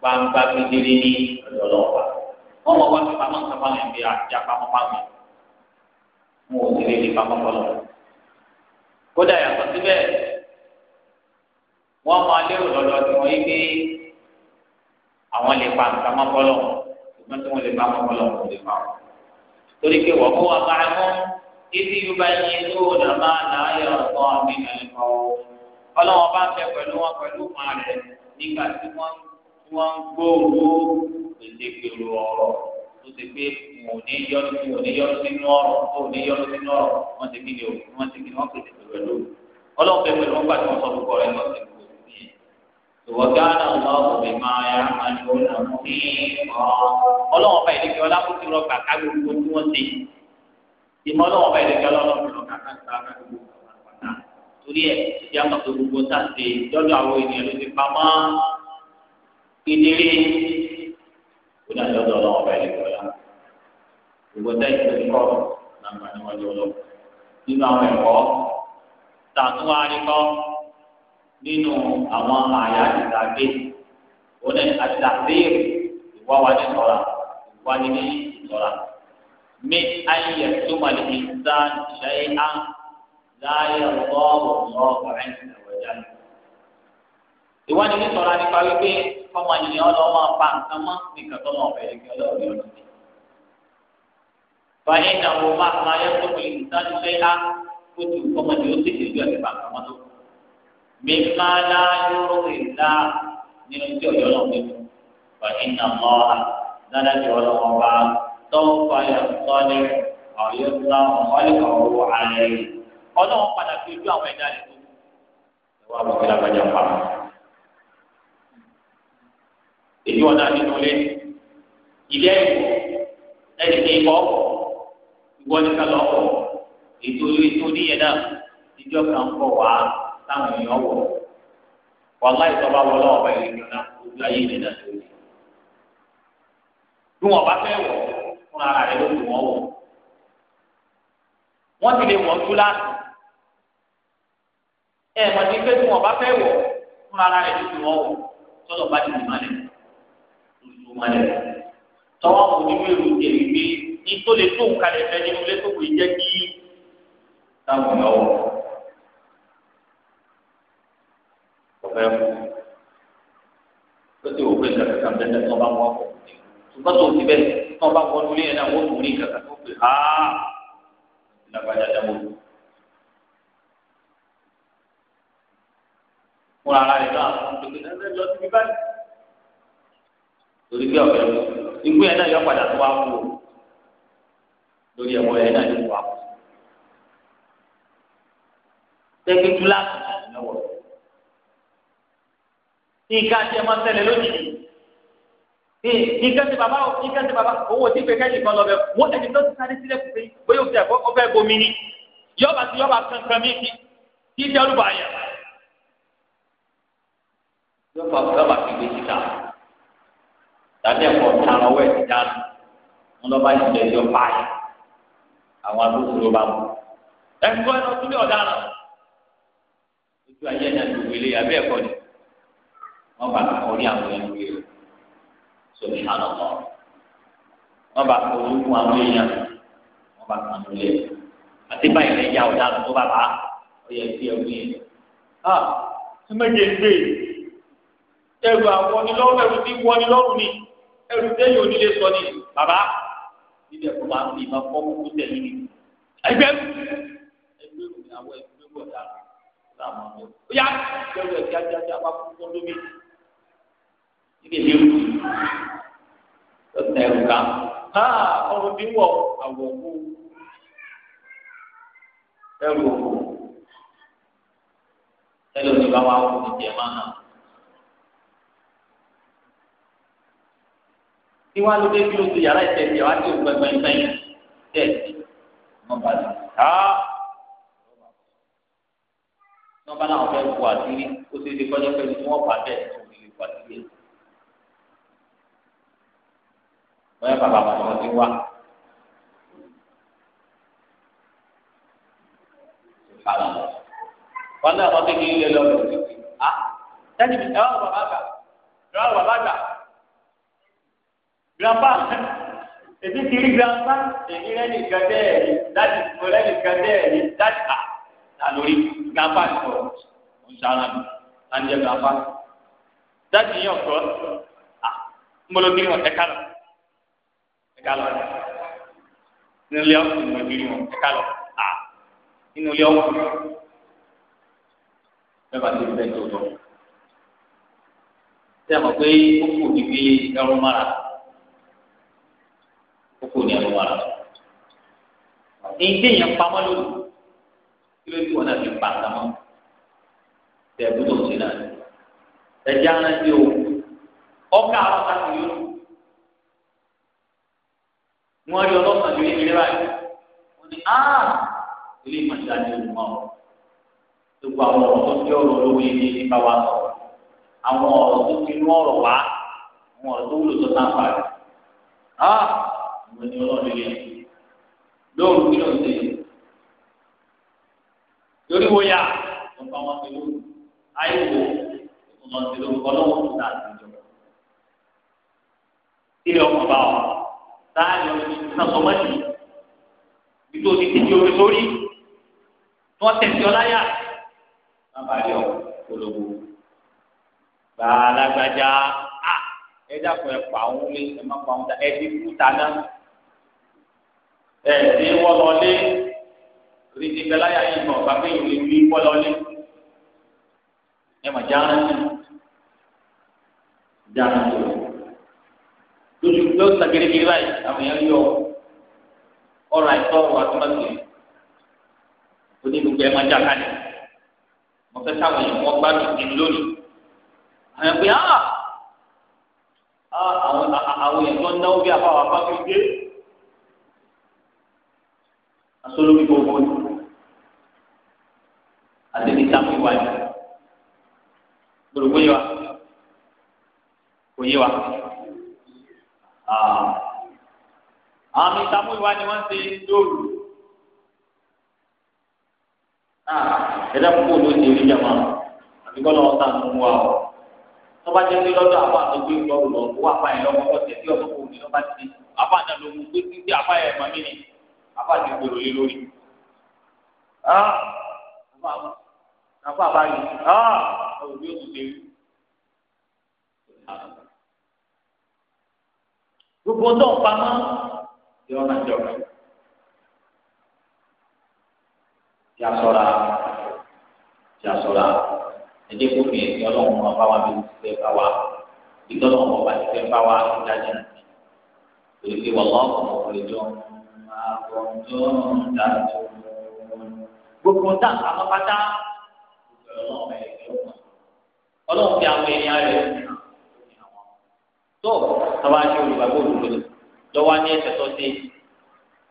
gbangba kedere ní ọ̀dọ̀ ọlọ́pàá wọ́n mọ̀ wá sí pamọ́ nǹkan pamọ́ yẹn bí ajá pamọ́ pamọ́ wọn ò tẹ̀lé ní pamọ́ pamọ́ kódà yàtọ̀ síbẹ̀ wọ́n máa lérò lọ́dọ̀ tí wọ́n yí pé àwọn lè pa nǹkan mọ́ pọ́lọ́ ṣùgbọ́n tí wọ́n lè pa mọ́ pọ́lọ́ kò lè pa wọn. torí pé wọ́n kó wa bá a mọ́ ibi yorùbá yẹn tó dàbá náà yọ̀ ọ́ mi nà lè pa ọ́ ọlọ́wọ́n bá fẹ́ pẹ̀lú wọn pẹ̀lú màá rẹ̀ nígbà tí wọ́n tí wọ́n ń gbòòrò gbèdégbèrò ọ̀rọ̀ tó ti pé wọn ò ní yọnu wọn ò ní yọnu sínú ọ̀rọ̀ tó ò ní yọnu sínú ọ̀rọ̀ wọ́n ti kí ni o wọ́n ti kí ni wọ́n pèsè pẹ̀lú ọlọ́wọ́n fẹ́ pẹ̀lú wọn gbà tí wọ́n sọ gbogbo rẹ̀ lọ́sẹ̀ wọ́gánà ọlọ́wọ́ bí máa yá ọlọ́wọ́ torí ẹ̀ ti a máa tó gbogbo sáǹdé lọ́dọ̀ àwọn ènìyàn ló ti pamọ́ kedere ó dà lọ́dọ̀ ọlọ́wọ́ bá ilé kọ́lá gbogbo táyì tó ń kọ́ nàgbà níwájú ọlọ́wọ́ nínú àwọn ẹ̀kọ́ tàtún arikọ́ nínú àwọn àyà ìtàgé ó dẹ̀ àtàfíìr ìwá wa ní sọ̀ra ìwá ní ní mi ayé tó máa lè fi sáà ṣe láàyè ọ̀gbọ́ ọ̀gbọ́ ọ̀gbọ́ ẹ̀sìn ìwọ̀jà ni. ìwádìí ní sọ̀rọ̀ nípa wípé ọmọ ènìyàn ọlọ́wọ́ máa pa nǹkan mọ́ nìkan tó máa bẹ̀rẹ̀ kí ọlọ́run yọ̀ lọ́dún. báyìí náà wọ́n máa máa yẹ kó pé ìdájú lé á kó tu ọmọdé ó tètè ju ẹ̀mí pa nǹkan mọ́ tó. mi máa lá yóró ìlà nínú tí ọ̀yọ́ náà mi báyìí náà mọ́ a dáadáa ọlọ́wọ́ bá tọ́ ọlọ́run padà fi ojú àwọn ẹ̀dá rẹ̀ tó kù ẹ̀wá wọ́n ti lágbájá pa. èyí wọn náà nínú ilé ilé ẹ̀kọ́ ẹ̀sìn ìkọ́ ìwọ nìkan lọ́kọ̀ ètò ètò oníyẹn náà ìjọ kan kọ̀ wá táwọn èèyàn wọ̀ wàhálà ìjọba wọlé ọ̀bẹ ìlú náà ojú ayé ìlú náà lórí. bí wọn bá fẹ́ wọ̀ fúnra rẹ̀ ló ti wọ́n wọ̀ wọ́n ti lè wọ́n tú láti ẹ mọ̀ ní pé tí wọ́n bá fẹ́ wọ̀ fúnra ara rẹ̀ lójú wọn wọ̀ tọ́lọ̀ bá ti dùn malẹ̀ lójú malẹ̀ tọ́wọ́ kò ní wíwèrè òkè wípé ní tó lè tó nkalẹ̀ fẹ́ nínú ilé tó kò jẹ́ kí táwọn yọ wọ̀ ọ̀fẹ́ kú ó ti wò pé kàkàkà bẹ́ẹ̀ tẹ́ bá wọ́n kọ̀ ṣùgbọ́n tó ti bẹ́ẹ̀ tí wọ́n bá wọ́n lulẹ̀ náà wọ́n tún ní kàkà tó pè á lágbájá dáwọ́ tó. fún ara rẹ̀ lọ àwọn ọmọdé náà lọ síbi báyìí torí pé ọ̀fẹ́ ikú yẹn náà yọ padà tó wá kú lórí ẹ̀wọ̀n yẹn náà yóò wá kú tẹ́gbẹ́ kíláàsì lọ́wọ́ ìka tí ẹ máa tẹ̀lé lójijì ìka tí bàbá o ìka tí bàbá owó tí pé kẹ́yìn kan lọ bẹ wọ́n ẹni tó ti sáré sílẹ̀ kù bóyá o ti ẹ̀fọ́ ọbẹ̀ bomi ni yọba ti yọba kankan mi kí kí tẹ́lú bàyà tó fà fún sábà fi gbé síta tàbí ẹ̀kọ́ tààrà ọwọ́ ẹ̀ ti dáná wọn lọ́ba ìṣẹ̀lẹ̀ ẹjọ́ báyìí àwọn agbófinró bá mú. ẹ̀kọ́ ẹ̀ lọ́tún ní ọ̀daràn ojú ayé ẹ̀yà ló wele àbí ẹ̀kọ́ ni wọ́n bá kọ́ ní àwọn ẹ̀yìn wí o sọ̀rọ̀ ìhànà kan wọ́n bá kọ́ orúkún àwọn èèyàn wọ́n bá kàn ló lẹ̀ àti báyìí lẹ́yìn ọ̀daràn tó bá bá ọ̀yẹ̀ fi ẹ̀ wí ah túmẹ̀jẹ̀ ń ẹrù àwọn onílọ́rùn ẹrù tí wọ́n nílọ́rùn ni ẹrù tẹ́yìn onílé sọ ni bàbá níbẹ̀ kó máa fi máa fọ́ kókó tẹ̀lé ni. ẹgbẹ́ ẹgbẹ́ òní àwọn ẹgbẹ́ wọ̀ dára láàmú ọ̀dọ́ ó yá ẹrù ẹ̀ kíákíá tí a bá fún fún lómi níbẹ̀ ní ewu lọ́sẹ̀ ẹrù ká ha ọrùn bí wọ̀ àwọ̀ kú ẹrù òkú ẹlòmíì bá wà wọ́n ti jẹ́ máa hàn. kí wọ́n á lọ dé bí oṣù yàrá ìtẹ̀sí ẹ̀ wá tí òun gbẹgbẹ́ ń bẹ̀yìn tẹ̀sí wọn bá lọ. tí wọ́n bá náà fẹ́ bu àtìrí ó ti di kọjá pẹ̀lú tí wọ́n bá bẹ́ẹ̀ tó fi lè bu àtìrí ẹ̀. wọ́n yẹ bàbá bàbá wọn ti wá. wọn náà wọ́n ti kí ilé lọ́dọ̀ títí. dájú ẹ wá bàbá gbà ẹ wá bàbá gbà grandpa èmi ti rí grandpa èmi rẹ nìkan bẹ́ẹ̀ ni láti mo rẹ nìkan bẹ́ẹ̀ ni láti à ta lórí grandpa sọ mo ń sára mi à ń jẹ grandpa dájú yín ọ̀tọ̀ à ń bọ́ lóbi wọn ẹ̀ka lọ ẹ̀ka lọ nílé ọ̀sìn ní ojú wọn ẹ̀ka lọ à nínú ilé ọ̀sìn bẹ́ẹ̀ bá ti bẹ́ẹ̀ tó tọ́ ṣé àwọn pé ó kù níbi ẹrù mara ní ẹ̀rọ wa rẹ̀. Ìdí yẹn pamọ́ lóru kí ló ti wọn náà fi pa àtàmọ́ tẹ̀gbọ́n tó ti náà. Ẹja náà ti o, ọkà àwọn káàkiri yóò. Wọ́n rí ọlọ́sàn lórí ìdílé báyìí. Wọ́n ní áà ilé ìmọ̀ta ni olùmọ̀ ọ̀rọ̀. Gbogbo àwọn ọ̀rọ̀ tó fi ọ̀rọ̀ olówó yìí ní bá wa sọ̀rọ̀. Àwọn ọ̀rọ̀ tó fi inú ọ̀rọ̀ wá. Àwọn ọ̀rọ̀ tó wúlò tó sáǹfà rẹ̀. Ah! mo ní ọlọ́run lè lóòrù kí ló ń ṣe torí wo ya mo fa wọn pẹ̀lú ayé wo mo ti lórí ọlọ́wọ́ tó ta àtijọ́ ilé ọkọ̀ bá wa táyà yọ ní sàkọ́mọ́tì bí tó ti ti di omi sórí wọ́n tẹ̀sí ọ láyà bàbá rí ọ polówó gbàlágbàjà ẹ dákun ẹ pa òun lé ẹ má pa òun ta ẹ dín kú ta náà ẹ̀ẹ́dì wọ́lọ́lé rìdìgbẹ́láyà yìí mọ̀ bàbá yìí lè fi wọ́lọ́lé ẹ̀ mà jára sí jára sí lójú ló ń sagerege báyìí àwọn èèyàn yọ ọ̀rọ̀ àìsàn ọ̀rọ̀ àtúmọ̀tì onígbogbo ẹ̀ máa já kalẹ̀ mo fẹ́ sáwọn èèyàn wọn gbádùn ní lónìí àwọn ẹgbẹ́ ah! ah! àwọn àwọn èèyàn tó ń náwó bí àbáwọ̀ àbáwọ̀ gbé asọ́lórí gbogbo àti ní sáfù ìwà yìí gbogbo yìí wa kò yé wa ah. àwọn ní sáfù ìwà ni wọ́n ti dóòlù ẹ̀dá púpọ̀ ló ti rí jama àbí kọ́ lọ́wọ́ sáà tó ń wá ọ tọ́ba jẹ́ pé lọ́dọ̀ àwọn àtọ́jú ìgbọ́ lọ owó apá yẹn lọ́wọ́ ọ̀sẹ̀ tí ọ̀sán ní lọ́ba ti apá náà ló pé títí apá yẹn mọ́ mí ni àfàdé gbòòrò lé lórí àfọ àbáyé òbí òtù déwì. gbogbo tó ń pamọ́ yọ ọ́nà jọ̀ọ́ yà sọ̀rọ̀ yà sọ̀rọ̀ ẹdí kò fi ẹsẹ̀ ọlọ́run ọba wa bí ìfẹ́ bá wa ìtọ́lọ́run ọba ìfẹ́ bá wa ìdájọ́ torí pé wọ́n lọ́kùnrin ọ̀pọ̀lọpọ̀ àkọ́tún dàtò. Gbogbo tá a kà pátá ọlọ́run fi àwọn èèyàn rẹ̀ tó tọ́wá ṣe olùgbàgbọ́ olùgbòlò lọ́wọ́ ní ẹsẹ̀ tó ṣe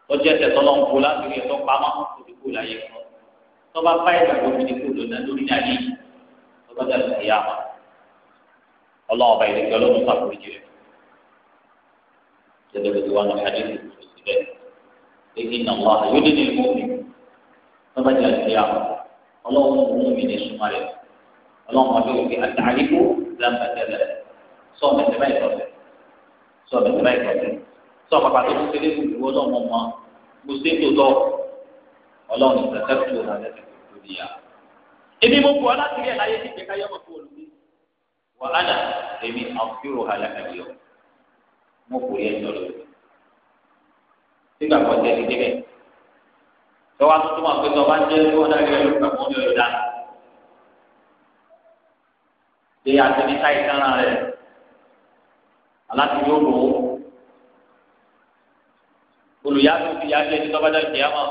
lọ́jọ́ ẹsẹ̀ tó lọ́n kó láti rí ẹ̀tọ́ pamọ́ òdìkú láyé kan tọ́ba báyìí gbàgbọ́ òdìkú lọ́nà lórí àyè tọ́ba dàbí ìyá wa ọlọ́run ọba ìrèké ọlọ́run pàtó ìjì rẹ̀. Jẹ́dọ̀ bẹ̀rẹ̀ wà ní èyí nà wà yóò dé nínú omi bàbá jẹ àti yà ọlọ́run mú mi ní súnmọ́ rẹ̀ ọlọ́run máa bẹ̀rù pé àtàlíkù làǹbà tẹ̀lẹ̀ sọ mẹsẹ̀ báyìí tọ̀sẹ̀ sọ mẹsẹ̀ báyìí tọ̀sẹ̀ sọ bàbá tó ti ṣe lẹ́nu ọlọ́run mọ́ mo ṣe tó tọ́ ọlọ́run ìgbàsẹ̀ tó rà lẹ́sẹ̀ tó di yà. èmi mo bọ̀ láti rí ẹ̀ ní ìgbẹ́ká yọmọ fún olùdí wàhálà èmi àfihàn nígbà kan jẹ́ dídé bẹ́ẹ̀. tọ́wọ́ tuntun máa pé tọ́wọ́ jẹ́ tí wọ́n dárí ẹ̀rọ ìgbà fún yóò dá. ṣé àtẹ̀ní táyì sára rẹ̀ aláti yóò lò ó. olùyàtò ti yá jẹ́ ní tọ́wọ́ dárí ìjẹ́ mọ́.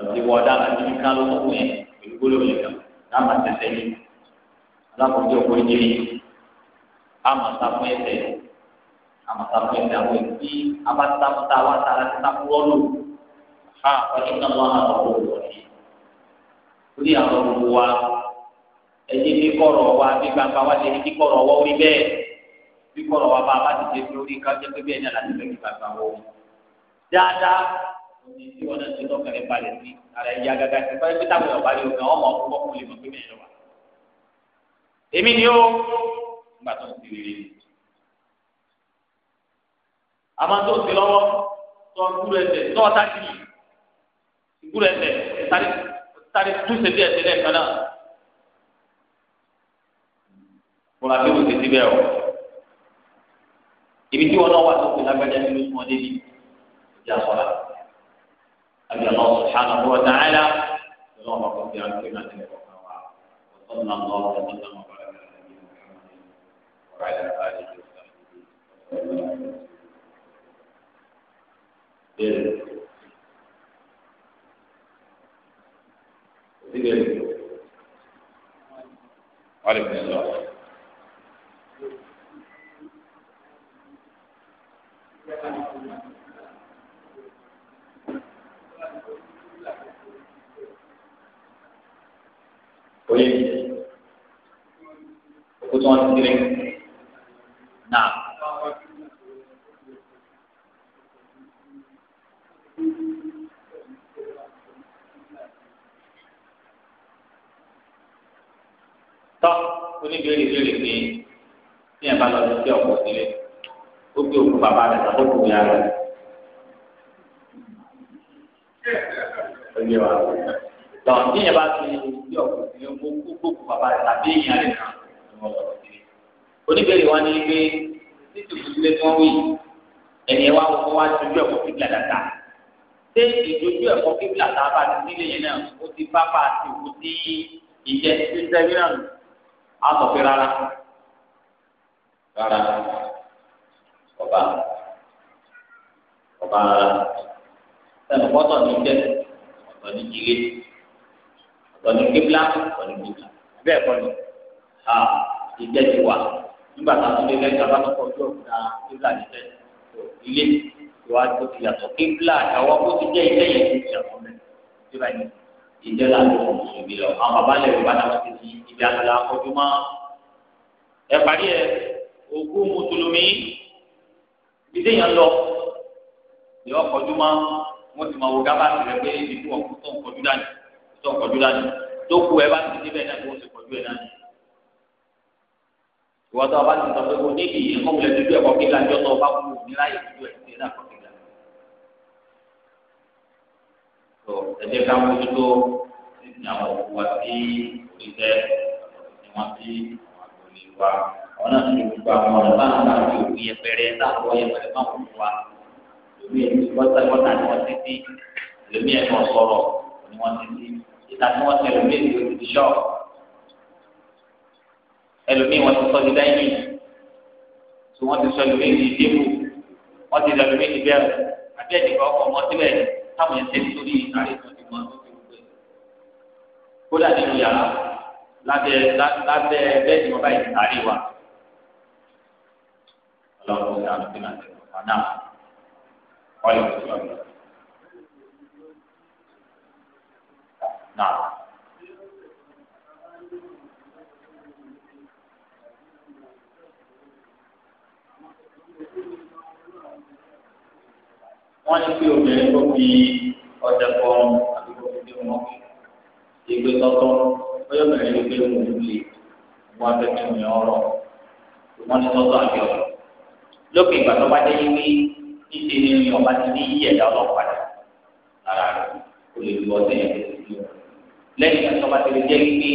àti wọ́n dá láti ní ká ló tó kù yẹn pẹ̀lú gbólóhùn yẹn kan dáàmà tẹ̀sẹ̀ yìí alákòókò yìí á sá fún ẹsẹ̀ yìí amatamu ìdáwó ìdí abatamuta wa tara títa kúrọ́lù ha ọdún náà wọn àwọn ọ̀rọ̀ wọ̀nyí. orí àwọn olùkọ́ wa ẹ̀jẹ̀ kíkọ̀rọ̀ wa bí gbangba wa ṣe ní kíkọ̀rọ̀ wa orí bẹ́ẹ̀ kíkọ̀rọ̀ wa bá a bá ti ṣe fi orí ká jẹ́ pé bẹ́ẹ̀ ní aláṣẹ fẹ́ kí gbangba wọ. dáadáa òní tí wọn náà ti lọ́kànlẹ̀ balẹ̀ sí ara ẹ̀yà gàgà ti fẹ́ pété àwọn ọ̀bá yóò kàn ọmọ ọkọ̀ kúlẹ̀ mọ́ pé mẹ́rin wa. èmi ni ó ń gbà tó ń ti àmọ́ tó ti lọ́wọ́ tó kúrò ẹsẹ̀ tó ọ̀tá sí i kúrò ẹsẹ̀ sáré sáré túnṣe bí ẹsẹ̀ lẹ́ẹ̀kan náà wọn àti wọn ti ti bẹ́ẹ̀ o ibi tí wọn náà wà tó kù lágbájá nínú ọmọdé ni ìjà sọ̀rọ̀ àbí ọlọ́wọ́ sọ̀hánà wọ́n dáná ẹ̀dá ọlọ́wọ́ bá kọ́ sí àwọn ìpínlẹ̀ àti ẹ̀kọ́ kan wà wọ́n sọ̀rọ̀ náà lọ́wọ́ sọ̀rọ̀ náà wọ́n bá rẹ̀ bẹ̀rẹ̀ síbẹ̀ wọ́n lè fi lọ. Oye, okutu wọn ti kiri, naa. tọ́ oníbèrè ìbéèrè pé ní ẹ̀ bá lọ sí sí ọ̀pọ̀ sílé ó gbé òkú bàbá rẹ̀ lọ́wọ́ kò yá rẹ̀. Oye wa tọ́ ní ẹ̀ bá fi sí ọ̀pọ̀ sílé ó gbó òkú bàbá rẹ̀ tàbí èèyàn rẹ̀ kan oníbèrè wa ní pé títí ìdílé tí wọ́n wí ẹni ẹ wá wọ́n wá dojú ẹ̀kọ́ kíkìlá dáadáa ṣé ìdojú ẹ̀kọ́ kíkìlá tá a bá ti nílé yẹn náà ó ti bá bá a ti wù sí ìjẹ́ títí sẹ́yìn náà á sọ pé rárá rárá ọba ọba rárá sẹ́nu kọ́tọ̀ ní jẹ́ ọ̀tọ̀ ní jílé ọ̀tọ̀ ní kébìlà ọ̀tọ̀ ní kébìlà bẹ́ẹ̀ kọ́ ni a ìjẹ́ ti wà nígbà tá a tún lé lẹ́yìn abá tó kọjú ọ̀gá kébìlà níjẹ́ ilé ìwádìí tó ti yàtọ̀ kébìlà àwọn bó ti jẹ́ ilé yẹn ti yàtọ̀ mẹ́rin ìjọba tó kọ mùsùlùmí lọ àwọn bàbá ilẹ̀ yorùbá náà ti di ibi àgbàlá akọjú mọ́ ẹ parí ẹ ogún mùsùlùmí ìdílé yẹn lọ ni wọn kọjú mọ́ wọn ti máa wo gábàtì rẹ pé ibi tí wọn kú tó ń kọjú dání tó ń kọjú dání tó kú ẹ bá ti níbẹ̀ náà tó ń ti kọjú ẹ dání ìwọ́n tó a bá ti sọ pé kò níbi ìyẹn kọ́ wulẹ̀ kí lájọ́ tó o bá kú níláyè dúdú ẹ̀ ẹ̀ tó ẹjẹ ká mójútó títí àwọn òkú wa sí oríṣẹ ní wọn sí àgbòlè wa àwọn náà ti gbogbo àwọn ọ̀rọ̀ bá ń bá fi òkú yẹpẹrẹ láàbọ̀ yẹpẹrẹ má wù wá lómi ẹni wọ́tà wọ́tà ni wọ́n ti sí lómi ẹni wọ́n sọ̀rọ̀ ni wọ́n ti sí ìta ni wọ́n tẹ lómi ẹni ti sọ̀ ẹlòmí wọ́n ti sọ ti dáìní tí wọ́n ti sọ ẹlòmí ti débù wọ́n ti sọ ẹlòmí ti bẹ̀rù àbí ẹnìkan ọkọ̀ mọ́tí táwọn ẹsẹ̀ nítorí ààrẹ tó ti mọ tó ti gbé kódà nínú yàrá lábẹ́ lábẹ́ bẹ́ẹ̀ ni wọ́n bá yìí sáré wa ọlọ́run ṣe àlùfín àti ọ̀pá náà ọ̀lẹ́ òṣèlú ọ̀gbìn náà. wọ́n ní kí obìnrin kó fi ọjà kọrùn àbí kó fi dé wọn ìgbé tọ́tọ́ bóyá obìnrin ló gbé wọn lè wọn fẹ́ kí wọn ọ̀rọ̀ wọn ní tọ́tọ́ àbí ọ̀rọ̀ lókè ìgbà tó bá dé wí níṣe ni ìrìn ọba ti ní yí ẹ̀dá ọlọ́pàá lára rẹ̀ kò lè lu ọdẹ yẹn lè fi wọn lẹ́yìn náà tọ́ba ti lè jẹ́ wípé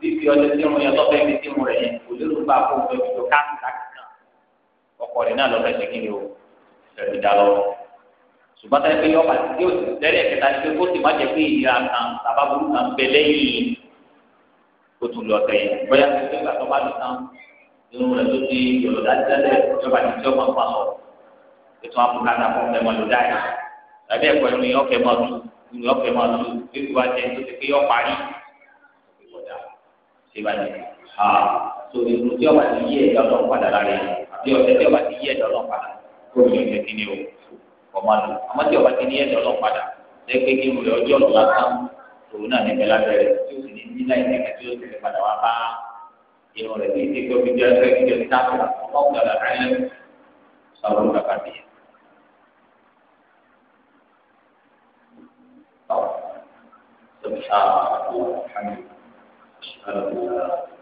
fífi ọdẹ tí wọn yẹn tọ́fẹ́ fi tí wọn rẹ̀ yẹn kò lérò bá kó fẹ́ fi tó káàkiri láti kàn ọkọ̀ rẹ̀ náà lọ́fẹ́ ṣùgbọ́n táyà pé yọba tí yóò sì tẹ́lẹ̀ kẹta pé kó sì má jẹ́ pé ìlera kan tàbá burú kan bẹ lẹ́yìn kó tún lọ tẹ̀ yẹn bóyá tó gbé gbàtọ́ bá lọ tán irun rẹ̀ tó ti yọ̀lọ̀ dájúdájú yọba tí tí ó máa ń pamọ́ ètò àbúkátà fún ọmọ ẹ̀mọ́lódà yìí tàbí ẹ̀kọ́ irun yẹn ọ̀kẹ́ máa dùn ìlú ọkẹ máa lọ fífi wá jẹ tó ti pé yọ parí ìkọjá ni ọmọ àlò àmọ́ tí ọba ti ní ẹ̀dọ́ lọ padà kí wọ́n ọjọ́ lọ lásán òun náà níbẹ̀ lábẹ́rẹ́ tí ó sì ní ní láì ní kẹtí sì lè padà wá bá irun rẹ̀ ní ìdíkọ́ fi kàkà أشهد أن لا إله إلا الله